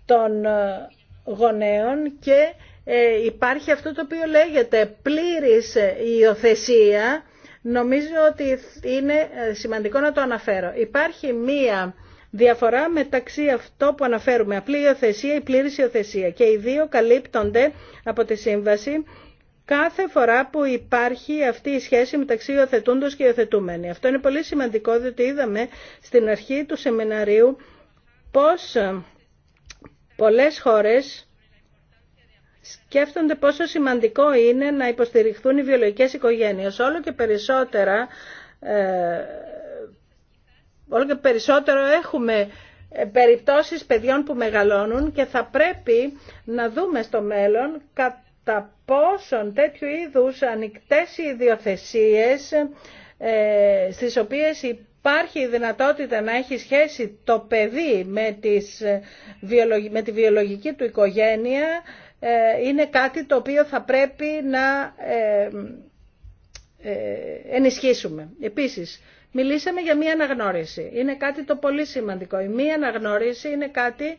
των ε, γονέων και ε, υπάρχει αυτό το οποίο λέγεται πλήρης υιοθεσία, νομίζω ότι είναι ε, σημαντικό να το αναφέρω. Υπάρχει μία διαφορά μεταξύ αυτό που αναφέρουμε, απλή υιοθεσία ή πλήρης υιοθεσία και οι δύο καλύπτονται από τη σύμβαση κάθε φορά που υπάρχει αυτή η σχέση μεταξύ υιοθετούντος και υιοθετούμενη. Αυτό είναι πολύ σημαντικό διότι είδαμε στην αρχή του σεμιναρίου πως ε, πολλές χώρες σκέφτονται πόσο σημαντικό είναι να υποστηριχθούν οι βιολογικές οικογένειες. Όλο και περισσότερα ε, όλο και περισσότερο έχουμε ε, περιπτώσεις παιδιών που μεγαλώνουν και θα πρέπει να δούμε στο μέλλον κατά πόσον τέτοιου είδους ανοιχτές ιδιοθεσίες ε, στις οποίες υπάρχει η δυνατότητα να έχει σχέση το παιδί με, τις, ε, με τη βιολογική του οικογένεια ε, είναι κάτι το οποίο θα πρέπει να ε, ε, ενισχύσουμε. Επίσης, μιλήσαμε για μία αναγνώριση. Είναι κάτι το πολύ σημαντικό. Η μία αναγνώριση είναι κάτι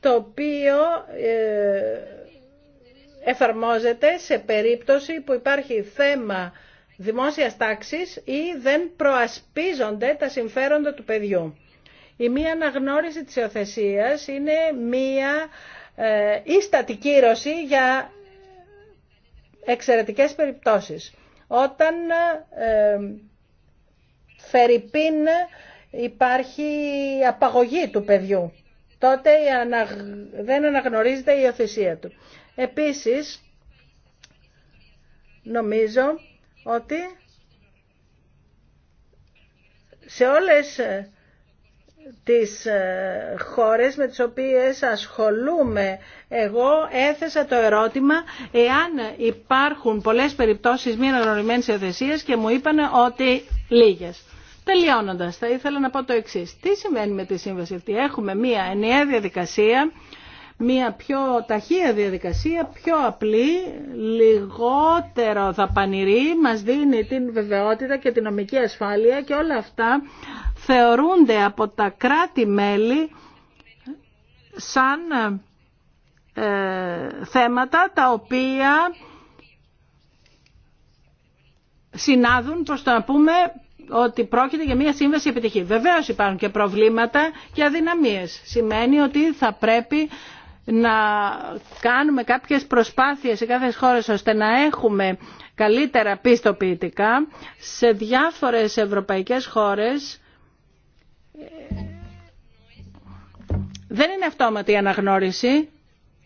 το οποίο εφαρμόζεται σε περίπτωση που υπάρχει θέμα δημόσιας τάξης ή δεν προασπίζονται τα συμφέροντα του παιδιού. Η μία αναγνώριση της υιοθεσία είναι μία ε, ίστατη κύρωση για εξαιρετικές περιπτώσεις. Όταν ε, φερρυπίν υπάρχει απαγωγή του παιδιού, τότε δεν αναγνωρίζεται η υιοθεσία του. Επίσης, νομίζω ότι σε όλες τις ε, χώρες με τις οποίες ασχολούμαι. Εγώ έθεσα το ερώτημα εάν υπάρχουν πολλές περιπτώσεις μη αναγνωρισμένης υιοθεσίας και μου είπαν ότι λίγες. Τελειώνοντας, θα ήθελα να πω το εξής. Τι σημαίνει με τη σύμβαση αυτή. Έχουμε μία ενιαία διαδικασία μια πιο ταχεία διαδικασία, πιο απλή, λιγότερο δαπανηρή, μας δίνει την βεβαιότητα και την νομική ασφάλεια και όλα αυτά θεωρούνται από τα κράτη-μέλη σαν ε, θέματα τα οποία συνάδουν προς το να πούμε ότι πρόκειται για μια σύμβαση επιτυχή. Βεβαίως υπάρχουν και προβλήματα και αδυναμίες. Σημαίνει ότι θα πρέπει να κάνουμε κάποιες προσπάθειες σε κάθε χώρες ώστε να έχουμε καλύτερα πιστοποιητικά σε διάφορες ευρωπαϊκές χώρες δεν είναι αυτόματη η αναγνώριση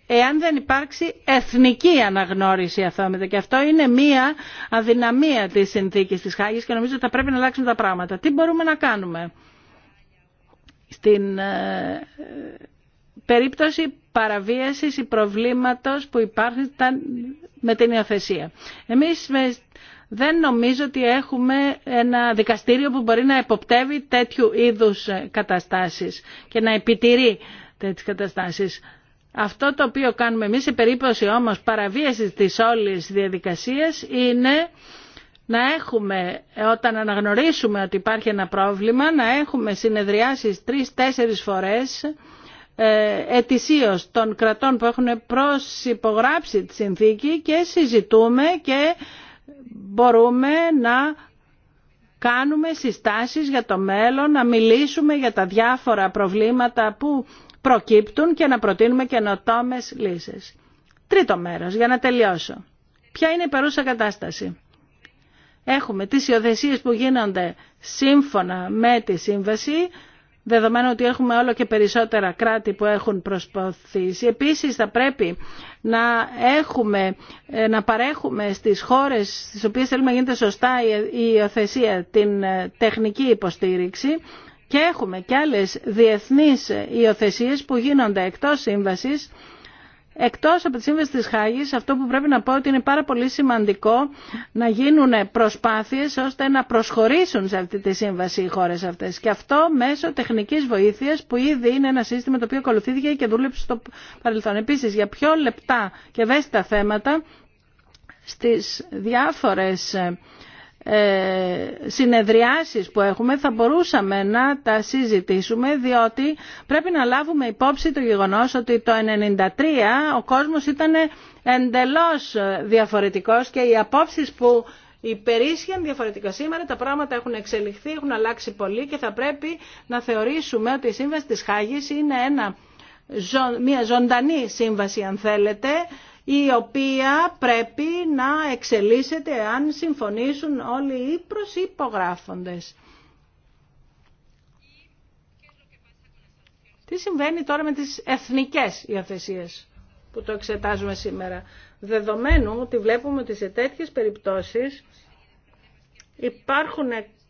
εάν δεν υπάρξει εθνική αναγνώριση αθώμητα. Και αυτό είναι μία αδυναμία της συνθήκης της Χάγης και νομίζω ότι θα πρέπει να αλλάξουν τα πράγματα. Τι μπορούμε να κάνουμε. Στην ε, περίπτωση παραβίασης ή προβλήματος που υπάρχουν με την υιοθεσία. Εμείς δεν νομίζω ότι έχουμε ένα δικαστήριο που μπορεί να εποπτεύει τέτοιου είδους καταστάσεις και να επιτηρεί τέτοιες καταστάσεις. Αυτό το οποίο κάνουμε εμείς σε περίπτωση όμως παραβίασης της όλης διαδικασίας είναι να έχουμε, όταν αναγνωρίσουμε ότι υπάρχει ένα πρόβλημα, να έχουμε συνεδριάσεις τρεις-τέσσερις φορές ε, ετησίως των κρατών που έχουν προσυπογράψει τη συνθήκη και συζητούμε και μπορούμε να κάνουμε συστάσεις για το μέλλον, να μιλήσουμε για τα διάφορα προβλήματα που προκύπτουν και να προτείνουμε καινοτόμες λύσεις. Τρίτο μέρος, για να τελειώσω. Ποια είναι η περούσα κατάσταση. Έχουμε τις υιοθεσίες που γίνονται σύμφωνα με τη σύμβαση, δεδομένου ότι έχουμε όλο και περισσότερα κράτη που έχουν προσπαθήσει. Επίσης θα πρέπει να, έχουμε, ε, να παρέχουμε στις χώρες στις οποίες θέλουμε να γίνεται σωστά η υιοθεσία την ε, τεχνική υποστήριξη και έχουμε και άλλες διεθνείς υιοθεσίε που γίνονται εκτός σύμβασης Εκτός από τη Σύμβαση της Χάγης, αυτό που πρέπει να πω ότι είναι πάρα πολύ σημαντικό να γίνουν προσπάθειες ώστε να προσχωρήσουν σε αυτή τη σύμβαση οι χώρες αυτές. Και αυτό μέσω τεχνικής βοήθειας που ήδη είναι ένα σύστημα το οποίο ακολουθήθηκε και δούλεψε στο παρελθόν. Επίσης, για πιο λεπτά και ευαίσθητα θέματα στις διάφορες ε, συνεδριάσεις που έχουμε θα μπορούσαμε να τα συζητήσουμε διότι πρέπει να λάβουμε υπόψη το γεγονός ότι το 1993 ο κόσμος ήταν εντελώς διαφορετικός και οι απόψεις που υπερίσχυαν διαφορετικά. Σήμερα τα πράγματα έχουν εξελιχθεί, έχουν αλλάξει πολύ και θα πρέπει να θεωρήσουμε ότι η Σύμβαση της Χάγης είναι ένα, μια ζωντανή σύμβαση αν θέλετε η οποία πρέπει να εξελίσσεται αν συμφωνήσουν όλοι οι προσυπογράφοντες. Τι συμβαίνει τώρα με τις εθνικές υιοθεσίες που το εξετάζουμε σήμερα. Δεδομένου ότι βλέπουμε ότι σε τέτοιες περιπτώσεις υπάρχουν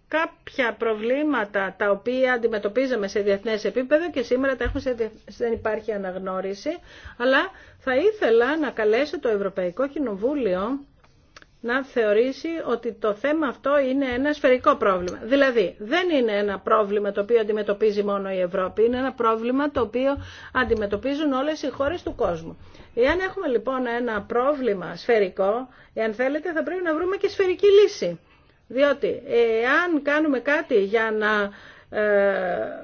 κάποια προβλήματα τα οποία αντιμετωπίζαμε σε διεθνές επίπεδο και σήμερα τα έχουμε δεν υπάρχει αναγνώριση, αλλά θα ήθελα να καλέσω το Ευρωπαϊκό Κοινοβούλιο να θεωρήσει ότι το θέμα αυτό είναι ένα σφαιρικό πρόβλημα. Δηλαδή, δεν είναι ένα πρόβλημα το οποίο αντιμετωπίζει μόνο η Ευρώπη, είναι ένα πρόβλημα το οποίο αντιμετωπίζουν όλες οι χώρες του κόσμου. Εάν έχουμε λοιπόν ένα πρόβλημα σφαιρικό, εάν θέλετε θα πρέπει να βρούμε και σφαιρική λύση. Διότι εάν κάνουμε κάτι για να ε,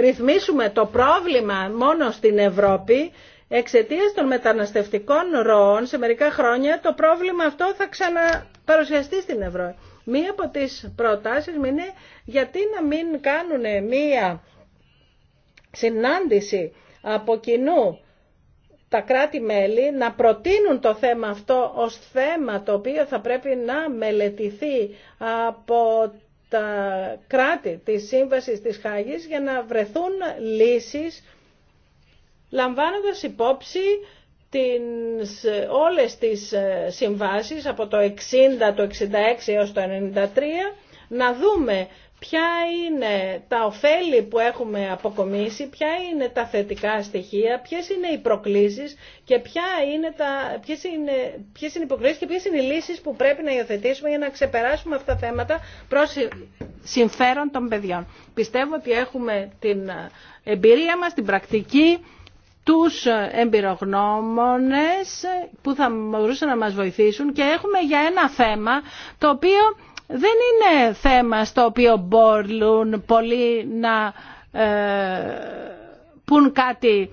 ρυθμίσουμε το πρόβλημα μόνο στην Ευρώπη, εξαιτίας των μεταναστευτικών ροών σε μερικά χρόνια το πρόβλημα αυτό θα ξαναπαρουσιαστεί στην Ευρώπη. Μία από τις προτάσεις μου είναι γιατί να μην κάνουν μία συνάντηση από κοινού τα κράτη-μέλη να προτείνουν το θέμα αυτό ως θέμα το οποίο θα πρέπει να μελετηθεί από τα κράτη της Σύμβασης της Χάγης για να βρεθούν λύσεις λαμβάνοντας υπόψη τις, όλες τις ε, συμβάσεις από το 60, το 66 έως το 93 να δούμε ποια είναι τα ωφέλη που έχουμε αποκομίσει, ποια είναι τα θετικά στοιχεία, ποιες είναι οι προκλήσεις και ποια είναι τα, είναι, είναι οι προκλήσεις και ποιες είναι οι λύσεις που πρέπει να υιοθετήσουμε για να ξεπεράσουμε αυτά τα θέματα προς συμφέρον των παιδιών. Πιστεύω ότι έχουμε την εμπειρία μας, την πρακτική, τους εμπειρογνώμονες που θα μπορούσαν να μας βοηθήσουν και έχουμε για ένα θέμα το οποίο δεν είναι θέμα στο οποίο μπορούν πολλοί να ε, πουν κάτι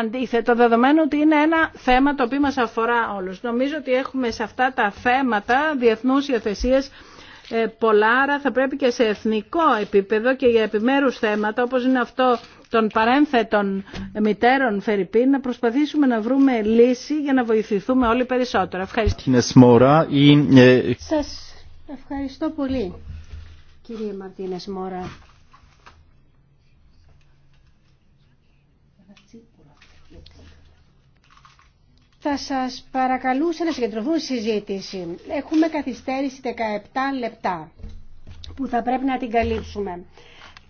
αντίθετο, δεδομένου ότι είναι ένα θέμα το οποίο μας αφορά όλους. Νομίζω ότι έχουμε σε αυτά τα θέματα διεθνούς υιοθεσίες ε, πολλά, άρα θα πρέπει και σε εθνικό επίπεδο και για επιμέρους θέματα, όπως είναι αυτό των παρένθετων μητέρων Φερρυπίν, να προσπαθήσουμε να βρούμε λύση για να βοηθηθούμε όλοι περισσότερο. Ευχαριστώ. Ε, Σας Ευχαριστώ πολύ, κύριε Μαρτίνες Μόρα. Θα σας παρακαλούσα να συγκεντρωθούν συζήτηση. Έχουμε καθυστέρηση 17 λεπτά που θα πρέπει να την καλύψουμε.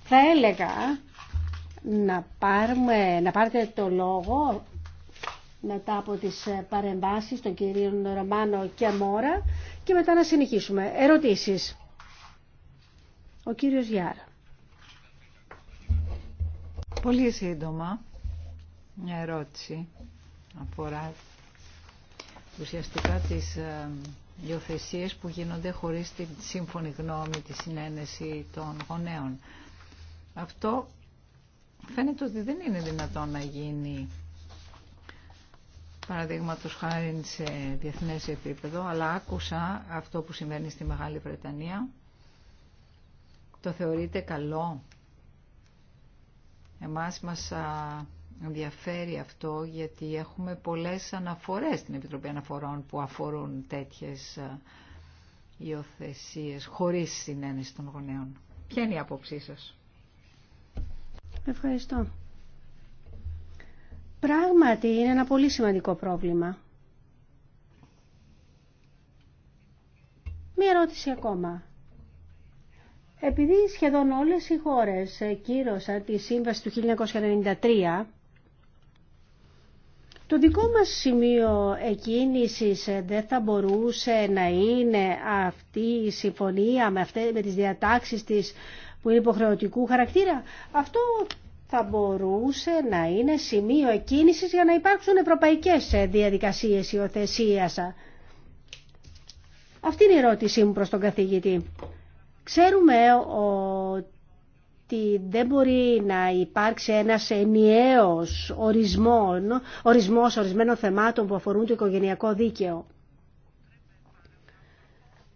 Θα έλεγα να, πάρουμε, να πάρετε το λόγο μετά από τις παρεμβάσεις των κυρίων Ρωμάνο και Μόρα και μετά να συνεχίσουμε. Ερωτήσεις. Ο κύριος Γιάρα. Πολύ σύντομα μια ερώτηση αφορά ουσιαστικά τις ε, υιοθεσίε που γίνονται χωρίς τη σύμφωνη γνώμη, τη συνένεση των γονέων. Αυτό φαίνεται ότι δεν είναι δυνατόν να γίνει παραδείγματο χάρη σε διεθνέ επίπεδο, αλλά άκουσα αυτό που συμβαίνει στη Μεγάλη Βρετανία. Το θεωρείτε καλό. Εμάς μας ενδιαφέρει αυτό γιατί έχουμε πολλές αναφορές στην Επιτροπή Αναφορών που αφορούν τέτοιες υιοθεσίε χωρίς συνένεση των γονέων. Ποια είναι η άποψή σας? Ευχαριστώ. Πράγματι είναι ένα πολύ σημαντικό πρόβλημα. Μία ερώτηση ακόμα. Επειδή σχεδόν όλες οι χώρες κύρωσαν τη σύμβαση του 1993, το δικό μας σημείο εκκίνησης δεν θα μπορούσε να είναι αυτή η συμφωνία με, αυτές, με τις διατάξεις της που είναι υποχρεωτικού χαρακτήρα. Αυτό θα μπορούσε να είναι σημείο εκκίνησης για να υπάρξουν ευρωπαϊκές ε, διαδικασίες υιοθεσία. Αυτή είναι η ερώτησή μου προς τον καθηγητή. Ξέρουμε ότι δεν μπορεί να υπάρξει ένας ενιαίος ορισμός, ορισμός ορισμένων θεμάτων που αφορούν το οικογενειακό δίκαιο.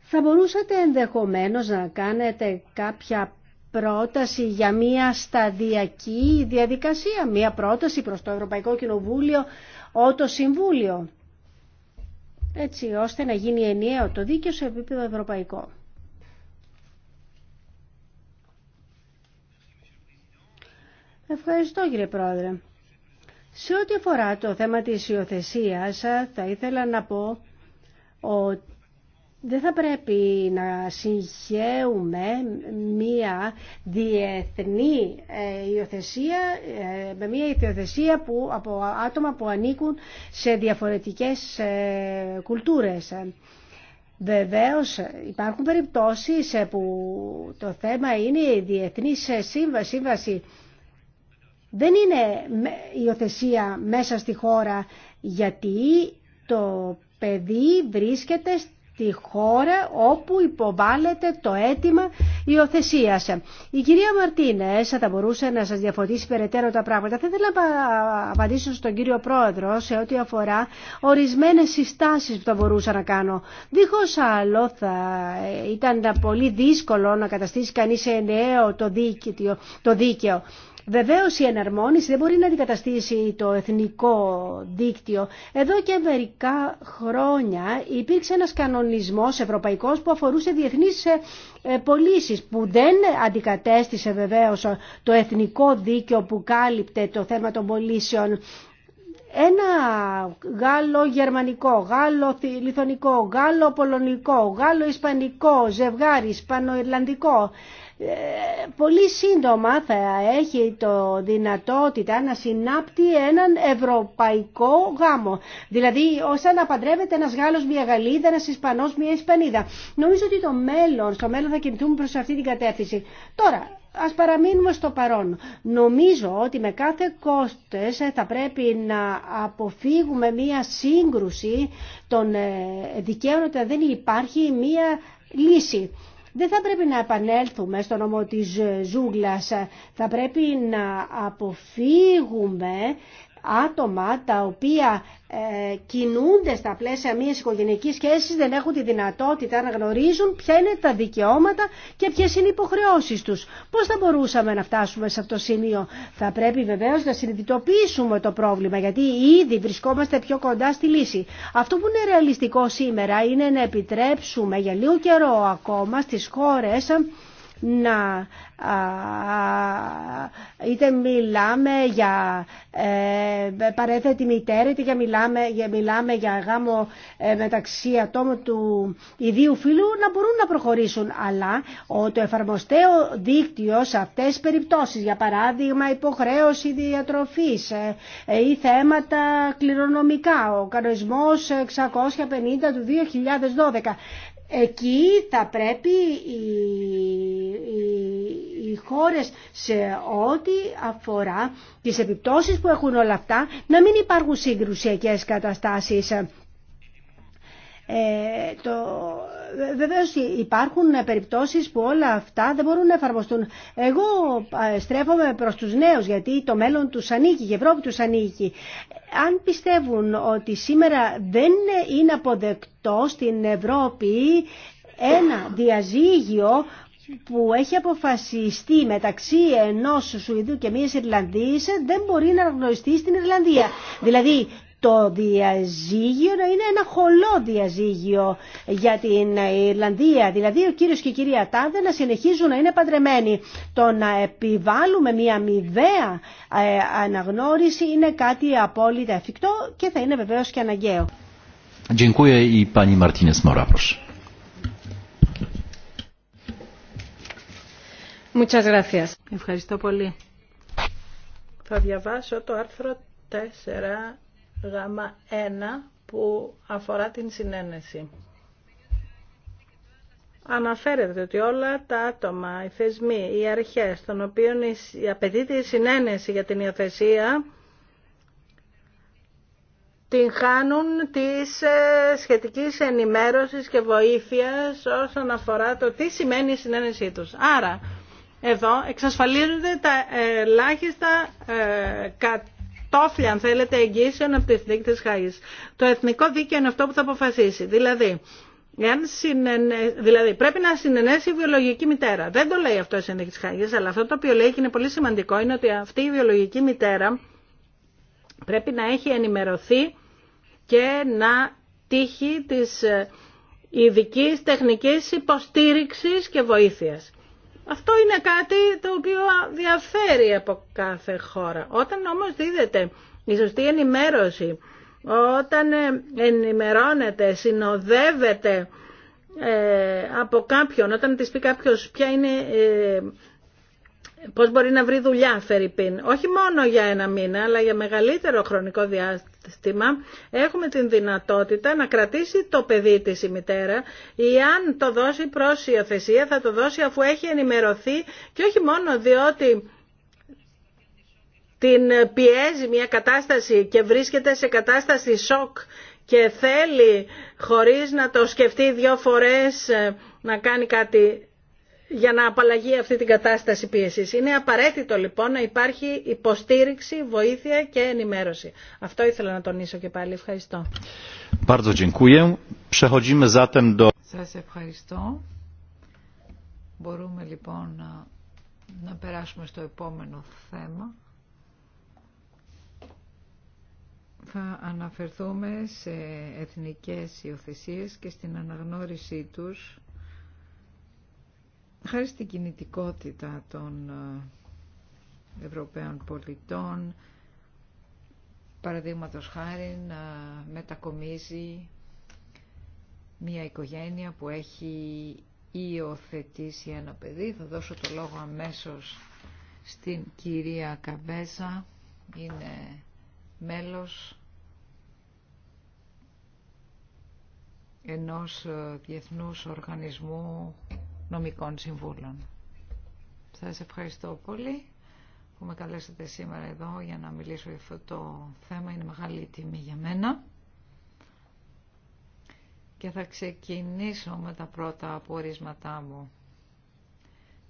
Θα μπορούσατε ενδεχομένως να κάνετε κάποια πρόταση για μια σταδιακή διαδικασία, μια πρόταση προς το Ευρωπαϊκό Κοινοβούλιο ό, το Συμβούλιο, έτσι ώστε να γίνει ενιαίο το δίκαιο σε επίπεδο ευρωπαϊκό. Ευχαριστώ κύριε Πρόεδρε. Σε ό,τι αφορά το θέμα της υιοθεσία, θα ήθελα να πω ότι δεν θα πρέπει να συγχαίουμε μία διεθνή ε, υιοθεσία ε, με μία υιοθεσία που, από άτομα που ανήκουν σε διαφορετικές ε, κουλτούρες. Βεβαίως υπάρχουν περιπτώσεις που το θέμα είναι η διεθνή σύμβαση, σύμβαση δεν είναι υιοθεσία μέσα στη χώρα γιατί το παιδί βρίσκεται τη χώρα όπου υποβάλλεται το αίτημα υιοθεσία. Η κυρία Μαρτίνε θα μπορούσε να σα διαφωτίσει περαιτέρω τα πράγματα. Θα ήθελα να απαντήσω στον κύριο Πρόεδρο σε ό,τι αφορά ορισμένε συστάσει που θα μπορούσα να κάνω. Δίχω άλλο θα ήταν πολύ δύσκολο να καταστήσει κανεί σε το Το δίκαιο. Βεβαίως η εναρμόνιση δεν μπορεί να αντικαταστήσει το εθνικό δίκτυο. Εδώ και μερικά χρόνια υπήρξε ένας κανονισμός ευρωπαϊκός που αφορούσε διεθνείς ε, ε, πωλήσει που δεν αντικατέστησε βεβαίως το εθνικό δίκαιο που κάλυπτε το θέμα των πωλήσεων ένα Γάλλο-Γερμανικό, Γάλλο-Λιθωνικό, Γάλλο-Πολωνικό, Γάλλο-Ισπανικό, ζευγάρι, Ισπανοϊρλανδικό ε, πολύ σύντομα θα έχει το δυνατότητα να συνάπτει έναν ευρωπαϊκό γάμο. Δηλαδή όσα να παντρεύεται ένας Γάλλος, μια Γαλλίδα, ένας Ισπανός, μια Ισπανίδα. Νομίζω ότι το μέλλον, στο μέλλον θα κινηθούμε προς αυτή την κατεύθυνση. Τώρα, ας παραμείνουμε στο παρόν. Νομίζω ότι με κάθε κόστος θα πρέπει να αποφύγουμε μία σύγκρουση των ε, δικαίων ότι δεν υπάρχει μία λύση. Δεν θα πρέπει να επανέλθουμε στον νόμο της ζούγκλας. Θα πρέπει να αποφύγουμε άτομα τα οποία ε, κινούνται στα πλαίσια μιας οικογενειακής σχέσης δεν έχουν τη δυνατότητα να γνωρίζουν ποια είναι τα δικαιώματα και ποιες είναι οι υποχρεώσεις τους. Πώς θα μπορούσαμε να φτάσουμε σε αυτό το σημείο. Θα πρέπει βεβαίως να συνειδητοποιήσουμε το πρόβλημα γιατί ήδη βρισκόμαστε πιο κοντά στη λύση. Αυτό που είναι ρεαλιστικό σήμερα είναι να επιτρέψουμε για λίγο καιρό ακόμα στις χώρες να είτε μιλάμε για ε, παρέθετη μητέρα είτε για μιλάμε, για, μιλάμε για γάμο ε, μεταξύ ατόμων του ιδίου φίλου να μπορούν να προχωρήσουν αλλά ο, το εφαρμοστέο δίκτυο σε αυτές τις περιπτώσεις για παράδειγμα υποχρέωση διατροφής ε, ε, ή θέματα κληρονομικά ο κανονισμός 650 του 2012 Εκεί θα πρέπει οι, οι, χώρες σε ό,τι αφορά τις επιπτώσεις που έχουν όλα αυτά να μην υπάρχουν συγκρουσιακές καταστάσεις ε, το... Βεβαίως υπάρχουν περιπτώσεις που όλα αυτά δεν μπορούν να εφαρμοστούν. Εγώ ε, στρέφομαι προς τους νέους γιατί το μέλλον του ανήκει, η Ευρώπη του ανήκει. Αν πιστεύουν ότι σήμερα δεν είναι αποδεκτό στην Ευρώπη ένα διαζύγιο που έχει αποφασιστεί μεταξύ ενός Σουηδού και μίας Ιρλανδής δεν μπορεί να αναγνωριστεί στην Ιρλανδία. Δηλαδή το διαζύγιο να είναι ένα χολό διαζύγιο για την Ιρλανδία. Δηλαδή ο κύριος και η κυρία Τάδε να συνεχίζουν να είναι παντρεμένοι. Το να επιβάλλουμε μια μηδέα ε, αναγνώριση είναι κάτι απόλυτα εφικτό και θα είναι βεβαίως και αναγκαίο. Ευχαριστώ πολύ. Θα διαβάσω το άρθρο 4 γάμα 1 που αφορά την συνένεση. Αναφέρεται ότι όλα τα άτομα, οι θεσμοί, οι αρχές, των οποίων απαιτείται η συνένεση για την υιοθεσία, την χάνουν της ε, σχετικής ενημέρωσης και βοήθειας όσον αφορά το τι σημαίνει η συνένεσή τους. Άρα, εδώ εξασφαλίζονται τα ελάχιστα ε, κατόφλια, αν θέλετε, εγγύσεων από τη της Το εθνικό δίκαιο είναι αυτό που θα αποφασίσει. Δηλαδή, Εάν συνενε... Δηλαδή, πρέπει να συνενέσει η βιολογική μητέρα. Δεν το λέει αυτό η Συνδίκη τη Χάγη, αλλά αυτό το οποίο λέει και είναι πολύ σημαντικό είναι ότι αυτή η βιολογική μητέρα πρέπει να έχει ενημερωθεί και να τύχει της ε, ειδική τεχνικής υποστήριξης και βοήθειας. Αυτό είναι κάτι το οποίο διαφέρει από κάθε χώρα. Όταν όμως δίδεται η σωστή ενημέρωση, όταν ε, ενημερώνεται, συνοδεύεται ε, από κάποιον, όταν της πει κάποιος ποια είναι, ε, πώς μπορεί να βρει δουλειά, Φερρυπίν, όχι μόνο για ένα μήνα, αλλά για μεγαλύτερο χρονικό διάστημα, έχουμε την δυνατότητα να κρατήσει το παιδί της η μητέρα ή αν το δώσει προς υιοθεσία θα το δώσει αφού έχει ενημερωθεί και όχι μόνο διότι την πιέζει μια κατάσταση και βρίσκεται σε κατάσταση σοκ και θέλει χωρίς να το σκεφτεί δύο φορές να κάνει κάτι για να απαλλαγεί αυτή την κατάσταση πίεσης. Είναι απαραίτητο λοιπόν να υπάρχει υποστήριξη, βοήθεια και ενημέρωση. Αυτό ήθελα να τονίσω και πάλι. Ευχαριστώ. Σας ευχαριστώ. Μπορούμε λοιπόν να, περάσουμε στο επόμενο θέμα. Θα αναφερθούμε σε εθνικές υιοθεσίες και στην αναγνώρισή τους Χάρη στην κινητικότητα των ε, Ευρωπαίων πολιτών, παραδείγματο χάρη να μετακομίζει μια οικογένεια που έχει υιοθετήσει ένα παιδί. Θα δώσω το λόγο αμέσως στην κυρία Καμπέζα. Είναι μέλος ενός ε, διεθνούς οργανισμού νομικών συμβούλων. Σας ευχαριστώ πολύ που με καλέσατε σήμερα εδώ για να μιλήσω για αυτό το θέμα. Είναι μεγάλη τιμή για μένα. Και θα ξεκινήσω με τα πρώτα απορίσματά μου.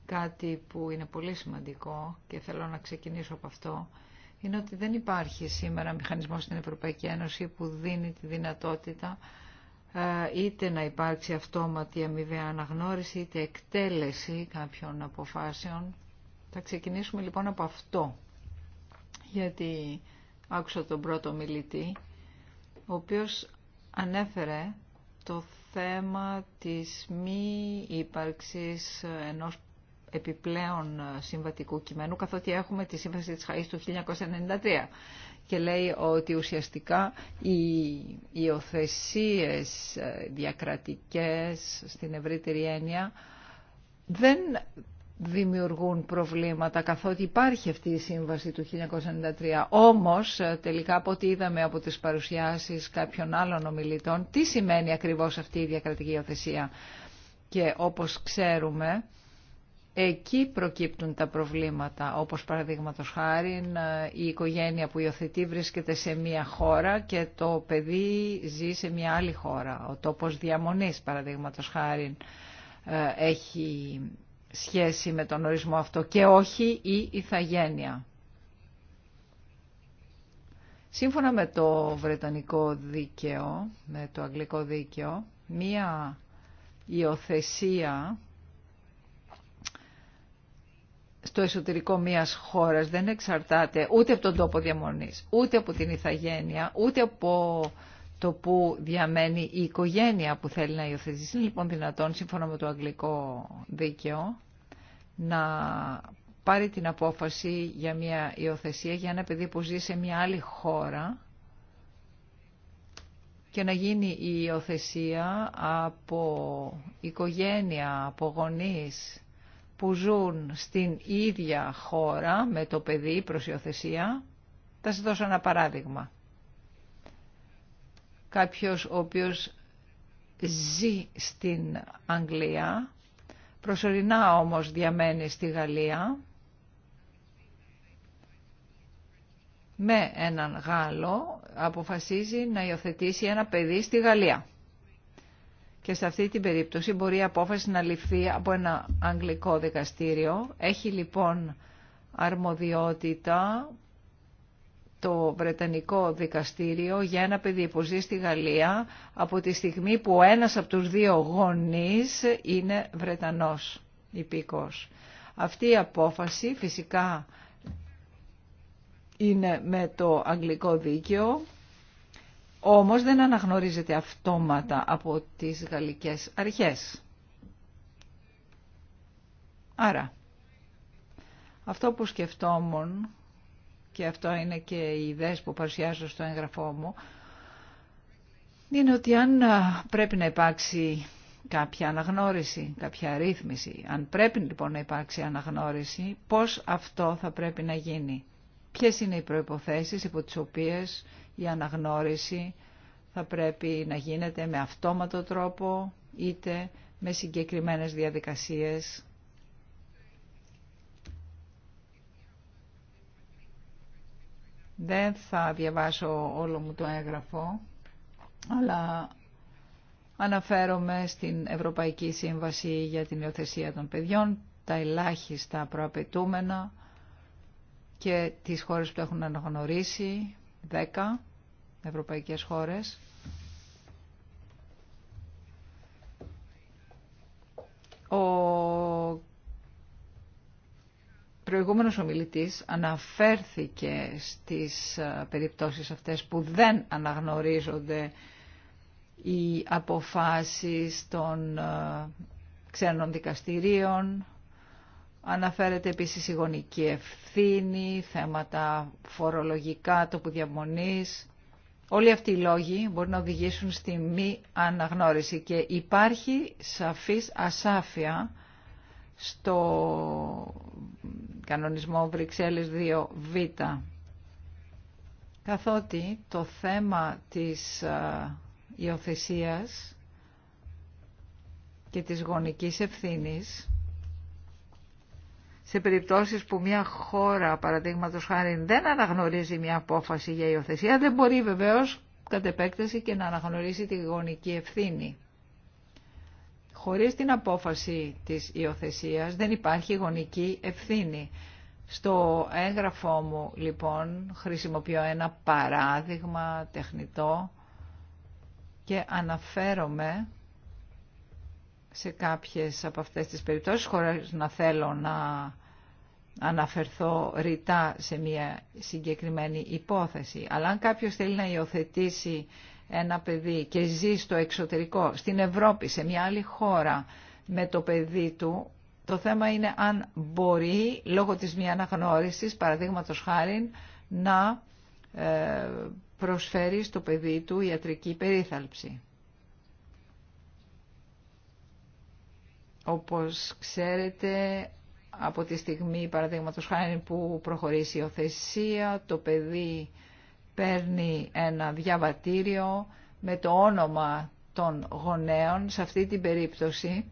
Κάτι που είναι πολύ σημαντικό και θέλω να ξεκινήσω από αυτό είναι ότι δεν υπάρχει σήμερα μηχανισμός στην Ευρωπαϊκή Ένωση που δίνει τη δυνατότητα είτε να υπάρξει αυτόματη αμοιβαία αναγνώριση είτε εκτέλεση κάποιων αποφάσεων. Θα ξεκινήσουμε λοιπόν από αυτό, γιατί άκουσα τον πρώτο μιλητή, ο οποίος ανέφερε το θέμα της μη ύπαρξης ενός επιπλέον συμβατικού κειμένου, καθότι έχουμε τη σύμβαση της ΧΑΗΣ του 1993 και λέει ότι ουσιαστικά οι υιοθεσίε ε, διακρατικές στην ευρύτερη έννοια δεν δημιουργούν προβλήματα καθότι υπάρχει αυτή η σύμβαση του 1993. Όμως ε, τελικά από ό,τι είδαμε από τις παρουσιάσεις κάποιων άλλων ομιλητών τι σημαίνει ακριβώς αυτή η διακρατική υιοθεσία. Και όπως ξέρουμε Εκεί προκύπτουν τα προβλήματα, όπως παραδείγματο χάρη η οικογένεια που υιοθετεί βρίσκεται σε μία χώρα και το παιδί ζει σε μία άλλη χώρα. Ο τόπος διαμονής παραδείγματο χάρη ε, έχει σχέση με τον ορισμό αυτό και όχι η ηθαγένεια. Σύμφωνα με το Βρετανικό δίκαιο, με το Αγγλικό δίκαιο, μία υιοθεσία στο εσωτερικό μιας χώρας δεν εξαρτάται ούτε από τον τόπο διαμονής, ούτε από την ηθαγένεια, ούτε από το που διαμένει η οικογένεια που θέλει να υιοθετήσει. Είναι λοιπόν δυνατόν, σύμφωνα με το αγγλικό δίκαιο, να πάρει την απόφαση για μια υιοθεσία για ένα παιδί που ζει σε μια άλλη χώρα και να γίνει η υιοθεσία από οικογένεια, από γονείς, που ζουν στην ίδια χώρα με το παιδί προς υιοθεσία. Θα σας δώσω ένα παράδειγμα. Κάποιος ο οποίος ζει στην Αγγλία, προσωρινά όμως διαμένει στη Γαλλία, με έναν Γάλλο αποφασίζει να υιοθετήσει ένα παιδί στη Γαλλία. Και σε αυτή την περίπτωση μπορεί η απόφαση να ληφθεί από ένα αγγλικό δικαστήριο. Έχει λοιπόν αρμοδιότητα το Βρετανικό δικαστήριο για ένα παιδί που ζει στη Γαλλία από τη στιγμή που ένας από τους δύο γονείς είναι Βρετανός υπήκος. Αυτή η απόφαση φυσικά είναι με το αγγλικό δίκαιο όμως δεν αναγνωρίζεται αυτόματα από τις γαλλικές αρχές. Άρα, αυτό που σκεφτόμουν, και αυτό είναι και οι ιδέες που παρουσιάζω στο έγγραφό μου, είναι ότι αν πρέπει να υπάρξει κάποια αναγνώριση, κάποια ρύθμιση, αν πρέπει λοιπόν να υπάρξει αναγνώριση, πώς αυτό θα πρέπει να γίνει. Ποιες είναι οι προϋποθέσεις υπό τις οποίες η αναγνώριση θα πρέπει να γίνεται με αυτόματο τρόπο είτε με συγκεκριμένες διαδικασίες. Δεν θα διαβάσω όλο μου το έγγραφο, αλλά αναφέρομαι στην Ευρωπαϊκή Σύμβαση για την Υιοθεσία των Παιδιών, τα ελάχιστα προαπαιτούμενα και τις χώρες που έχουν αναγνωρίσει, 10 ευρωπαϊκές χώρες. Ο προηγούμενος ομιλητής αναφέρθηκε στις ε, περιπτώσεις αυτές που δεν αναγνωρίζονται οι αποφάσεις των ε, ξένων δικαστηρίων, Αναφέρεται επίσης η γονική ευθύνη, θέματα φορολογικά, το που διαμονείς. Όλοι αυτοί οι λόγοι μπορεί να οδηγήσουν στη μη αναγνώριση και υπάρχει σαφής ασάφεια στο κανονισμό Βρυξέλλες 2Β. Καθότι το θέμα της υιοθεσία και της γονικής ευθύνης σε περιπτώσεις που μια χώρα, παραδείγματο χάρη, δεν αναγνωρίζει μια απόφαση για υιοθεσία, δεν μπορεί βεβαίως κατ' επέκταση και να αναγνωρίσει τη γονική ευθύνη. Χωρίς την απόφαση της υιοθεσία δεν υπάρχει γονική ευθύνη. Στο έγγραφό μου, λοιπόν, χρησιμοποιώ ένα παράδειγμα τεχνητό και αναφέρομαι σε κάποιες από αυτές τις περιπτώσεις, χωρίς να θέλω να αναφερθώ ρητά σε μια συγκεκριμένη υπόθεση. Αλλά αν κάποιος θέλει να υιοθετήσει ένα παιδί και ζει στο εξωτερικό, στην Ευρώπη, σε μια άλλη χώρα με το παιδί του, το θέμα είναι αν μπορεί, λόγω της μη αναγνώρισης, παραδείγματο χάρη, να ε, προσφέρει στο παιδί του ιατρική περίθαλψη. Όπως ξέρετε, από τη στιγμή, παραδείγματο χάρη που προχωρήσει η οθεσία, το παιδί παίρνει ένα διαβατήριο με το όνομα των γονέων. Σε αυτή την περίπτωση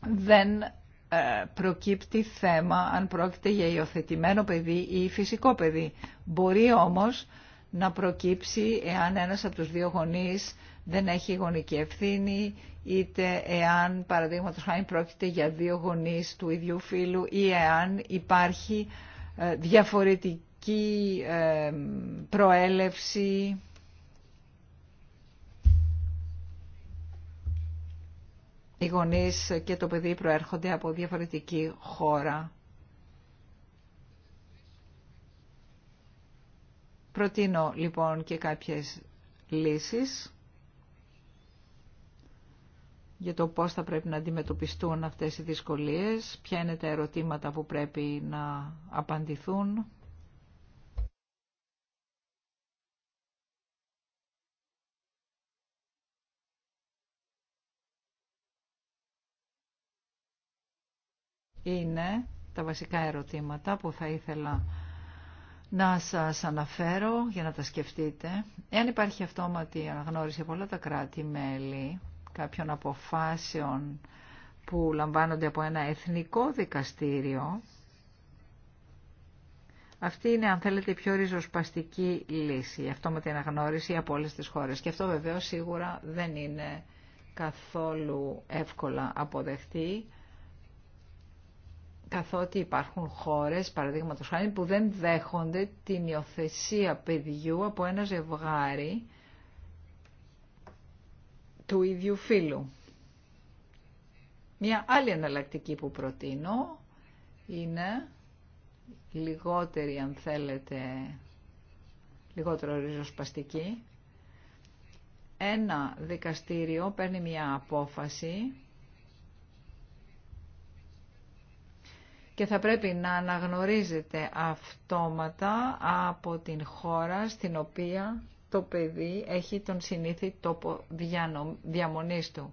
δεν ε, προκύπτει θέμα αν πρόκειται για υιοθετημένο παιδί ή φυσικό παιδί. Μπορεί όμως να προκύψει εάν ένας από τους δύο γονείς δεν έχει γονική ευθύνη, είτε εάν παραδείγματο χάρη πρόκειται για δύο γονείς του ίδιου φίλου ή εάν υπάρχει ε, διαφορετική ε, προέλευση οι γονείς και το παιδί προέρχονται από διαφορετική χώρα. Προτείνω λοιπόν και κάποιες λύσεις για το πώς θα πρέπει να αντιμετωπιστούν αυτές οι δυσκολίες, ποια είναι τα ερωτήματα που πρέπει να απαντηθούν. Είναι τα βασικά ερωτήματα που θα ήθελα να σας αναφέρω για να τα σκεφτείτε. Εάν υπάρχει αυτόματη αναγνώριση από όλα τα κράτη-μέλη, κάποιων αποφάσεων που λαμβάνονται από ένα εθνικό δικαστήριο, αυτή είναι, αν θέλετε, η πιο ριζοσπαστική λύση. Αυτό με την αναγνώριση από όλε τι χώρε. Και αυτό βεβαίω σίγουρα δεν είναι καθόλου εύκολα αποδεχτή, καθότι υπάρχουν χώρες, παραδείγματος χάρη, που δεν δέχονται την υιοθεσία παιδιού από ένα ζευγάρι του ίδιου φίλου. Μια άλλη εναλλακτική που προτείνω είναι λιγότερη, αν θέλετε, λιγότερο ριζοσπαστική. Ένα δικαστήριο παίρνει μια απόφαση και θα πρέπει να αναγνωρίζετε αυτόματα από την χώρα στην οποία το παιδί έχει τον συνήθι τόπο διαμονής του.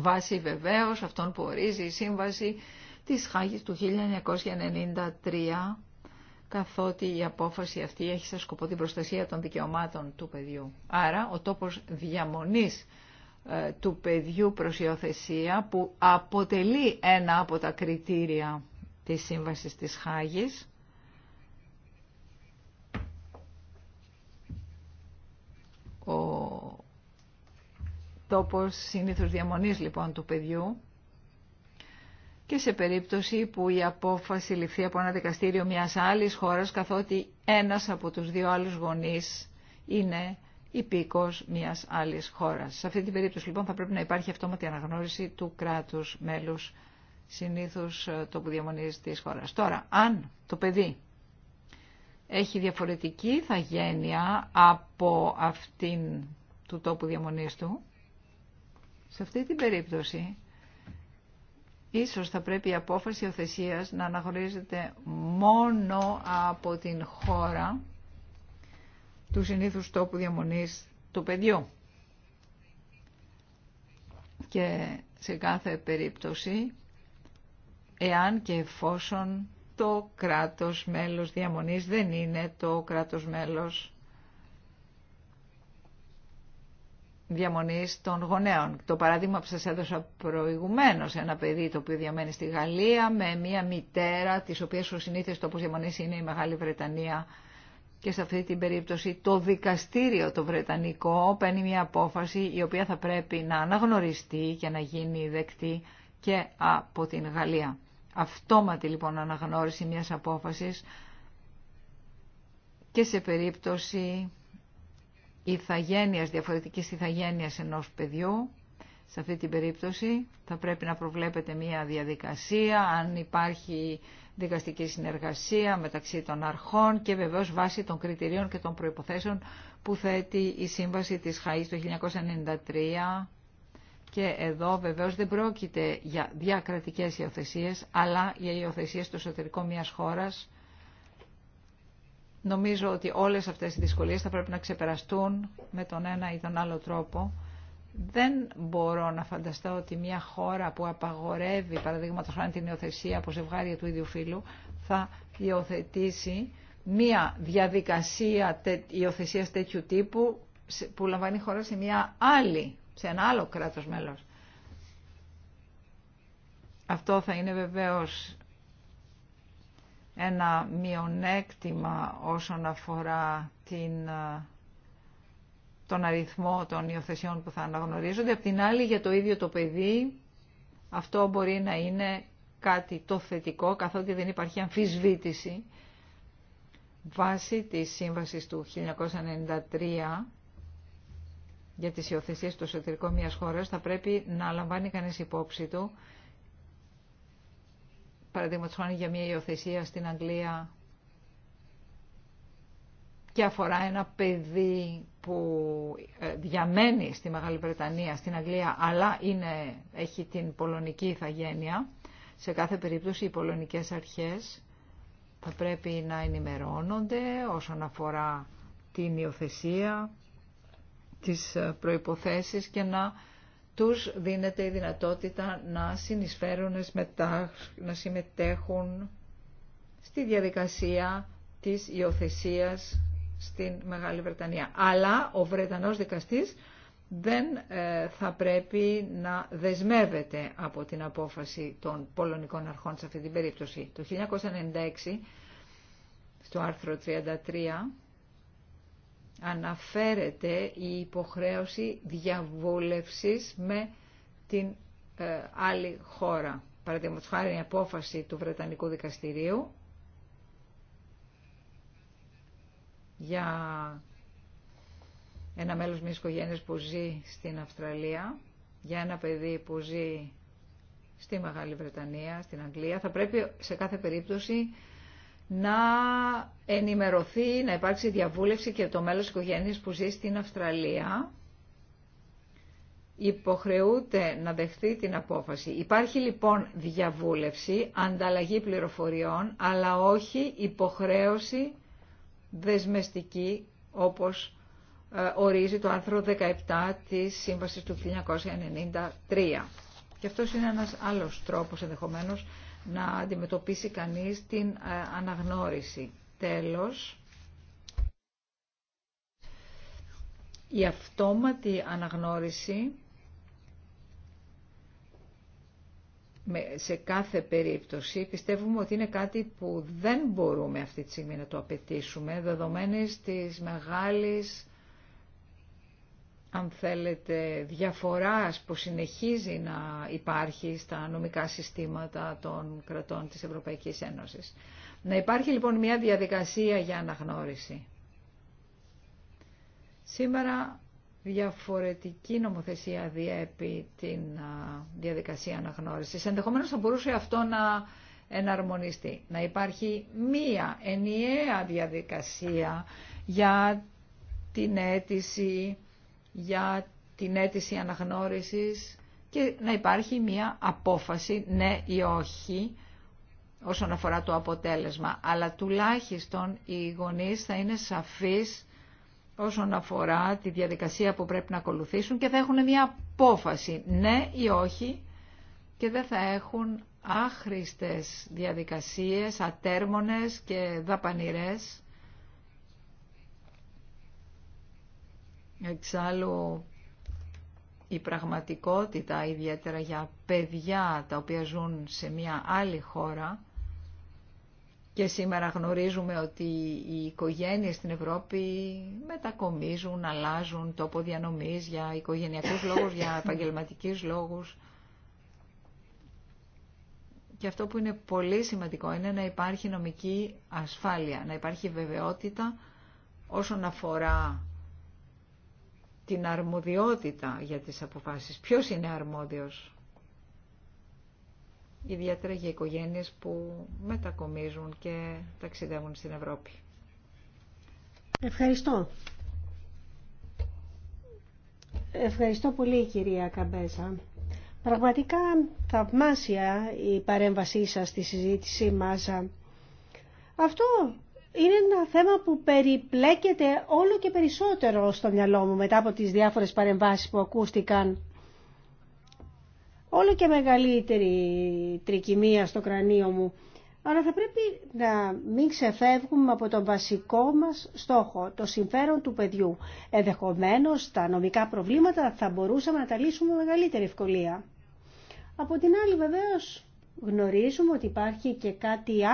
Βάσει βεβαίως αυτόν που ορίζει η σύμβαση της Χάγης του 1993, καθότι η απόφαση αυτή έχει σαν σκοπό την προστασία των δικαιωμάτων του παιδιού. Άρα ο τόπος διαμονής ε, του παιδιού προς υιοθεσία που αποτελεί ένα από τα κριτήρια της Σύμβασης της Χάγης Ο τόπος συνήθως διαμονής λοιπόν του παιδιού και σε περίπτωση που η απόφαση ληφθεί από ένα δικαστήριο μιας άλλης χώρας καθότι ένας από τους δύο άλλους γονείς είναι υπήκος μιας άλλης χώρας. Σε αυτή την περίπτωση λοιπόν θα πρέπει να υπάρχει αυτόματη αναγνώριση του κράτους μέλους συνήθως ε, τόπου διαμονής της χώρας. Τώρα, αν το παιδί έχει διαφορετική ηθαγένεια από αυτήν του τόπου διαμονής του. Σε αυτή την περίπτωση, ίσως θα πρέπει η απόφαση οθεσίας να αναγνωρίζεται μόνο από την χώρα του συνήθους τόπου διαμονής του παιδιού. Και σε κάθε περίπτωση, εάν και εφόσον το κράτος μέλος διαμονής δεν είναι το κράτος μέλος διαμονής των γονέων. Το παράδειγμα που σας έδωσα προηγουμένως, ένα παιδί το οποίο διαμένει στη Γαλλία με μια μητέρα, της οποίας ο συνήθως τόπος διαμονής είναι η Μεγάλη Βρετανία και σε αυτή την περίπτωση το δικαστήριο το Βρετανικό παίρνει μια απόφαση η οποία θα πρέπει να αναγνωριστεί και να γίνει δεκτή και από την Γαλλία αυτόματη λοιπόν αναγνώριση μιας απόφασης και σε περίπτωση ηθαγένειας, διαφορετικής ηθαγένειας ενός παιδιού. Σε αυτή την περίπτωση θα πρέπει να προβλέπετε μια διαδικασία, αν υπάρχει δικαστική συνεργασία μεταξύ των αρχών και βεβαίως βάσει των κριτηρίων και των προϋποθέσεων που θέτει η Σύμβαση της ΧΑΗΣ το 1993 και εδώ βεβαίω δεν πρόκειται για διακρατικές υιοθεσίε, αλλά για υιοθεσίε στο εσωτερικό μια χώρας. Νομίζω ότι όλε αυτέ οι δυσκολίε θα πρέπει να ξεπεραστούν με τον ένα ή τον άλλο τρόπο. Δεν μπορώ να φανταστώ ότι μια χώρα που απαγορεύει, παραδείγματο χάρη την υιοθεσία από ζευγάρια του ίδιου φίλου, θα υιοθετήσει μια διαδικασία υιοθεσία τέτοιου τύπου που λαμβάνει η χώρα σε μια άλλη σε ένα άλλο κράτος μέλος. Αυτό θα είναι βεβαίως ένα μειονέκτημα όσον αφορά την, ε, τον αριθμό των υιοθεσιών που θα αναγνωρίζονται. Απ' την άλλη για το ίδιο το παιδί αυτό μπορεί να είναι κάτι το θετικό καθότι δεν υπάρχει αμφισβήτηση βάσει της σύμβασης του 1993 για τις υιοθεσίε στο εσωτερικό μιας χώρας θα πρέπει να λαμβάνει κανείς υπόψη του παραδείγματος χάνει για μια υιοθεσία στην Αγγλία και αφορά ένα παιδί που ε, διαμένει στη Μεγάλη Βρετανία, στην Αγγλία, αλλά είναι, έχει την πολωνική ηθαγένεια. Σε κάθε περίπτωση οι πολωνικές αρχές θα πρέπει να ενημερώνονται όσον αφορά την υιοθεσία, τις ε, προϋποθέσεις και να τους δίνεται η δυνατότητα να συνεισφέρουν, να συμμετέχουν στη διαδικασία της υιοθεσία στην Μεγάλη Βρετανία. Αλλά ο Βρετανός δικαστής δεν ε, θα πρέπει να δεσμεύεται από την απόφαση των πολωνικών αρχών σε αυτή την περίπτωση. Το 1996, στο άρθρο 33, αναφέρεται η υποχρέωση διαβούλευσης με την ε, άλλη χώρα. Παραδείγματος χάρη η απόφαση του Βρετανικού Δικαστηρίου για ένα μέλος μιας οικογένειας που ζει στην Αυστραλία, για ένα παιδί που ζει στη Μεγάλη Βρετανία, στην Αγγλία. Θα πρέπει σε κάθε περίπτωση να ενημερωθεί, να υπάρξει διαβούλευση και το μέλος οικογένειας που ζει στην Αυστραλία υποχρεούται να δεχθεί την απόφαση. Υπάρχει λοιπόν διαβούλευση, ανταλλαγή πληροφοριών, αλλά όχι υποχρέωση δεσμεστική όπως ε, ορίζει το άρθρο 17 της Σύμβασης του 1993. Και αυτός είναι ένας άλλος τρόπος ενδεχομένως να αντιμετωπίσει κανείς την ε, αναγνώριση. Τέλος, η αυτόματη αναγνώριση σε κάθε περίπτωση πιστεύουμε ότι είναι κάτι που δεν μπορούμε αυτή τη στιγμή να το απαιτήσουμε δεδομένης της μεγάλης αν θέλετε, διαφοράς που συνεχίζει να υπάρχει στα νομικά συστήματα των κρατών της Ευρωπαϊκής Ένωσης. Να υπάρχει λοιπόν μια διαδικασία για αναγνώριση. Σήμερα διαφορετική νομοθεσία διέπει την διαδικασία αναγνώρισης. Ενδεχομένως θα μπορούσε αυτό να εναρμονιστεί. Να υπάρχει μία ενιαία διαδικασία για την αίτηση για την αίτηση αναγνώρισης και να υπάρχει μία απόφαση ναι ή όχι όσον αφορά το αποτέλεσμα. Αλλά τουλάχιστον οι γονείς θα είναι σαφείς όσον αφορά τη διαδικασία που πρέπει να ακολουθήσουν και θα έχουν μία απόφαση ναι ή όχι και δεν θα έχουν άχρηστες διαδικασίες, ατέρμονες και δαπανηρές Εξάλλου η πραγματικότητα, ιδιαίτερα για παιδιά τα οποία ζουν σε μια άλλη χώρα, και σήμερα γνωρίζουμε ότι οι οικογένειες στην Ευρώπη μετακομίζουν, αλλάζουν τόπο διανομής για οικογενειακούς λόγους, για (laughs) επαγγελματικούς λόγους. Και αυτό που είναι πολύ σημαντικό είναι να υπάρχει νομική ασφάλεια, να υπάρχει βεβαιότητα όσον αφορά την αρμοδιότητα για τις αποφάσεις. Ποιος είναι αρμόδιος. Ιδιαίτερα για οικογένειες που μετακομίζουν και ταξιδεύουν στην Ευρώπη. Ευχαριστώ. Ευχαριστώ πολύ κυρία Καμπέζα. Πραγματικά θαυμάσια η παρέμβασή σας στη συζήτησή μας. Αυτό είναι ένα θέμα που περιπλέκεται όλο και περισσότερο στο μυαλό μου μετά από τις διάφορες παρεμβάσεις που ακούστηκαν. Όλο και μεγαλύτερη τρικυμία στο κρανίο μου. Αλλά θα πρέπει να μην ξεφεύγουμε από τον βασικό μας στόχο, το συμφέρον του παιδιού. Ενδεχομένως τα νομικά προβλήματα θα μπορούσαμε να τα λύσουμε με μεγαλύτερη ευκολία. Από την άλλη βεβαίως Γνωρίζουμε ότι υπάρχει και κάτι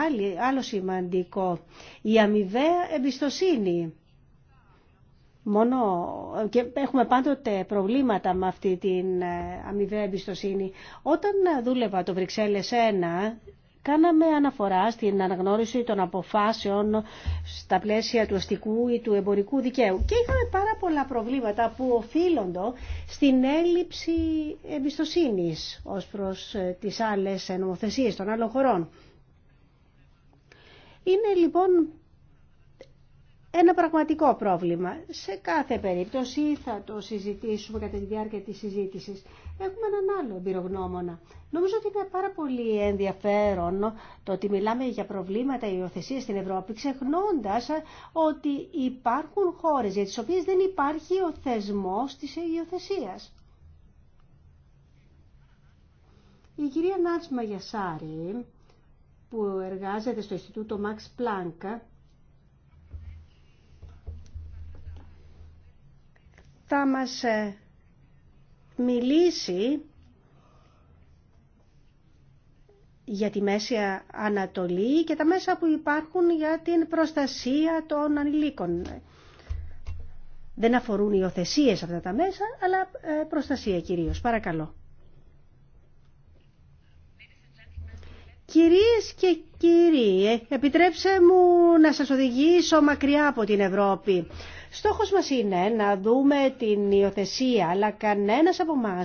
άλλο σημαντικό, η αμοιβαία εμπιστοσύνη. Μόνο και έχουμε πάντοτε προβλήματα με αυτή την ε, αμοιβαία εμπιστοσύνη. Όταν δούλευα το Βρυξέλλες 1 Κάναμε αναφορά στην αναγνώριση των αποφάσεων στα πλαίσια του αστικού ή του εμπορικού δικαίου και είχαμε πάρα πολλά προβλήματα που οφείλονται στην έλλειψη εμπιστοσύνης ως προς ε, τις άλλες νομοθεσίες των άλλων χωρών. Είναι λοιπόν ένα πραγματικό πρόβλημα. Σε κάθε περίπτωση θα το συζητήσουμε κατά τη διάρκεια της συζήτησης. Έχουμε έναν άλλο εμπειρογνώμονα. Νομίζω ότι είναι πάρα πολύ ενδιαφέρον το ότι μιλάμε για προβλήματα υιοθεσία στην Ευρώπη, ξεχνώντας ότι υπάρχουν χώρες για τις οποίες δεν υπάρχει ο θεσμός της υιοθεσία. Η κυρία Νάτσμα Γιασάρη, που εργάζεται στο Ινστιτούτο Max Planck, θα μας ε, μιλήσει για τη Μέση Ανατολή και τα μέσα που υπάρχουν για την προστασία των ανηλίκων. Δεν αφορούν υιοθεσίε αυτά τα μέσα, αλλά ε, προστασία κυρίως. Παρακαλώ. Κυρίες και κύριοι, επιτρέψε μου να σας οδηγήσω μακριά από την Ευρώπη. Στόχος μας είναι να δούμε την υιοθεσία, αλλά κανένας από εμά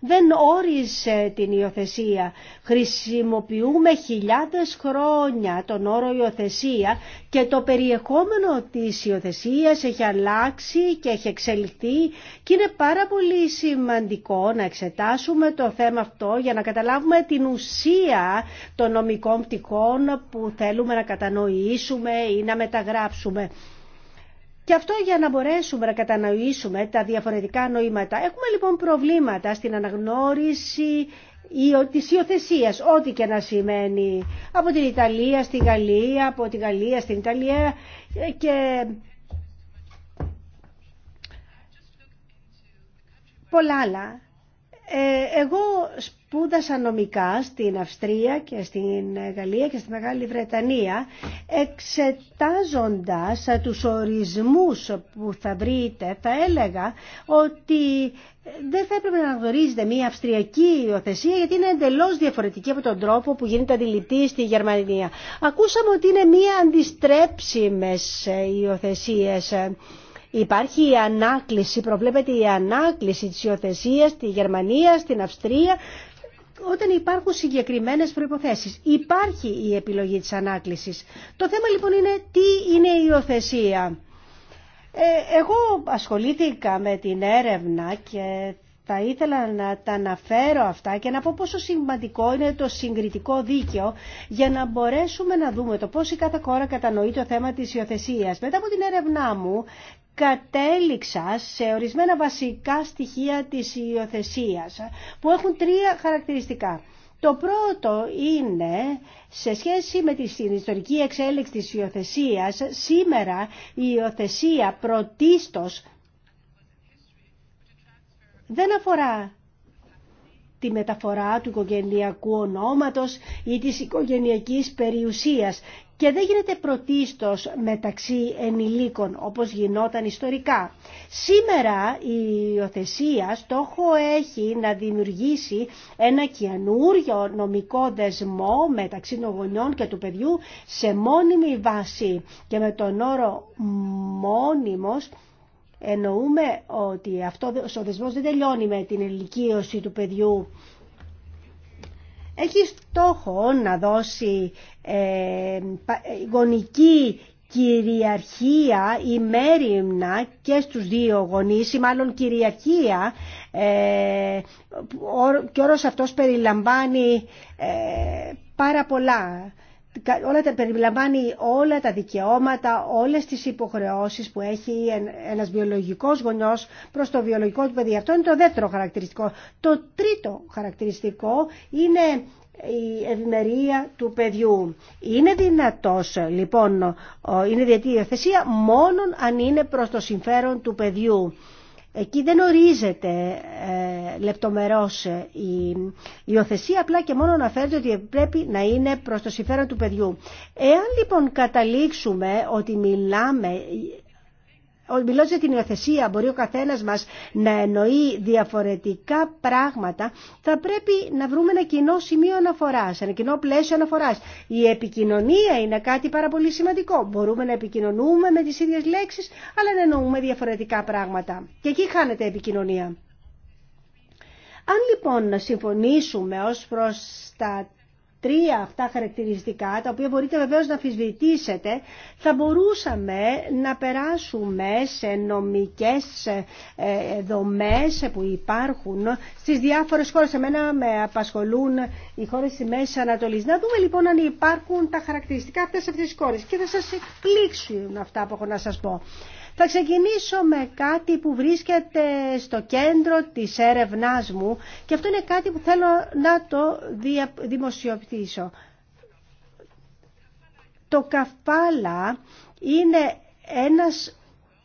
δεν όρισε την υιοθεσία. Χρησιμοποιούμε χιλιάδες χρόνια τον όρο υιοθεσία και το περιεχόμενο της υιοθεσία έχει αλλάξει και έχει εξελιχθεί και είναι πάρα πολύ σημαντικό να εξετάσουμε το θέμα αυτό για να καταλάβουμε την ουσία των νομικών πτυχών που θέλουμε να κατανοήσουμε ή να μεταγράψουμε. Και αυτό για να μπορέσουμε να κατανοήσουμε τα διαφορετικά νοήματα. Έχουμε λοιπόν προβλήματα στην αναγνώριση της υιοθεσία, ό,τι και να σημαίνει. Από την Ιταλία στη Γαλλία, από την Γαλλία στην Ιταλία ε, και πολλά άλλα. Ε, εγώ σπούδασα νομικά στην Αυστρία και στην Γαλλία και στη Μεγάλη Βρετανία εξετάζοντας τους ορισμούς που θα βρείτε θα έλεγα ότι δεν θα έπρεπε να γνωρίζετε μια αυστριακή υιοθεσία γιατί είναι εντελώς διαφορετική από τον τρόπο που γίνεται αντιληπτή στη Γερμανία. Ακούσαμε ότι είναι μια αντιστρέψιμες υιοθεσίες. Υπάρχει η ανάκληση, προβλέπεται η ανάκληση της υιοθεσίας στη Γερμανία, στην Αυστρία, όταν υπάρχουν συγκεκριμένες προϋποθέσεις. Υπάρχει η επιλογή της ανάκλησης. Το θέμα λοιπόν είναι τι είναι η υιοθεσία. Ε, εγώ ασχολήθηκα με την έρευνα και θα ήθελα να τα αναφέρω αυτά και να πω πόσο σημαντικό είναι το συγκριτικό δίκαιο για να μπορέσουμε να δούμε το πώς η κάθε χώρα κατανοεί το θέμα της υιοθεσία. Μετά από την έρευνά μου κατέληξα σε ορισμένα βασικά στοιχεία της υιοθεσία που έχουν τρία χαρακτηριστικά. Το πρώτο είναι σε σχέση με την ιστορική εξέλιξη της υιοθεσία, σήμερα η υιοθεσία πρωτίστως δεν αφορά τη μεταφορά του οικογενειακού ονόματος ή της οικογενειακής περιουσίας και δεν γίνεται πρωτίστως μεταξύ ενηλίκων όπως γινόταν ιστορικά. Σήμερα η υιοθεσία στόχο έχει να δημιουργήσει ένα καινούριο νομικό δεσμό μεταξύ των γονιών και του παιδιού σε μόνιμη βάση και με τον όρο μόνιμος εννοούμε ότι αυτό ο δεσμός δεν τελειώνει με την ελικίωση του παιδιού έχει στόχο να δώσει ε, ε, γονική κυριαρχία ή μέρημνα και στους δύο γονείς ή μάλλον κυριαρχία ε, και όρος αυτός περιλαμβάνει ε, πάρα πολλά όλα τα, περιλαμβάνει όλα τα δικαιώματα, όλες τις υποχρεώσεις που έχει ένας βιολογικός γονιός προς το βιολογικό του παιδί. Αυτό είναι το δεύτερο χαρακτηριστικό. Το τρίτο χαρακτηριστικό είναι η ευημερία του παιδιού. Είναι δυνατός λοιπόν, είναι διαιτή μόνο μόνον αν είναι προς το συμφέρον του παιδιού. Εκεί δεν ορίζεται ε, λεπτομερώς ε, η υιοθεσία, απλά και μόνο αναφέρεται ότι πρέπει να είναι προς το συμφέρον του παιδιού. Εάν λοιπόν καταλήξουμε ότι μιλάμε μιλώντας για την υιοθεσία μπορεί ο καθένας μας να εννοεί διαφορετικά πράγματα θα πρέπει να βρούμε ένα κοινό σημείο αναφοράς, ένα κοινό πλαίσιο αναφοράς. Η επικοινωνία είναι κάτι πάρα πολύ σημαντικό. Μπορούμε να επικοινωνούμε με τις ίδιες λέξεις αλλά να εννοούμε διαφορετικά πράγματα. Και εκεί χάνεται η επικοινωνία. Αν λοιπόν να συμφωνήσουμε ως προς τα τρία αυτά χαρακτηριστικά, τα οποία μπορείτε βεβαίως να αφισβητήσετε, θα μπορούσαμε να περάσουμε σε νομικές ε, ε, δομές που υπάρχουν στις διάφορες χώρες. Εμένα με απασχολούν οι χώρες της Μέσης Ανατολής. Να δούμε λοιπόν αν υπάρχουν τα χαρακτηριστικά αυτές αυτές τις χώρες και θα σας εκπλήξουν αυτά που έχω να σας πω. Θα ξεκινήσω με κάτι που βρίσκεται στο κέντρο της έρευνάς μου και αυτό είναι κάτι που θέλω να το δημοσιοποιήσω. Το καφάλα είναι ένας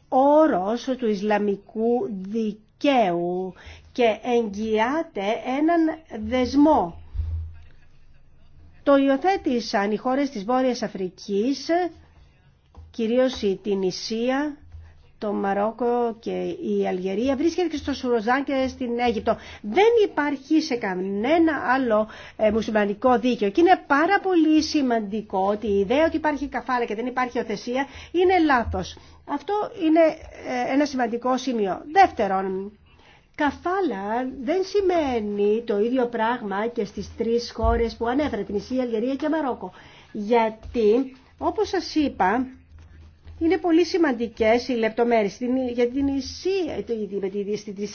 όρος του Ισλαμικού δικαίου και εγγυάται έναν δεσμό. Το υιοθέτησαν οι χώρες της Βόρειας Αφρικής, κυρίως η Τινησία το Μαρόκο και η Αλγερία βρίσκεται και στο Σουροζάν και στην Αίγυπτο. Δεν υπάρχει σε κανένα άλλο ε, μουσουλμανικό δίκαιο και είναι πάρα πολύ σημαντικό ότι η ιδέα ότι υπάρχει καφάλα και δεν υπάρχει οθεσία είναι λάθος. Αυτό είναι ε, ένα σημαντικό σημείο. Δεύτερον, Καφάλα δεν σημαίνει το ίδιο πράγμα και στις τρεις χώρες που ανέφερε την Ισία, Αλγερία και Μαρόκο. Γιατί, όπως σας είπα, είναι πολύ σημαντικέ οι λεπτομέρειε, Για την Ισία, με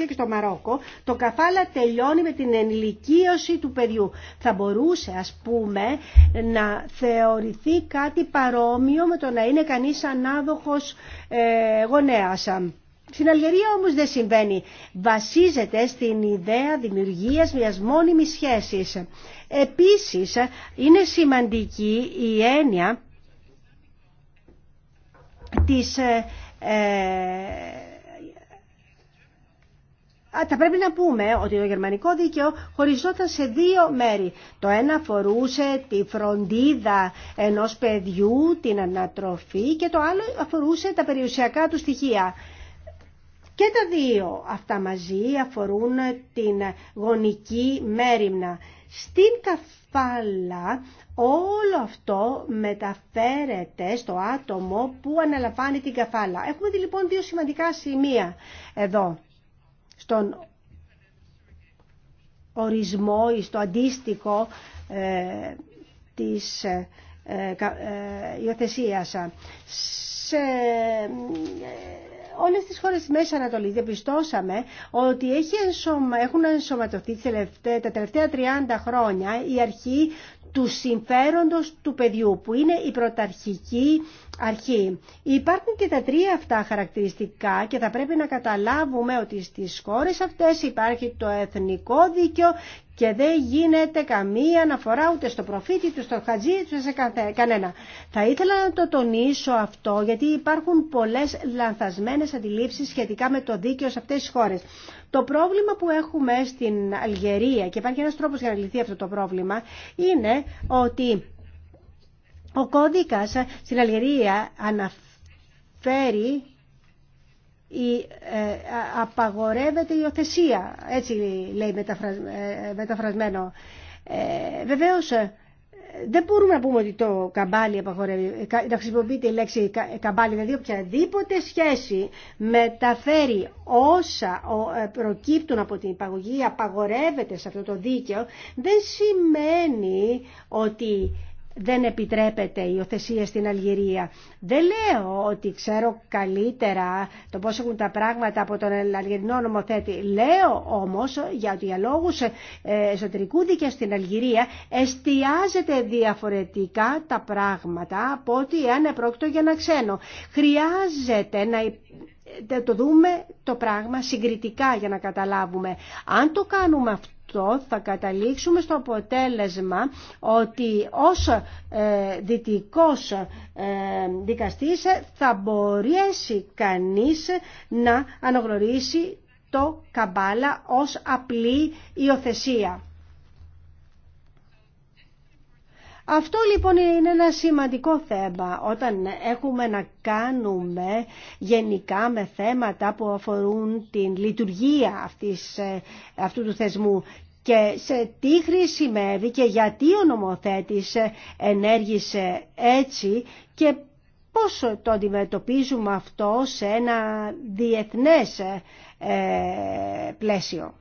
και στο Μαρόκο, το καφάλα τελειώνει με την ενηλικίωση του παιδιού. Θα μπορούσε, ας πούμε, να θεωρηθεί κάτι παρόμοιο με το να είναι κανεί ανάδοχο ε, γονέας. Στην Αλγερία όμως δεν συμβαίνει. Βασίζεται στην ιδέα δημιουργίας μιας μόνιμης σχέσης. Επίσης, είναι σημαντική η έννοια τις ε, ε, θα πρέπει να πούμε ότι το γερμανικό δίκαιο χωριζόταν σε δύο μέρη. Το ένα αφορούσε τη φροντίδα ενός παιδιού, την ανατροφή και το άλλο αφορούσε τα περιουσιακά του στοιχεία. Και τα δύο αυτά μαζί αφορούν την γονική μέρημνα. Στην καφάλα όλο αυτό μεταφέρεται στο άτομο που αναλαμβάνει την καφάλα. Έχουμε λοιπόν δύο σημαντικά σημεία εδώ. Στον ορισμό ή στο αντίστοιχο ε, της ε, ε, ε όλες τις χώρες της Μέσης Ανατολής διαπιστώσαμε ότι έχει έχουν ενσωματωθεί τα τελευταία 30 χρόνια η αρχή του συμφέροντος του παιδιού που είναι η πρωταρχική αρχή. Υπάρχουν και τα τρία αυτά χαρακτηριστικά και θα πρέπει να καταλάβουμε ότι στις χώρες αυτές υπάρχει το εθνικό δίκαιο και δεν γίνεται καμία αναφορά ούτε στο προφήτη του, στο χατζή του, σε κανένα. Θα ήθελα να το τονίσω αυτό γιατί υπάρχουν πολλές λανθασμένες αντιλήψεις σχετικά με το δίκαιο σε αυτές τις χώρες. Το πρόβλημα που έχουμε στην Αλγερία και υπάρχει ένας τρόπος για να λυθεί αυτό το πρόβλημα είναι ότι ο κώδικας στην Αλγερία αναφέρει η, ε, απαγορεύεται η οθεσία, Έτσι λέει ε, μεταφρασμένο. Ε, βεβαίως ε, δεν μπορούμε να πούμε ότι το καμπάλι απαγορεύει, να χρησιμοποιείται η λέξη καμπάλι, δηλαδή οποιαδήποτε σχέση μεταφέρει όσα προκύπτουν από την υπαγωγή, απαγορεύεται σε αυτό το δίκαιο, δεν σημαίνει ότι δεν επιτρέπεται η οθεσία στην Αλγερία. Δεν λέω ότι ξέρω καλύτερα το πώς έχουν τα πράγματα από τον Αλγερινό νομοθέτη. Λέω όμως για ότι για λόγους ε, εσωτερικού δίκαιου στην Αλγερία εστιάζεται διαφορετικά τα πράγματα από ότι αν επρόκειτο για ένα ξένο. Χρειάζεται να το δούμε το πράγμα συγκριτικά για να καταλάβουμε. Αν το κάνουμε αυτό αυτό θα καταλήξουμε στο αποτέλεσμα ότι ως ε, δυτικός ε, δικαστής θα μπορέσει κανείς να αναγνωρίσει το καμπάλα ως απλή υιοθεσία. Αυτό λοιπόν είναι ένα σημαντικό θέμα όταν έχουμε να κάνουμε γενικά με θέματα που αφορούν την λειτουργία αυτής, ε, αυτού του θεσμού και σε τι χρησιμεύει και γιατί ο νομοθέτης ε, ενέργησε έτσι και πώς το αντιμετωπίζουμε αυτό σε ένα διεθνές ε, πλαίσιο.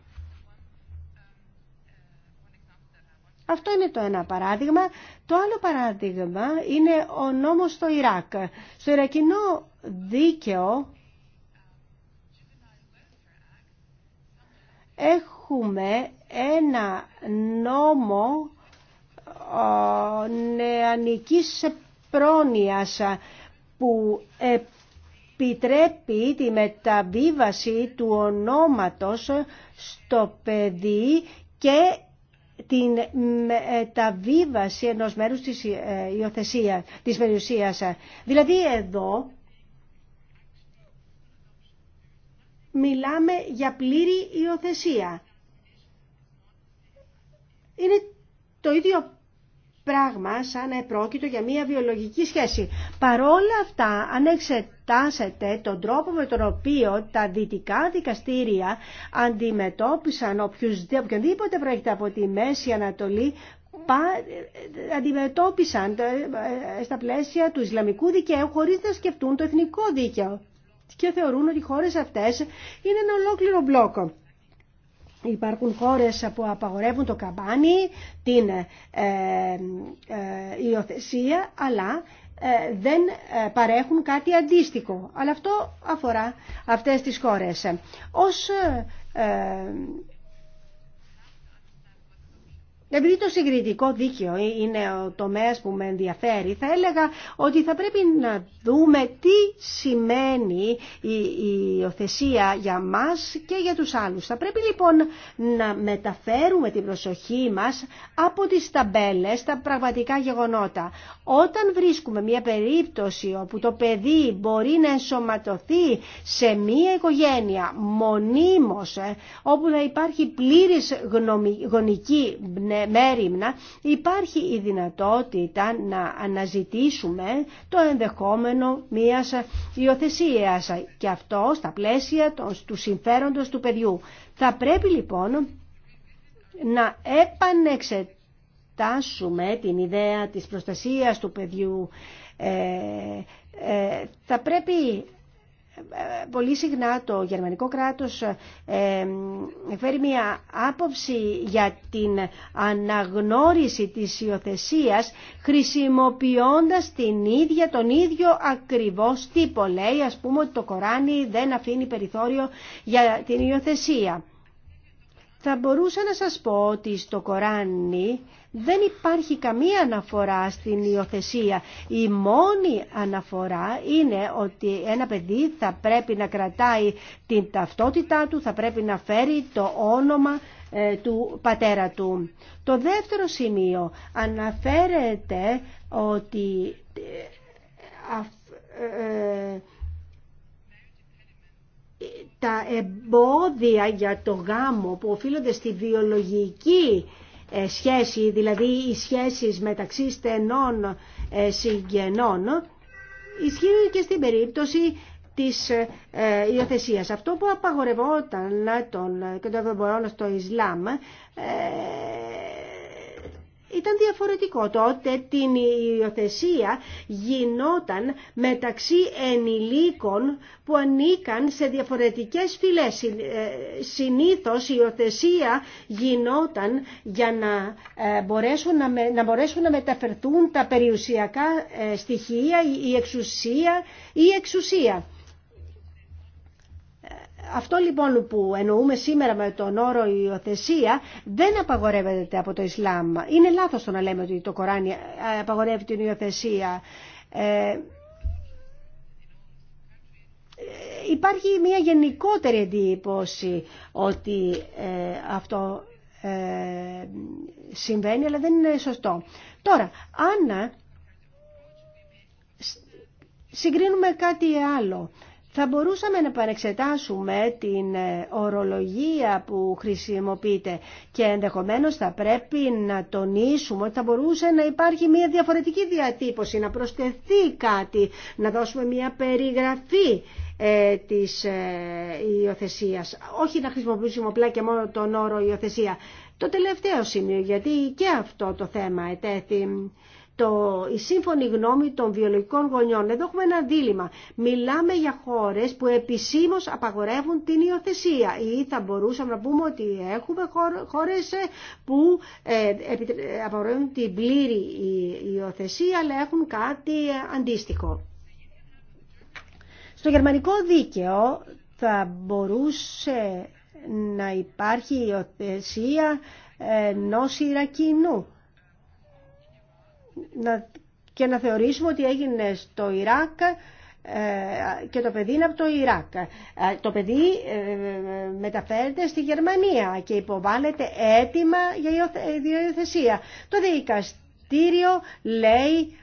Αυτό είναι το ένα παράδειγμα. Το άλλο παράδειγμα είναι ο νόμος στο Ιράκ. Στο Ιρακινό δίκαιο έχουμε ένα νόμο νεανικής πρόνοιας που επιτρέπει τη μεταβίβαση του ονόματος στο παιδί και την μεταβίβαση ενός μέρους της ε, υιοθεσίας, της περιουσίας. Δηλαδή εδώ μιλάμε για πλήρη υιοθεσία. Είναι το ίδιο πράγμα σαν να επρόκειτο για μια βιολογική σχέση. Παρόλα αυτά, αν εξετάσετε τον τρόπο με τον οποίο τα δυτικά δικαστήρια αντιμετώπισαν οποιονδήποτε προέρχεται από τη Μέση Ανατολή αντιμετώπισαν ε, ε, στα πλαίσια του Ισλαμικού δικαίου χωρίς να σκεφτούν το εθνικό δίκαιο και θεωρούν ότι οι χώρες αυτές είναι ένα ολόκληρο μπλόκο. Υπάρχουν χώρες που απαγορεύουν το καμπάνι, την ε, υιοθεσία, αλλά ε, δεν ε, παρέχουν κάτι αντίστοιχο. Αλλά αυτό αφορά αυτές τις χώρες. Ως ε, επειδή το συγκριτικό δίκαιο ε, είναι ο τομέας που με ενδιαφέρει, θα έλεγα ότι θα πρέπει να δούμε τι σημαίνει η οθεσία για μας και για τους άλλους. Θα πρέπει λοιπόν να μεταφέρουμε την προσοχή μας από τις ταμπέλες στα πραγματικά γεγονότα. Όταν βρίσκουμε μια περίπτωση όπου το παιδί μπορεί να ενσωματωθεί σε μια οικογένεια μονίμως, ε, όπου να υπάρχει πλήρης γονική μπνε, μέρημνα υπάρχει η δυνατότητα να αναζητήσουμε το ενδεχόμενο μιας υιοθεσία και αυτό στα πλαίσια του συμφέροντος του παιδιού. Θα πρέπει λοιπόν να επανεξετάσουμε την ιδέα της προστασίας του παιδιού. Ε, ε, θα πρέπει πολύ συχνά το γερμανικό κράτος ε, ε, φέρει μια άποψη για την αναγνώριση της υιοθεσία χρησιμοποιώντας την ίδια, τον ίδιο ακριβώς τύπο. Λέει ας πούμε ότι το Κοράνι δεν αφήνει περιθώριο για την υιοθεσία. Θα μπορούσα να σας πω ότι στο Κοράνι δεν υπάρχει καμία αναφορά στην υιοθεσία. Η μόνη αναφορά είναι ότι ένα παιδί θα πρέπει να κρατάει την ταυτότητά του, θα πρέπει να φέρει το όνομα ε, του πατέρα του. Το δεύτερο σημείο αναφέρεται ότι ε, ε, τα εμπόδια για το γάμο που οφείλονται στη βιολογική ε, σχέση, δηλαδή οι σχέσεις μεταξύ στενών ε, συγγενών, ισχύει και στην περίπτωση της ε, υιοθεσία. Αυτό που απαγορευόταν τον, και το στο Ισλάμ ήταν διαφορετικό. Τότε την υιοθεσία γινόταν μεταξύ ενηλίκων που ανήκαν σε διαφορετικές φυλές. Ε, συνήθως η υιοθεσία γινόταν για να ε, μπορέσουν να, να, μπορέσουν να μεταφερθούν τα περιουσιακά ε, στοιχεία, η εξουσία ή εξουσία. Αυτό λοιπόν που εννοούμε σήμερα με τον όρο υιοθεσία δεν απαγορεύεται από το Ισλάμ. Είναι λάθος το να λέμε ότι το Κοράνι ε, απαγορεύει την υιοθεσία. Ε, ε, υπάρχει μια γενικότερη εντύπωση ότι ε, αυτό συμβαίνει, αλλά δεν είναι σωστό. Τώρα, αν συγκρίνουμε κάτι άλλο θα μπορούσαμε να παρεξετάσουμε την ε, ορολογία που χρησιμοποιείται και ενδεχομένως θα πρέπει να τονίσουμε ότι θα μπορούσε να υπάρχει μια διαφορετική διατύπωση, να προσθεθεί κάτι, να δώσουμε μια περιγραφή ε, της ε, Όχι να χρησιμοποιήσουμε απλά και μόνο τον όρο υιοθεσία. Το τελευταίο σημείο, γιατί και αυτό το θέμα ετέθη το, η σύμφωνη γνώμη των βιολογικών γονιών. Εδώ έχουμε ένα δίλημα. Μιλάμε για χώρες που επισήμως απαγορεύουν την υιοθεσία ή θα μπορούσαμε να πούμε ότι έχουμε χώρες ε, που ε, ε, απαγορεύουν την πλήρη υιοθεσία αλλά έχουν κάτι αντίστοιχο. Στο γερμανικό δίκαιο θα μπορούσε να υπάρχει υιοθεσία νόσηρα κοινού να, και να θεωρήσουμε ότι έγινε στο Ιράκ ε, και το παιδί είναι από το Ιράκ. Ε, το παιδί ε, μεταφέρεται στη Γερμανία και υποβάλλεται αίτημα για υιοθεσία. Το δικαστήριο λέει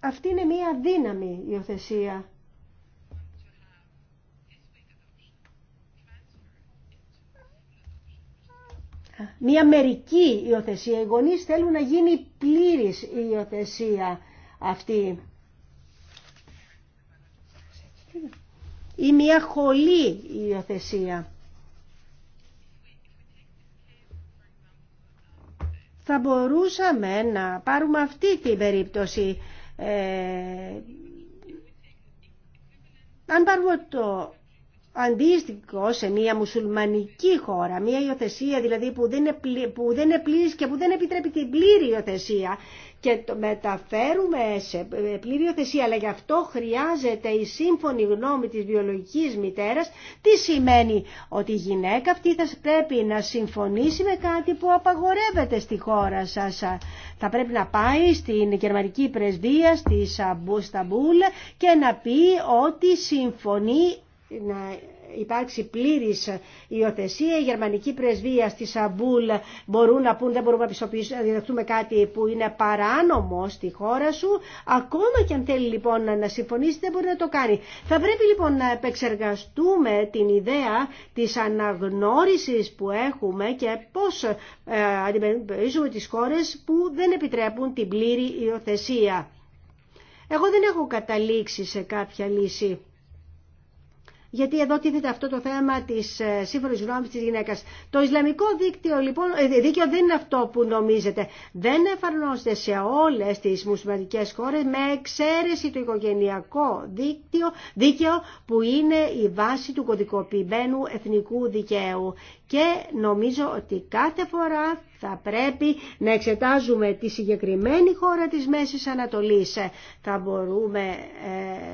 αυτή είναι μία δύναμη υιοθεσία. μία μερική υιοθεσία. Οι γονεί θέλουν να γίνει πλήρης η υιοθεσία αυτή. Ή μία χολή υιοθεσία. Θα μπορούσαμε να πάρουμε αυτή την περίπτωση. Ε, αν πάρουμε το αντίστοιχο σε μια μουσουλμανική χώρα, μια υιοθεσία δηλαδή που δεν, είναι και που δεν επιτρέπει την πλήρη υιοθεσία και το μεταφέρουμε σε ε, πλήρη υιοθεσία, αλλά γι' αυτό χρειάζεται η σύμφωνη γνώμη της βιολογικής μητέρας, τι σημαίνει ότι η γυναίκα αυτή θα πρέπει να συμφωνήσει με κάτι που απαγορεύεται στη χώρα σας. Θα πρέπει να πάει στην γερμανική πρεσβεία, στη Σταμπούλ και να πει ότι συμφωνεί να υπάρξει πλήρης υιοθεσία. Η γερμανική πρεσβεία στη Σαμπούλ μπορούν να πούν δεν μπορούμε να διδαχτούμε κάτι που είναι παράνομο στη χώρα σου. Ακόμα και αν θέλει λοιπόν να συμφωνήσει δεν μπορεί να το κάνει. Θα πρέπει λοιπόν να επεξεργαστούμε την ιδέα της αναγνώρισης που έχουμε και πώς ε, αντιμετωπίζουμε τις χώρες που δεν επιτρέπουν την πλήρη υιοθεσία. Εγώ δεν έχω καταλήξει σε κάποια λύση γιατί εδώ τίθεται αυτό το θέμα της ε, σύμφωνη γνώμη τη γυναίκα. Το Ισλαμικό δίκτυο, λοιπόν, ε, δίκαιο δεν είναι αυτό που νομίζετε. Δεν εφαρμόζεται σε όλες τις μουσουλμανικές χώρε με εξαίρεση το οικογενειακό δίκτυο, δίκαιο που είναι η βάση του κωδικοποιημένου εθνικού δικαίου. Και νομίζω ότι κάθε φορά θα πρέπει να εξετάζουμε τη συγκεκριμένη χώρα της Μέσης Ανατολής. Θα μπορούμε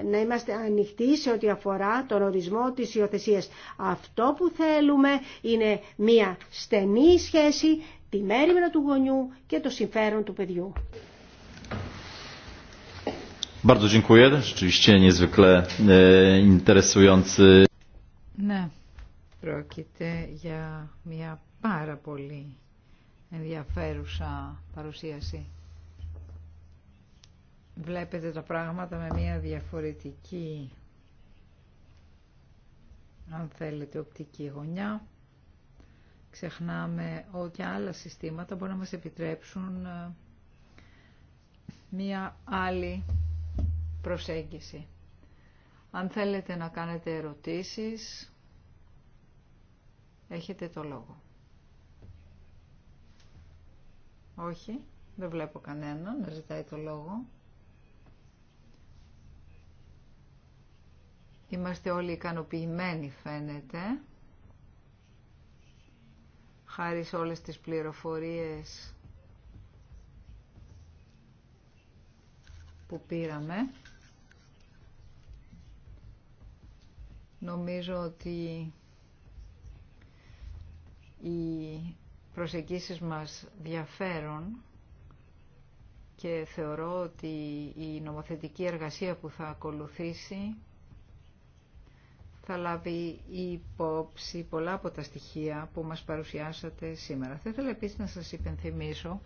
ε, να είμαστε ανοιχτοί σε ό,τι αφορά τον ορισμό της υιοθεσία. Αυτό που θέλουμε είναι μια στενή σχέση, τη μέρημνα του γονιού και το συμφέρον του παιδιού. Bardzo dziękuję. Rzeczywiście niezwykle e, interesujący. Ναι, πρόκειται για μια πάρα πολύ ενδιαφέρουσα παρουσίαση. Βλέπετε τα πράγματα με μια διαφορετική, αν θέλετε, οπτική γωνιά. Ξεχνάμε ότι άλλα συστήματα μπορεί να μας επιτρέψουν ε, μια άλλη προσέγγιση. Αν θέλετε να κάνετε ερωτήσεις, έχετε το λόγο. Όχι, δεν βλέπω κανέναν να ζητάει το λόγο. Είμαστε όλοι ικανοποιημένοι φαίνεται. Χάρη σε όλες τις πληροφορίες που πήραμε. Νομίζω ότι η προσεγγίσεις μας διαφέρουν και θεωρώ ότι η νομοθετική εργασία που θα ακολουθήσει θα λάβει υπόψη πολλά από τα στοιχεία που μας παρουσιάσατε σήμερα. Θα ήθελα επίσης να σας υπενθυμίσω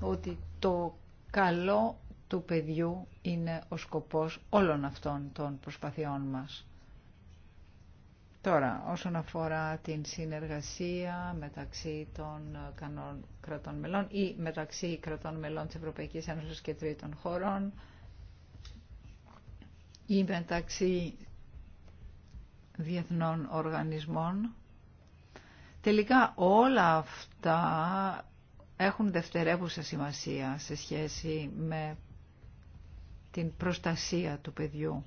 ότι το καλό του παιδιού είναι ο σκοπός όλων αυτών των προσπαθειών μας. Τώρα, όσον αφορά την συνεργασία μεταξύ των κρατών μελών ή μεταξύ κρατών μελών της Ευρωπαϊκής Ένωσης και τρίτων χωρών ή μεταξύ διεθνών οργανισμών, τελικά όλα αυτά έχουν δευτερεύουσα σημασία σε σχέση με την προστασία του παιδιού.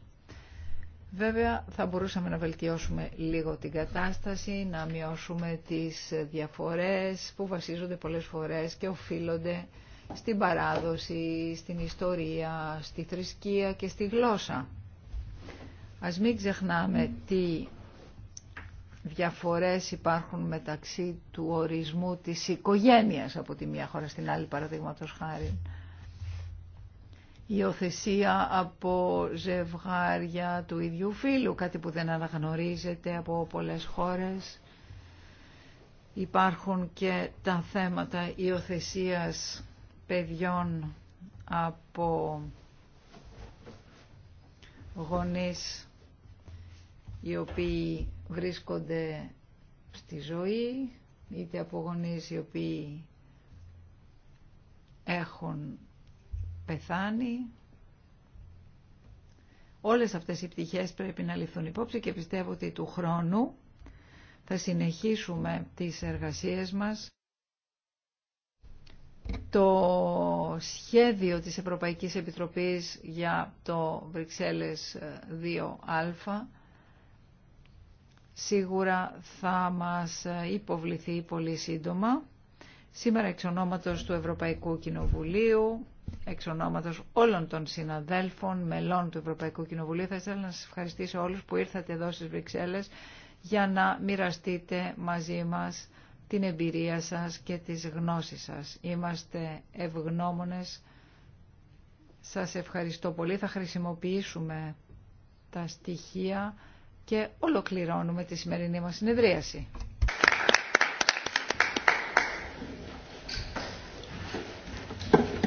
Βέβαια θα μπορούσαμε να βελτιώσουμε λίγο την κατάσταση, να μειώσουμε τις διαφορές που βασίζονται πολλές φορές και οφείλονται στην παράδοση, στην ιστορία, στη θρησκεία και στη γλώσσα. Ας μην ξεχνάμε τι διαφορές υπάρχουν μεταξύ του ορισμού της οικογένειας από τη μία χώρα στην άλλη παραδείγματος χάρη υιοθεσία από ζευγάρια του ίδιου φίλου, κάτι που δεν αναγνωρίζεται από πολλές χώρες. Υπάρχουν και τα θέματα υιοθεσία παιδιών από γονείς οι οποίοι βρίσκονται στη ζωή, είτε από γονείς οι οποίοι έχουν πεθάνει. Όλες αυτές οι πτυχές πρέπει να ληφθούν υπόψη και πιστεύω ότι του χρόνου θα συνεχίσουμε τις εργασίες μας. Το σχέδιο της Ευρωπαϊκής Επιτροπής για το Βρυξέλλες 2α σίγουρα θα μας υποβληθεί πολύ σύντομα. Σήμερα εξ του Ευρωπαϊκού Κοινοβουλίου εξ ονόματος όλων των συναδέλφων, μελών του Ευρωπαϊκού Κοινοβουλίου. Θα ήθελα να σας ευχαριστήσω όλους που ήρθατε εδώ στις Βρυξέλλες για να μοιραστείτε μαζί μας την εμπειρία σας και τις γνώσεις σας. Είμαστε ευγνώμονες. Σας ευχαριστώ πολύ. Θα χρησιμοποιήσουμε τα στοιχεία και ολοκληρώνουμε τη σημερινή μας συνεδρίαση.